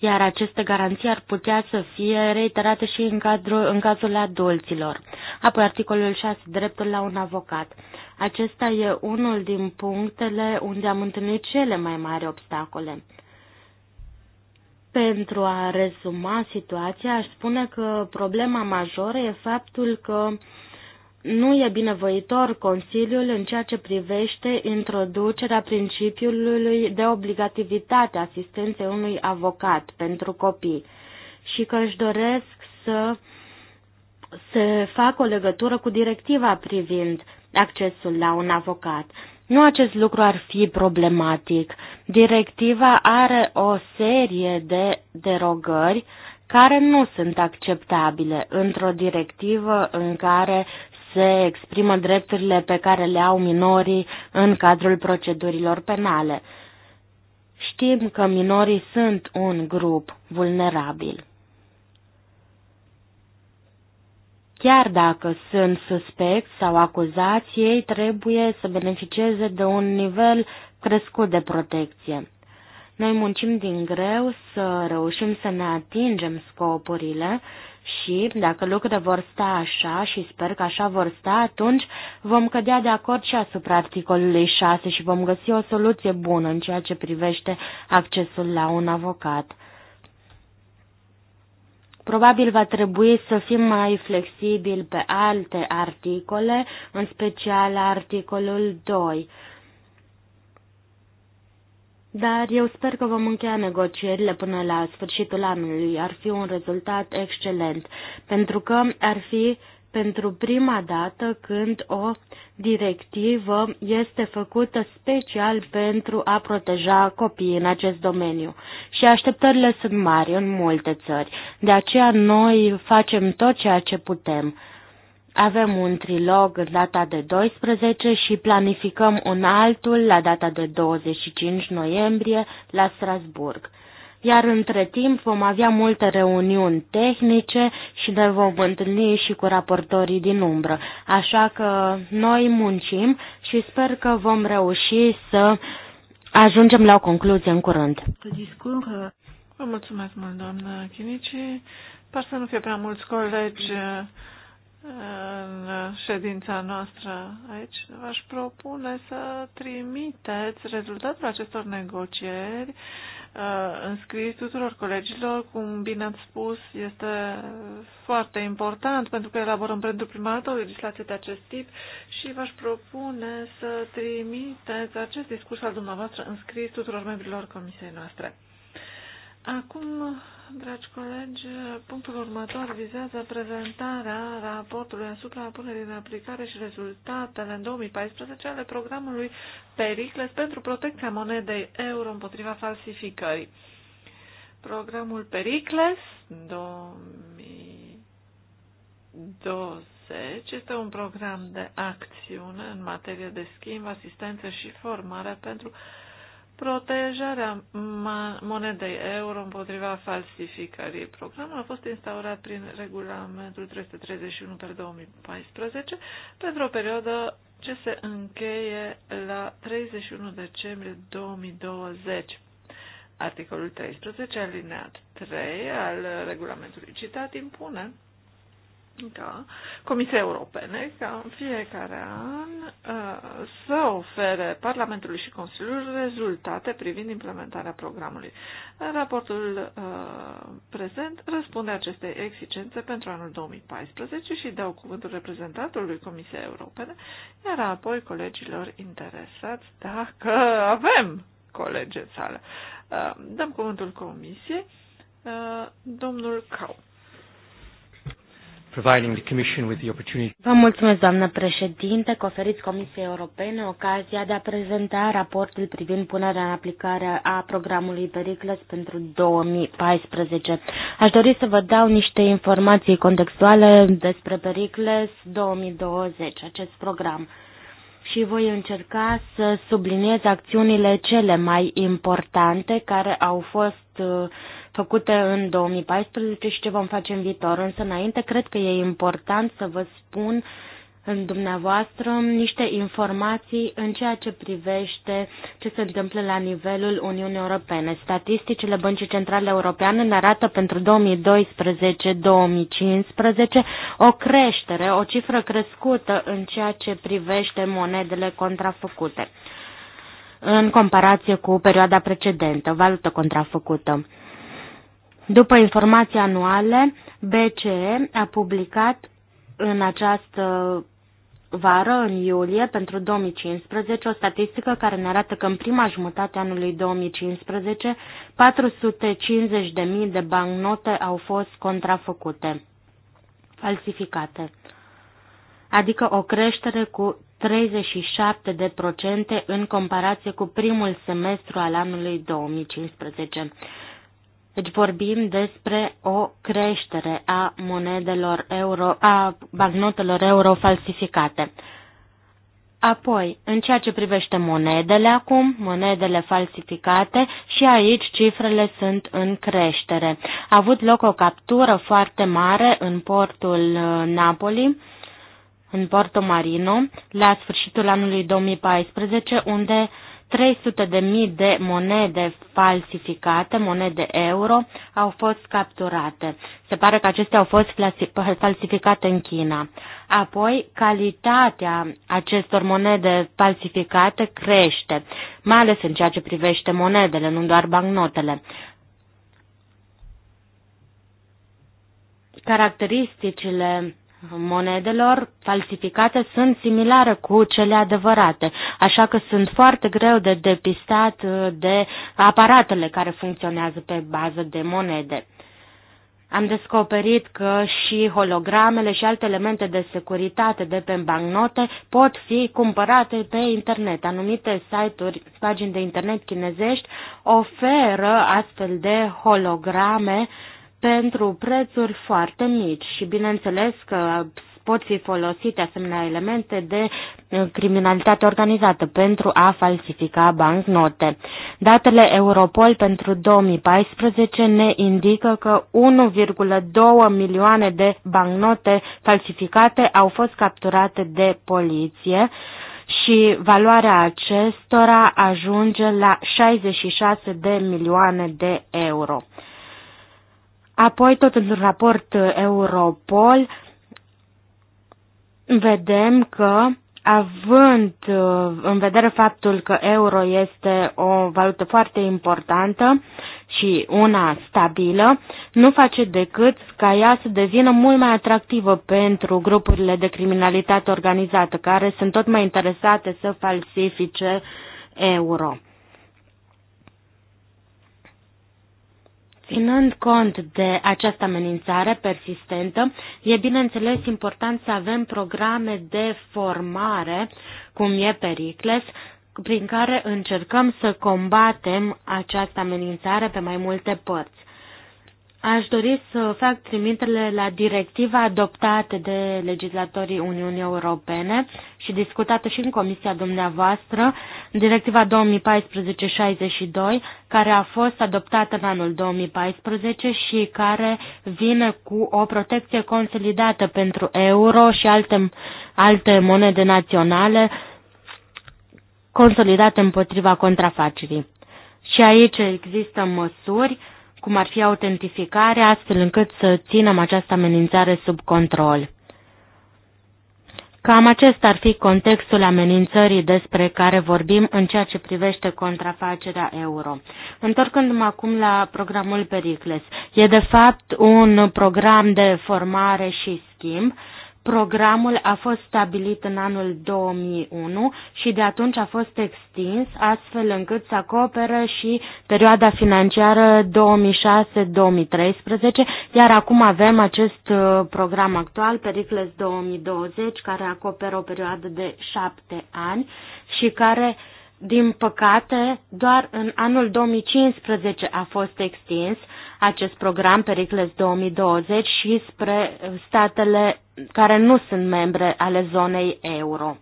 iar aceste garanții ar putea să fie reiterate și în, cadru, în cazul adulților. Apoi articolul 6, dreptul la un avocat. Acesta e unul din punctele unde am întâlnit cele mai mari obstacole. Pentru a rezuma situația, aș spune că problema majoră e faptul că uh, nu e binevoitor Consiliul în ceea ce privește introducerea principiului de obligativitate a asistenței unui avocat pentru copii și că își doresc să se facă o legătură cu directiva privind accesul la un avocat. Nu acest lucru ar fi problematic. Directiva are o serie de derogări care nu sunt acceptabile într-o directivă în care se exprimă drepturile pe care le au minorii în cadrul procedurilor penale. Știm că minorii sunt un grup vulnerabil. Chiar dacă sunt suspecți sau acuzați, ei trebuie să beneficieze de un nivel crescut de protecție. Noi muncim din greu să reușim să ne atingem scopurile și dacă lucrurile vor sta așa și sper că așa vor sta, atunci vom cădea de acord și asupra articolului 6 și vom găsi o soluție bună în ceea ce privește accesul la un avocat. Probabil va trebui să fim mai flexibili pe alte articole, în special articolul 2 dar eu sper că vom încheia negocierile până la sfârșitul anului. Ar fi un rezultat excelent, pentru că ar fi pentru prima dată când o directivă este făcută special pentru a proteja copiii în acest domeniu. Și așteptările sunt mari în multe țări. De aceea noi facem tot ceea ce putem. Avem un trilog data de 12 și planificăm un altul la data de 25 noiembrie la Strasburg. Iar între timp vom avea multe reuniuni tehnice și ne vom întâlni și cu raportorii din umbră. Așa că noi muncim și sper că vom reuși să ajungem la o concluzie în curând. Vă mulțumesc mult, doamnă Chinici. Par să nu fie prea mulți colegi în uh, ședința noastră aici, v-aș propune să trimiteți rezultatul acestor negocieri uh, în scris tuturor colegilor, cum bine ați spus, este foarte important pentru că elaborăm pentru prima dată o legislație de acest tip și v-aș propune să trimiteți acest discurs al dumneavoastră în scris tuturor membrilor comisiei noastre. Acum Dragi colegi, punctul următor vizează prezentarea raportului asupra punerii în aplicare și rezultatele în 2014 ale programului Pericles pentru protecția monedei euro împotriva falsificării. Programul Pericles 2020 este un program de acțiune în materie de schimb, asistență și formare pentru uh, protejarea monedei euro împotriva falsificării. Programul a fost instaurat prin regulamentul 331 per 2014 pentru o perioadă ce se încheie la 31 decembrie 2020. Articolul 13, alineat 3 al regulamentului citat, impune da, Comisia Europene ca în fiecare an uh, să ofere Parlamentului și Consiliului rezultate privind implementarea programului. Raportul uh, prezent răspunde acestei exigențe pentru anul 2014 și dau cuvântul reprezentantului Comisiei Europene, iar apoi colegilor interesați dacă avem colegi în sală. Uh, dăm cuvântul Comisiei, domnul Cau providing the Commission with the opportunity. Vă mulțumesc, doamnă președinte, că oferiți Comisiei Europene ocazia de a prezenta raportul privind punerea în aplicare a programului Pericles pentru 2014. Aș dori să vă dau niște informații contextuale despre Pericles 2020, acest program și voi încerca să subliniez acțiunile cele mai importante care au fost uh, făcute în 2014 și ce vom face în viitor. Însă înainte cred că e important să vă spun în dumneavoastră niște informații în ceea ce privește ce se întâmplă la nivelul Uniunii Europene. Statisticile Băncii Centrale Europeane ne arată pentru 2012-2015 o creștere, o cifră crescută în ceea ce privește monedele contrafăcute în comparație cu perioada precedentă, valută contrafăcută. După informații anuale, BCE a publicat în această vară, în iulie, pentru 2015, o statistică care ne arată că în prima jumătate a anului 2015, 450.000 de bancnote au fost contrafăcute, falsificate, adică o creștere cu 37% în comparație cu primul semestru al anului 2015. Deci vorbim despre o creștere a monedelor euro, a bagnotelor euro falsificate. Apoi, în ceea ce privește monedele acum, monedele falsificate, și aici cifrele sunt în creștere. A avut loc o captură foarte mare în portul uh, Napoli, în Porto Marino, la sfârșitul anului 2014, unde 300.000 de de monede falsificate, monede euro, au fost capturate. Se pare că acestea au fost falsificate în China. Apoi, calitatea acestor monede falsificate crește, mai ales în ceea ce privește monedele, nu doar bancnotele. Caracteristicile monedelor falsificate sunt similare cu cele adevărate, așa că sunt foarte greu de depistat uh, de aparatele care funcționează pe bază de monede. Am descoperit că și hologramele și alte elemente de securitate de pe bancnote pot fi cumpărate pe internet. Anumite site-uri, pagini de internet chinezești oferă astfel de holograme uh, pentru prețuri foarte mici și bineînțeles că pot fi folosite asemenea elemente de uh, criminalitate organizată pentru a falsifica bancnote. Datele Europol pentru 2014 ne indică că 1,2 milioane de bancnote falsificate au fost capturate de poliție și valoarea acestora ajunge la 66 de milioane de euro. Apoi, tot în raport uh, Europol, vedem că, având uh, în vedere faptul că euro este o valută foarte importantă și una stabilă, nu face decât ca ea să devină mult mai atractivă pentru grupurile de criminalitate organizată, care sunt tot mai interesate să falsifice euro. Ținând cont de această amenințare persistentă, e bineînțeles important să avem programe de formare, cum e Pericles, prin care încercăm să combatem această amenințare pe mai multe părți. Aș dori să fac trimitere la directiva adoptată de legislatorii Uniunii Europene și discutată și în comisia dumneavoastră, directiva 2014-62, care a fost adoptată în anul 2014 și care vine cu o protecție consolidată pentru euro și alte, alte monede naționale consolidate împotriva contrafacerii. Și aici există măsuri uh, cum ar fi autentificarea, astfel încât să ținem această amenințare sub control. Cam acesta ar fi contextul amenințării despre care vorbim în ceea ce privește contrafacerea euro. Întorcându-mă acum la programul Pericles, e de fapt un program de formare și schimb Programul a fost stabilit în anul 2001 și de atunci a fost extins, astfel încât să acopere și perioada financiară 2006-2013, iar acum avem acest uh, program actual, Pericles 2020, care acoperă o perioadă de șapte ani și care uh, din păcate, doar în anul 2015 a fost extins acest program Pericles 2020 și spre statele care nu sunt membre ale zonei euro.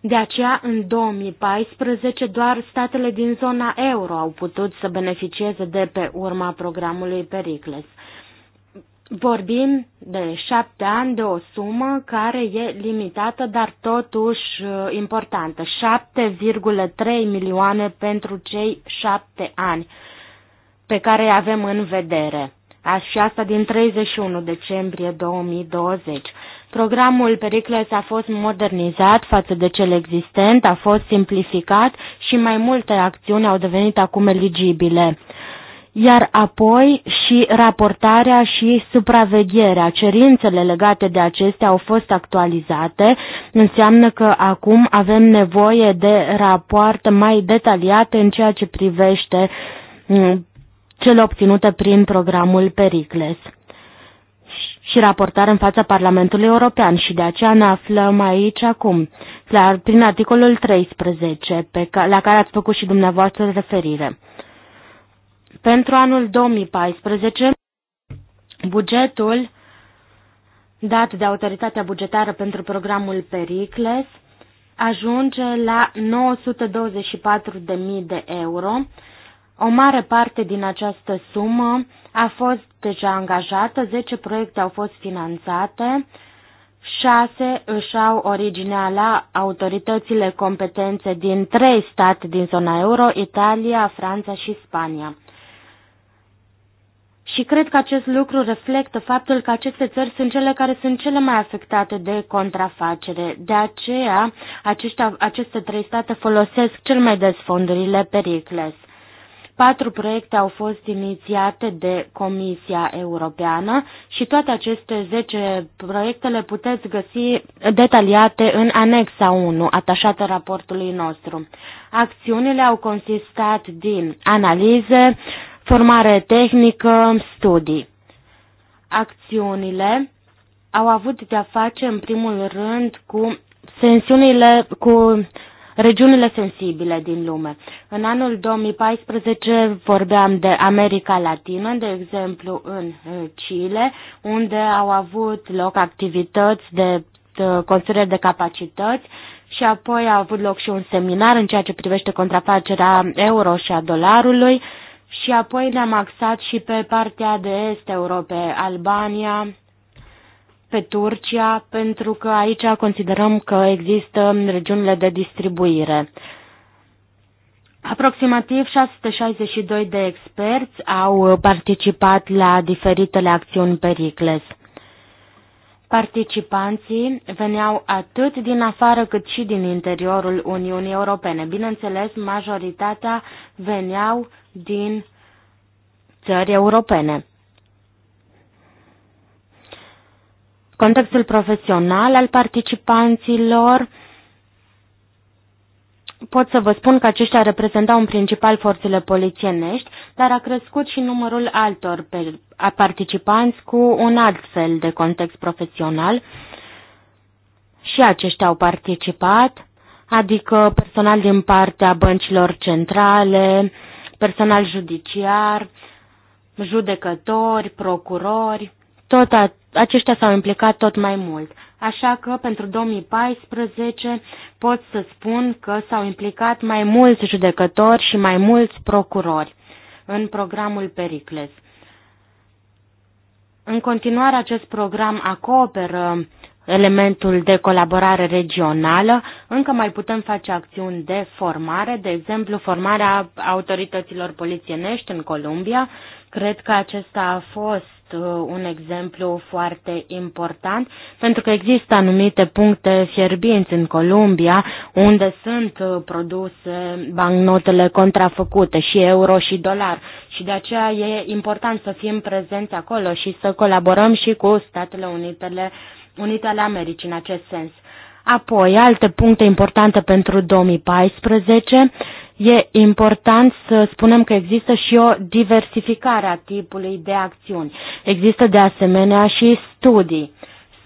De aceea, în 2014, doar statele din zona euro au putut să beneficieze de pe urma programului Pericles. Vorbim de șapte ani, de o sumă care e limitată, dar totuși uh, importantă. 7,3 milioane pentru cei șapte ani pe care îi avem în vedere. Și asta din 31 decembrie 2020. Programul Pericles a fost modernizat față de cel existent, a fost simplificat și mai multe acțiuni au devenit acum eligibile iar apoi și raportarea și supravegherea, cerințele legate de acestea au fost actualizate, înseamnă că acum avem nevoie de rapoarte mai detaliate în ceea ce privește mm, cele obținute prin programul Pericles și raportare în fața Parlamentului European și de aceea ne aflăm aici acum, la, prin articolul 13, pe ca, la care ați făcut și dumneavoastră referire. Pentru anul 2014, bugetul dat de autoritatea bugetară pentru programul Pericles ajunge la 924.000 de euro. O mare parte din această sumă a fost deja angajată, 10 proiecte au fost finanțate, 6 își au originea la autoritățile competențe din 3 state din zona euro, Italia, Franța și Spania. Și cred că acest lucru reflectă faptul că aceste țări sunt cele care sunt cele mai afectate de contrafacere. De aceea, aceștia, aceste trei state folosesc cel mai des fondurile Pericles. Patru proiecte au fost inițiate de Comisia Europeană și toate aceste 10 proiecte le puteți găsi detaliate în anexa 1, atașată raportului nostru. Acțiunile au consistat din analize, formare tehnică, studii. Acțiunile au avut de-a face în primul rând cu sensiunile, cu regiunile sensibile din lume. În anul 2014 vorbeam de America Latină, de exemplu în Chile, unde au avut loc activități de construire de capacități și apoi a avut loc și un seminar în ceea ce privește contrafacerea euro și a dolarului și apoi ne-am axat și pe partea de est Europe, Albania, pe Turcia, pentru că aici considerăm că există regiunile de distribuire. Aproximativ 662 de experți au participat la diferitele acțiuni Pericles. Participanții veneau atât din afară cât și din interiorul Uniunii Europene. Bineînțeles, majoritatea veneau din țări europene. Contextul profesional al participanților pot să vă spun că aceștia reprezentau în principal forțele polițienești, dar a crescut și numărul altor a participanți cu un alt fel de context profesional. Și aceștia au participat, adică personal din partea băncilor centrale, personal judiciar, judecători, procurori, tot a, aceștia s-au implicat tot mai mult. Așa că pentru 2014 pot să spun că s-au implicat mai mulți judecători și mai mulți procurori în programul Pericles. În continuare, acest program acoperă elementul de colaborare regională, încă mai putem face acțiuni de formare, de exemplu formarea autorităților polițienești în Columbia Cred că acesta a fost uh, un exemplu foarte important, pentru că există anumite puncte fierbinți în Columbia, unde sunt uh, produse bancnotele contrafăcute, și euro și dolar. Și de aceea e important să fim prezenți acolo și să colaborăm și cu Statele Unitele, Unite ale Americii în acest sens. Apoi, alte puncte importante pentru 2014 E important să spunem că există și o diversificare a tipului de acțiuni. Există de asemenea și studii.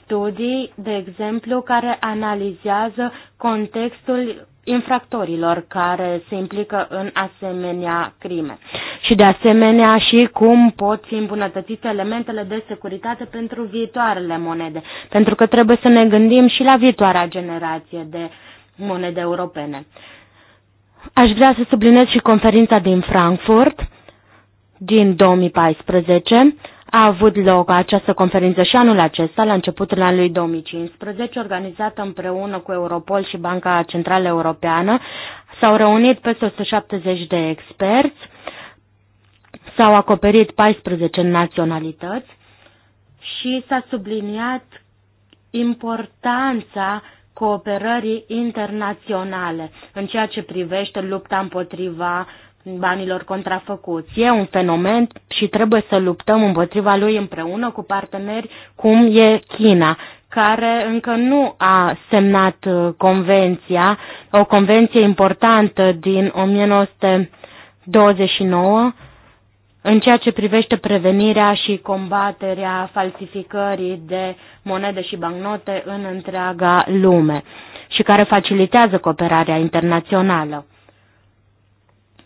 Studii, de exemplu, care analizează contextul infractorilor care se implică în asemenea crime. Și de asemenea și cum pot fi îmbunătățite elementele de securitate pentru viitoarele monede, pentru că trebuie să ne gândim și la viitoarea generație de monede europene. Aș vrea să subliniez și conferința din Frankfurt din 2014. A avut loc această conferință și anul acesta, la începutul anului 2015, organizată împreună cu Europol și Banca Centrală Europeană. S-au reunit peste 170 de experți, s-au acoperit 14 naționalități și s-a subliniat importanța cooperării internaționale în ceea ce privește lupta împotriva banilor contrafăcuți. E un fenomen și trebuie să luptăm împotriva lui împreună cu parteneri cum e China, care încă nu a semnat uh, convenția, o convenție importantă din 1929 în ceea ce privește prevenirea și combaterea falsificării de monede și bancnote în întreaga lume și care facilitează cooperarea internațională.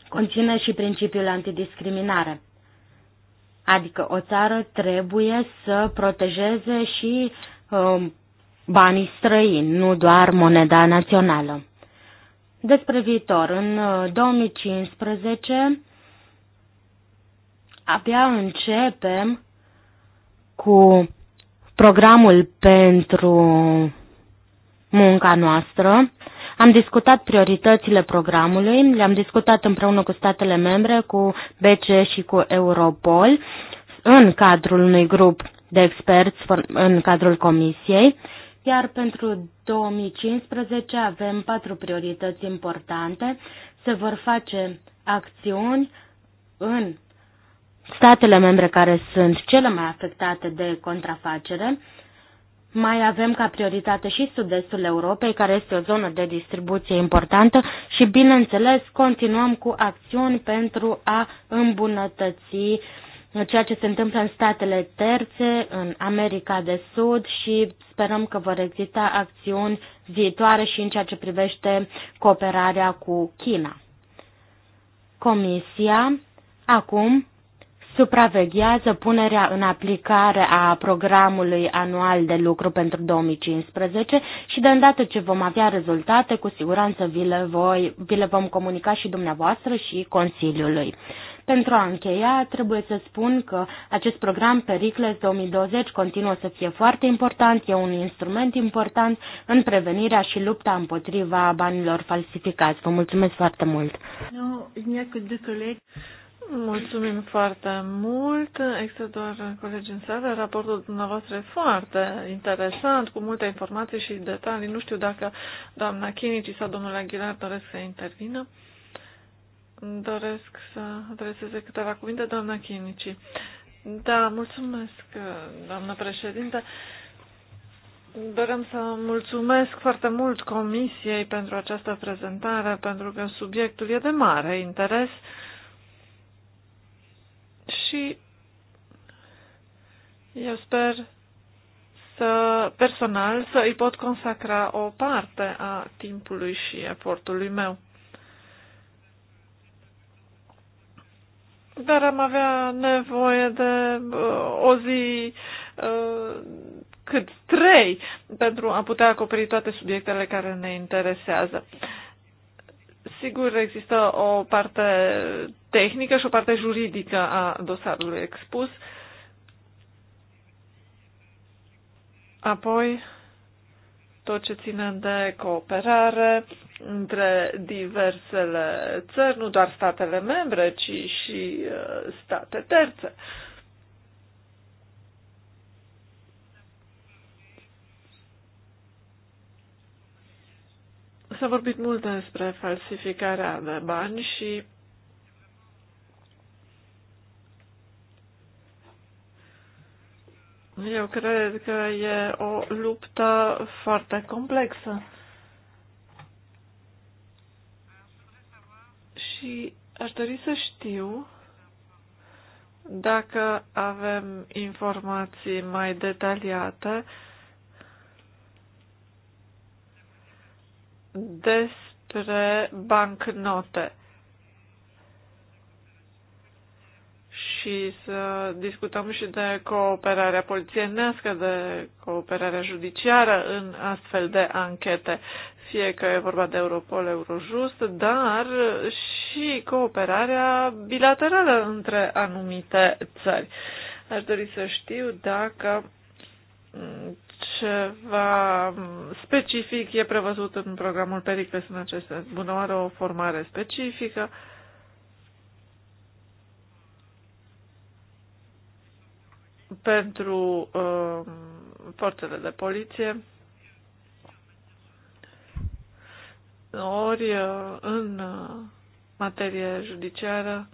Conține și principiul antidiscriminare, adică o țară trebuie să protejeze și uh, banii străini, nu doar moneda națională. Despre viitor, în 2015 uh, Abia începem cu programul pentru munca noastră. Am discutat prioritățile programului, le-am discutat împreună cu statele membre, cu BCE și cu Europol, în cadrul unui grup de experți în cadrul Comisiei, iar pentru 2015 avem patru priorități importante. Se vor face acțiuni în statele membre care sunt cele mai afectate de contrafacere. Mai avem ca prioritate și sud-estul Europei, care este o zonă de distribuție importantă și, bineînțeles, continuăm cu acțiuni pentru a îmbunătăți ceea ce se întâmplă în statele terțe, în America de Sud și sperăm că vor exista acțiuni viitoare și în ceea ce privește cooperarea cu China. Comisia acum supraveghează punerea în aplicare a programului anual de lucru pentru 2015 și de îndată ce vom avea rezultate, cu siguranță vi le, voi, vi le vom comunica și dumneavoastră și Consiliului. Pentru a încheia, trebuie să spun că acest program Pericles 2020 continuă să fie foarte important, e un instrument important în prevenirea și lupta împotriva banilor falsificați. Vă mulțumesc foarte mult! No, Mulțumim foarte mult. Există doar colegi în sală. Raportul dumneavoastră e foarte interesant, cu multe informații și detalii. Nu știu dacă doamna Chinici sau domnul Aguilar doresc să intervină. Doresc să adreseze câteva cuvinte, doamna Chinici. Da, mulțumesc, doamnă președinte. Dorem să mulțumesc foarte mult Comisiei pentru această prezentare, pentru că subiectul e de mare interes și eu sper să personal să îi pot consacra o parte a timpului și efortului meu. Dar am avea nevoie de uh, o zi uh, cât trei pentru a putea acoperi toate subiectele care ne interesează. Uh, Sigur, există o parte tehnică și o parte juridică a dosarului expus. Apoi, tot ce ține de cooperare între diversele țări, nu doar statele membre, ci și uh, state terțe. Uh, S-a vorbit mult despre falsificarea de bani și eu cred că e o luptă foarte complexă. Și aș dori să știu dacă avem informații mai detaliate despre bancnote și să discutăm și de cooperarea polițienească, de cooperarea judiciară în astfel de anchete, fie că e vorba de Europol, Eurojust, dar și cooperarea bilaterală între anumite țări. Aș dori să știu dacă ceva specific e prevăzut în programul Pericles în acest sens. Bună oară, o formare specifică. pentru uh, forțele de poliție. Ori uh, în uh, materie judiciară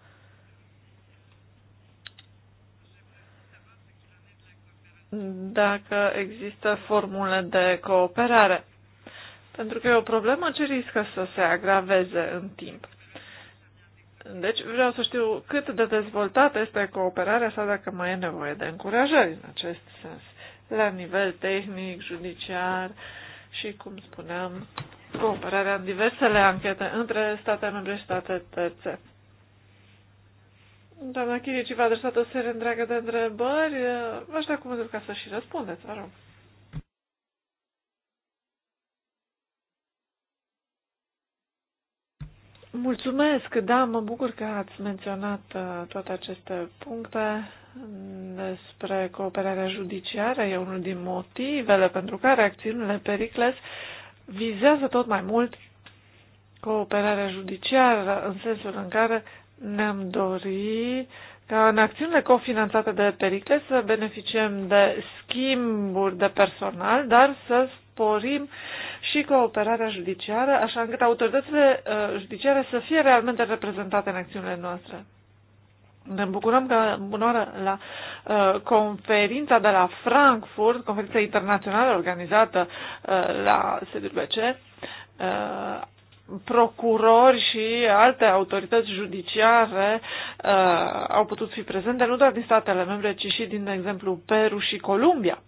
dacă există formule de cooperare. Pentru că e o problemă ce riscă să se agraveze în timp. Deci vreau să știu cât de dezvoltată este cooperarea sau dacă mai e nevoie de încurajări în acest sens, la nivel tehnic, judiciar și, cum spuneam, cooperarea în diversele anchete între state membre și state terțe. Doamna Chirici v-a adresat o serie întreagă de întrebări. Vă aștept da cuvântul ca să și răspundeți, vă rog. Mulțumesc, da, mă bucur că ați menționat uh, toate aceste puncte despre cooperarea judiciară. E unul din motivele pentru care acțiunile Pericles vizează tot mai mult cooperarea judiciară în sensul în care ne-am dori ca în acțiunile cofinanțate de Pericle să beneficiem de schimburi de personal, dar să sporim și cooperarea judiciară, așa încât autoritățile uh, judiciare să fie realmente reprezentate în acțiunile noastre. Ne bucurăm că bunoară la uh, conferința de la Frankfurt, conferința internațională organizată uh, la SDBC, uh, procurori și alte autorități judiciare uh, au putut fi prezente nu doar din statele membre, ci și din, de exemplu, Peru și Columbia.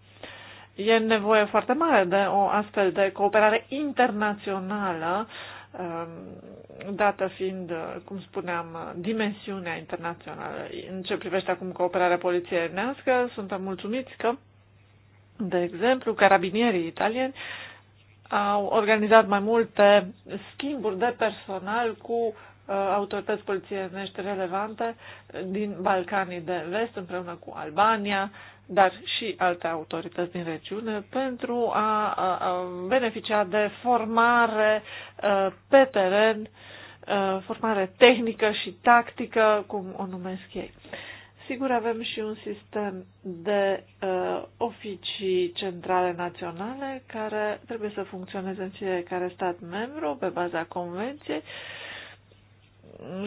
E nevoie foarte mare de o astfel de cooperare internațională, uh, dată fiind, uh, cum spuneam, dimensiunea internațională. În ce privește acum cooperarea poliției suntem mulțumiți că, de exemplu, carabinierii italieni au organizat mai multe schimburi de personal cu uh, autorități polițienești relevante din Balcanii de Vest împreună cu Albania, dar și alte autorități din regiune pentru a, beneficia de formare uh, pe teren, uh, formare tehnică și tactică, cum o numesc ei. Sigur, avem și un sistem de uh, oficii centrale naționale care trebuie să funcționeze în fiecare stat membru pe baza convenției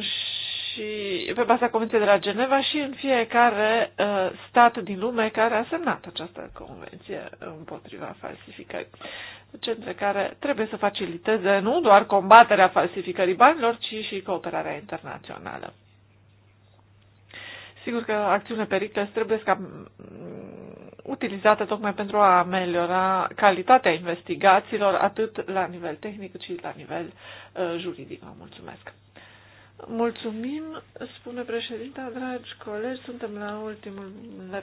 și pe baza convenției de la Geneva și în fiecare uh, stat din lume care a semnat această convenție împotriva falsificării. Centre care trebuie să faciliteze nu doar combaterea falsificării banilor, ci și cooperarea internațională. Sigur că acțiunile Pericles trebuie ca mm, utilizată tocmai pentru a ameliora calitatea investigațiilor, atât la nivel tehnic cât și la nivel uh, juridic. Vă mulțumesc! Mulțumim, spune președinta, dragi colegi, suntem la ultimul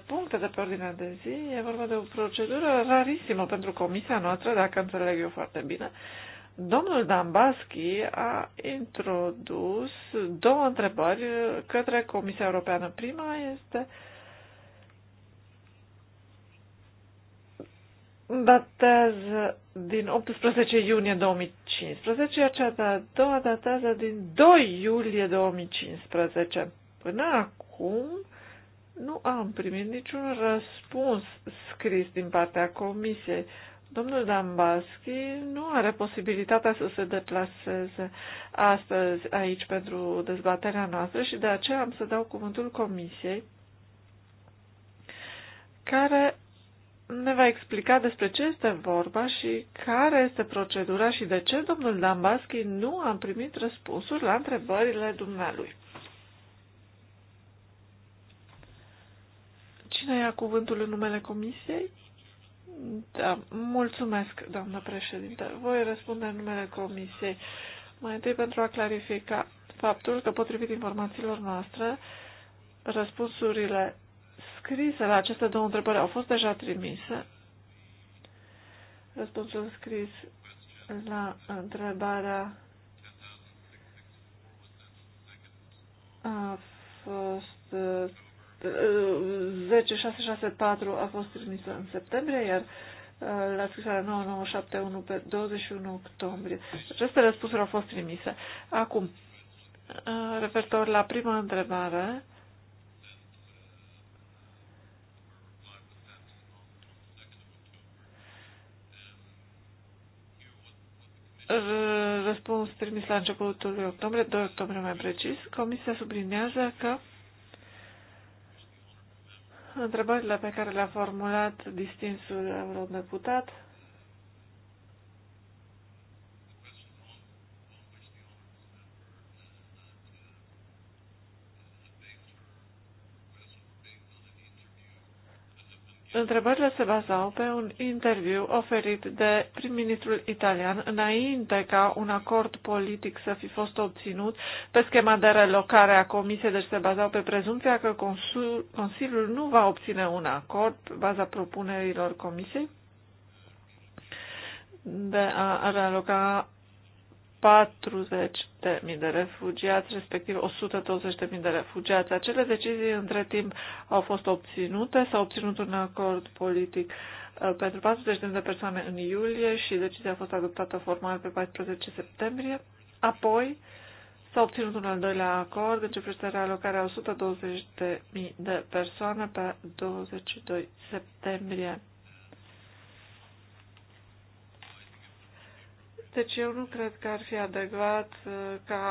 punct de pe ordinea de zi. E vorba de o procedură rarisimă pentru comisia noastră, dacă înțeleg eu foarte bine. Uh, Domnul Dambaschi a introdus două întrebări către Comisia Europeană. Prima este datează din 18 iunie 2015, iar cea de-a doua datează din 2 iulie 2015. Până acum nu am primit niciun răspuns scris din partea Comisiei. Domnul Dambaschi nu are posibilitatea să se deplaseze astăzi aici pentru dezbaterea noastră și de aceea am să dau cuvântul Comisiei care ne va explica despre ce este vorba și care este procedura și de ce domnul Dambaschi nu a primit răspunsuri la întrebările dumnealui. Cine ia cuvântul în numele Comisiei? Da, mulțumesc, doamnă președinte. Voi răspunde în numele Comisiei. Mai întâi pentru a clarifica faptul că, potrivit informațiilor noastre, răspunsurile scrise la aceste două întrebări au fost deja trimise. Răspunsul scris la întrebarea a fost 10664 a fost trimisă în septembrie, iar uh, la scrisoarea 9971 pe 21 octombrie. Aceste răspunsuri au fost trimise. Acum, uh, referitor la prima întrebare, răspuns trimis la începutul lui octombrie, 2 octombrie mai precis, Comisia subliniază că întrebările pe care le-a formulat distinsul eurodeputat Întrebările se bazau pe un interviu oferit de prim-ministrul italian înainte ca un acord politic să fi fost obținut pe schema de relocare a comisiei, deci se bazau pe prezumția că Consiliul nu va obține un acord pe baza propunerilor comisiei de a realoca 140.000 de refugiați, respectiv 120.000 de refugiați. Acele decizii între timp au fost obținute, s-a obținut un acord politic uh, pentru 40.000 de persoane în iulie și decizia a fost adoptată formal pe 14 septembrie. Apoi s-a obținut un al doilea acord deci ce privește realocarea 120.000 de persoane pe 22 septembrie. Deci eu nu cred că ar fi adecvat uh, ca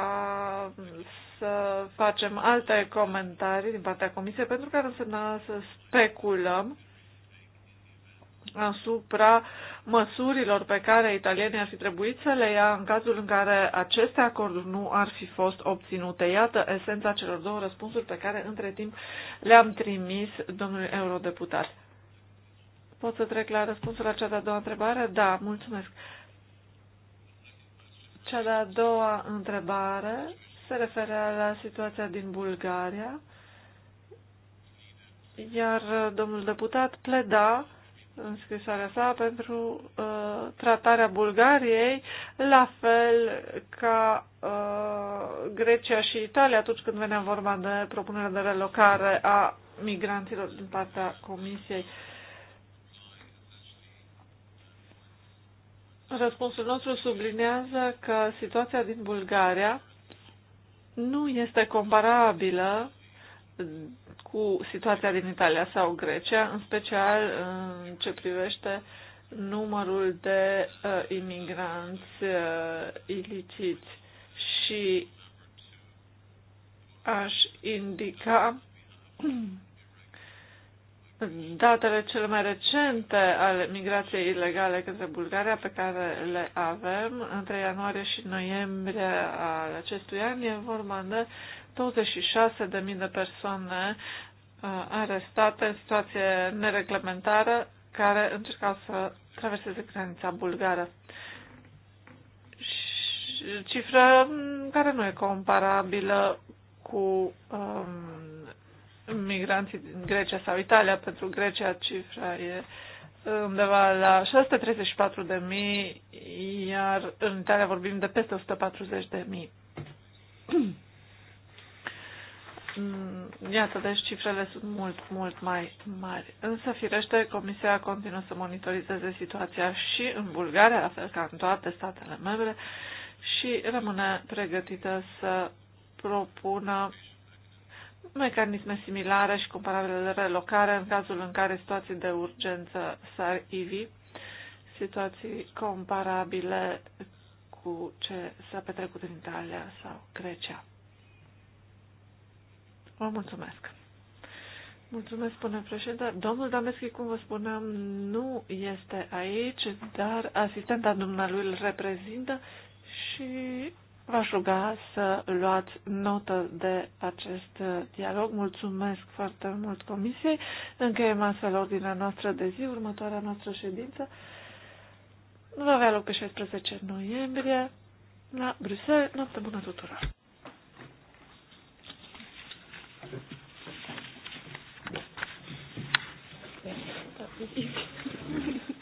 să facem alte comentarii din partea Comisiei, pentru că ar însemna să speculăm asupra măsurilor pe care italienii ar fi trebuit să le ia în cazul în care aceste acorduri nu ar fi fost obținute. Iată esența celor două răspunsuri pe care între timp le-am trimis domnului eurodeputat. Pot să trec la răspunsul la cea de-a doua întrebare? Da, mulțumesc. Uh, cea de-a doua întrebare se referea la situația din Bulgaria, iar domnul deputat pleda în scrisoarea sa pentru uh, tratarea Bulgariei, la fel ca uh, Grecia și Italia atunci când venea vorba de propunerea de relocare a migranților din partea Comisiei. Uh, Răspunsul nostru sublinează că situația din Bulgaria nu este comparabilă cu situația din Italia sau Grecia, în special în ce privește numărul de uh, imigranți uh, iliciți și aș indica datele cele mai recente ale migrației ilegale către Bulgaria pe care le avem între ianuarie și noiembrie al acestui an e vorba de 26.000 de persoane uh, arestate în situație nereglementară care încercau să traverseze granița bulgară. Cifră care nu e comparabilă cu um, migranții din Grecia sau Italia. Pentru Grecia cifra e undeva la 634 de mii, iar în Italia vorbim de peste 140 de mii. [CLEARS THROAT] Iată, deci cifrele sunt mult, mult mai mari. Însă, firește, Comisia continuă să monitorizeze situația și în Bulgaria, la fel ca în toate statele membre, și rămâne pregătită să propună mecanisme similare și comparabile de relocare în cazul în care situații de urgență s-ar ivi, situații comparabile cu ce s-a petrecut în Italia sau Grecia. Vă mulțumesc! Mulțumesc, spune președinte. Domnul Dameschi, cum vă spuneam, nu este aici, dar asistenta dumnealui îl reprezintă și V-aș ruga să luați notă de acest dialog. Mulțumesc foarte mult Comisiei. Încheiem astfel ordinea noastră de zi, următoarea noastră ședință. Va avea loc pe 16 noiembrie la Bruxelles. Noapte bună tuturor! Thank [LAUGHS] you.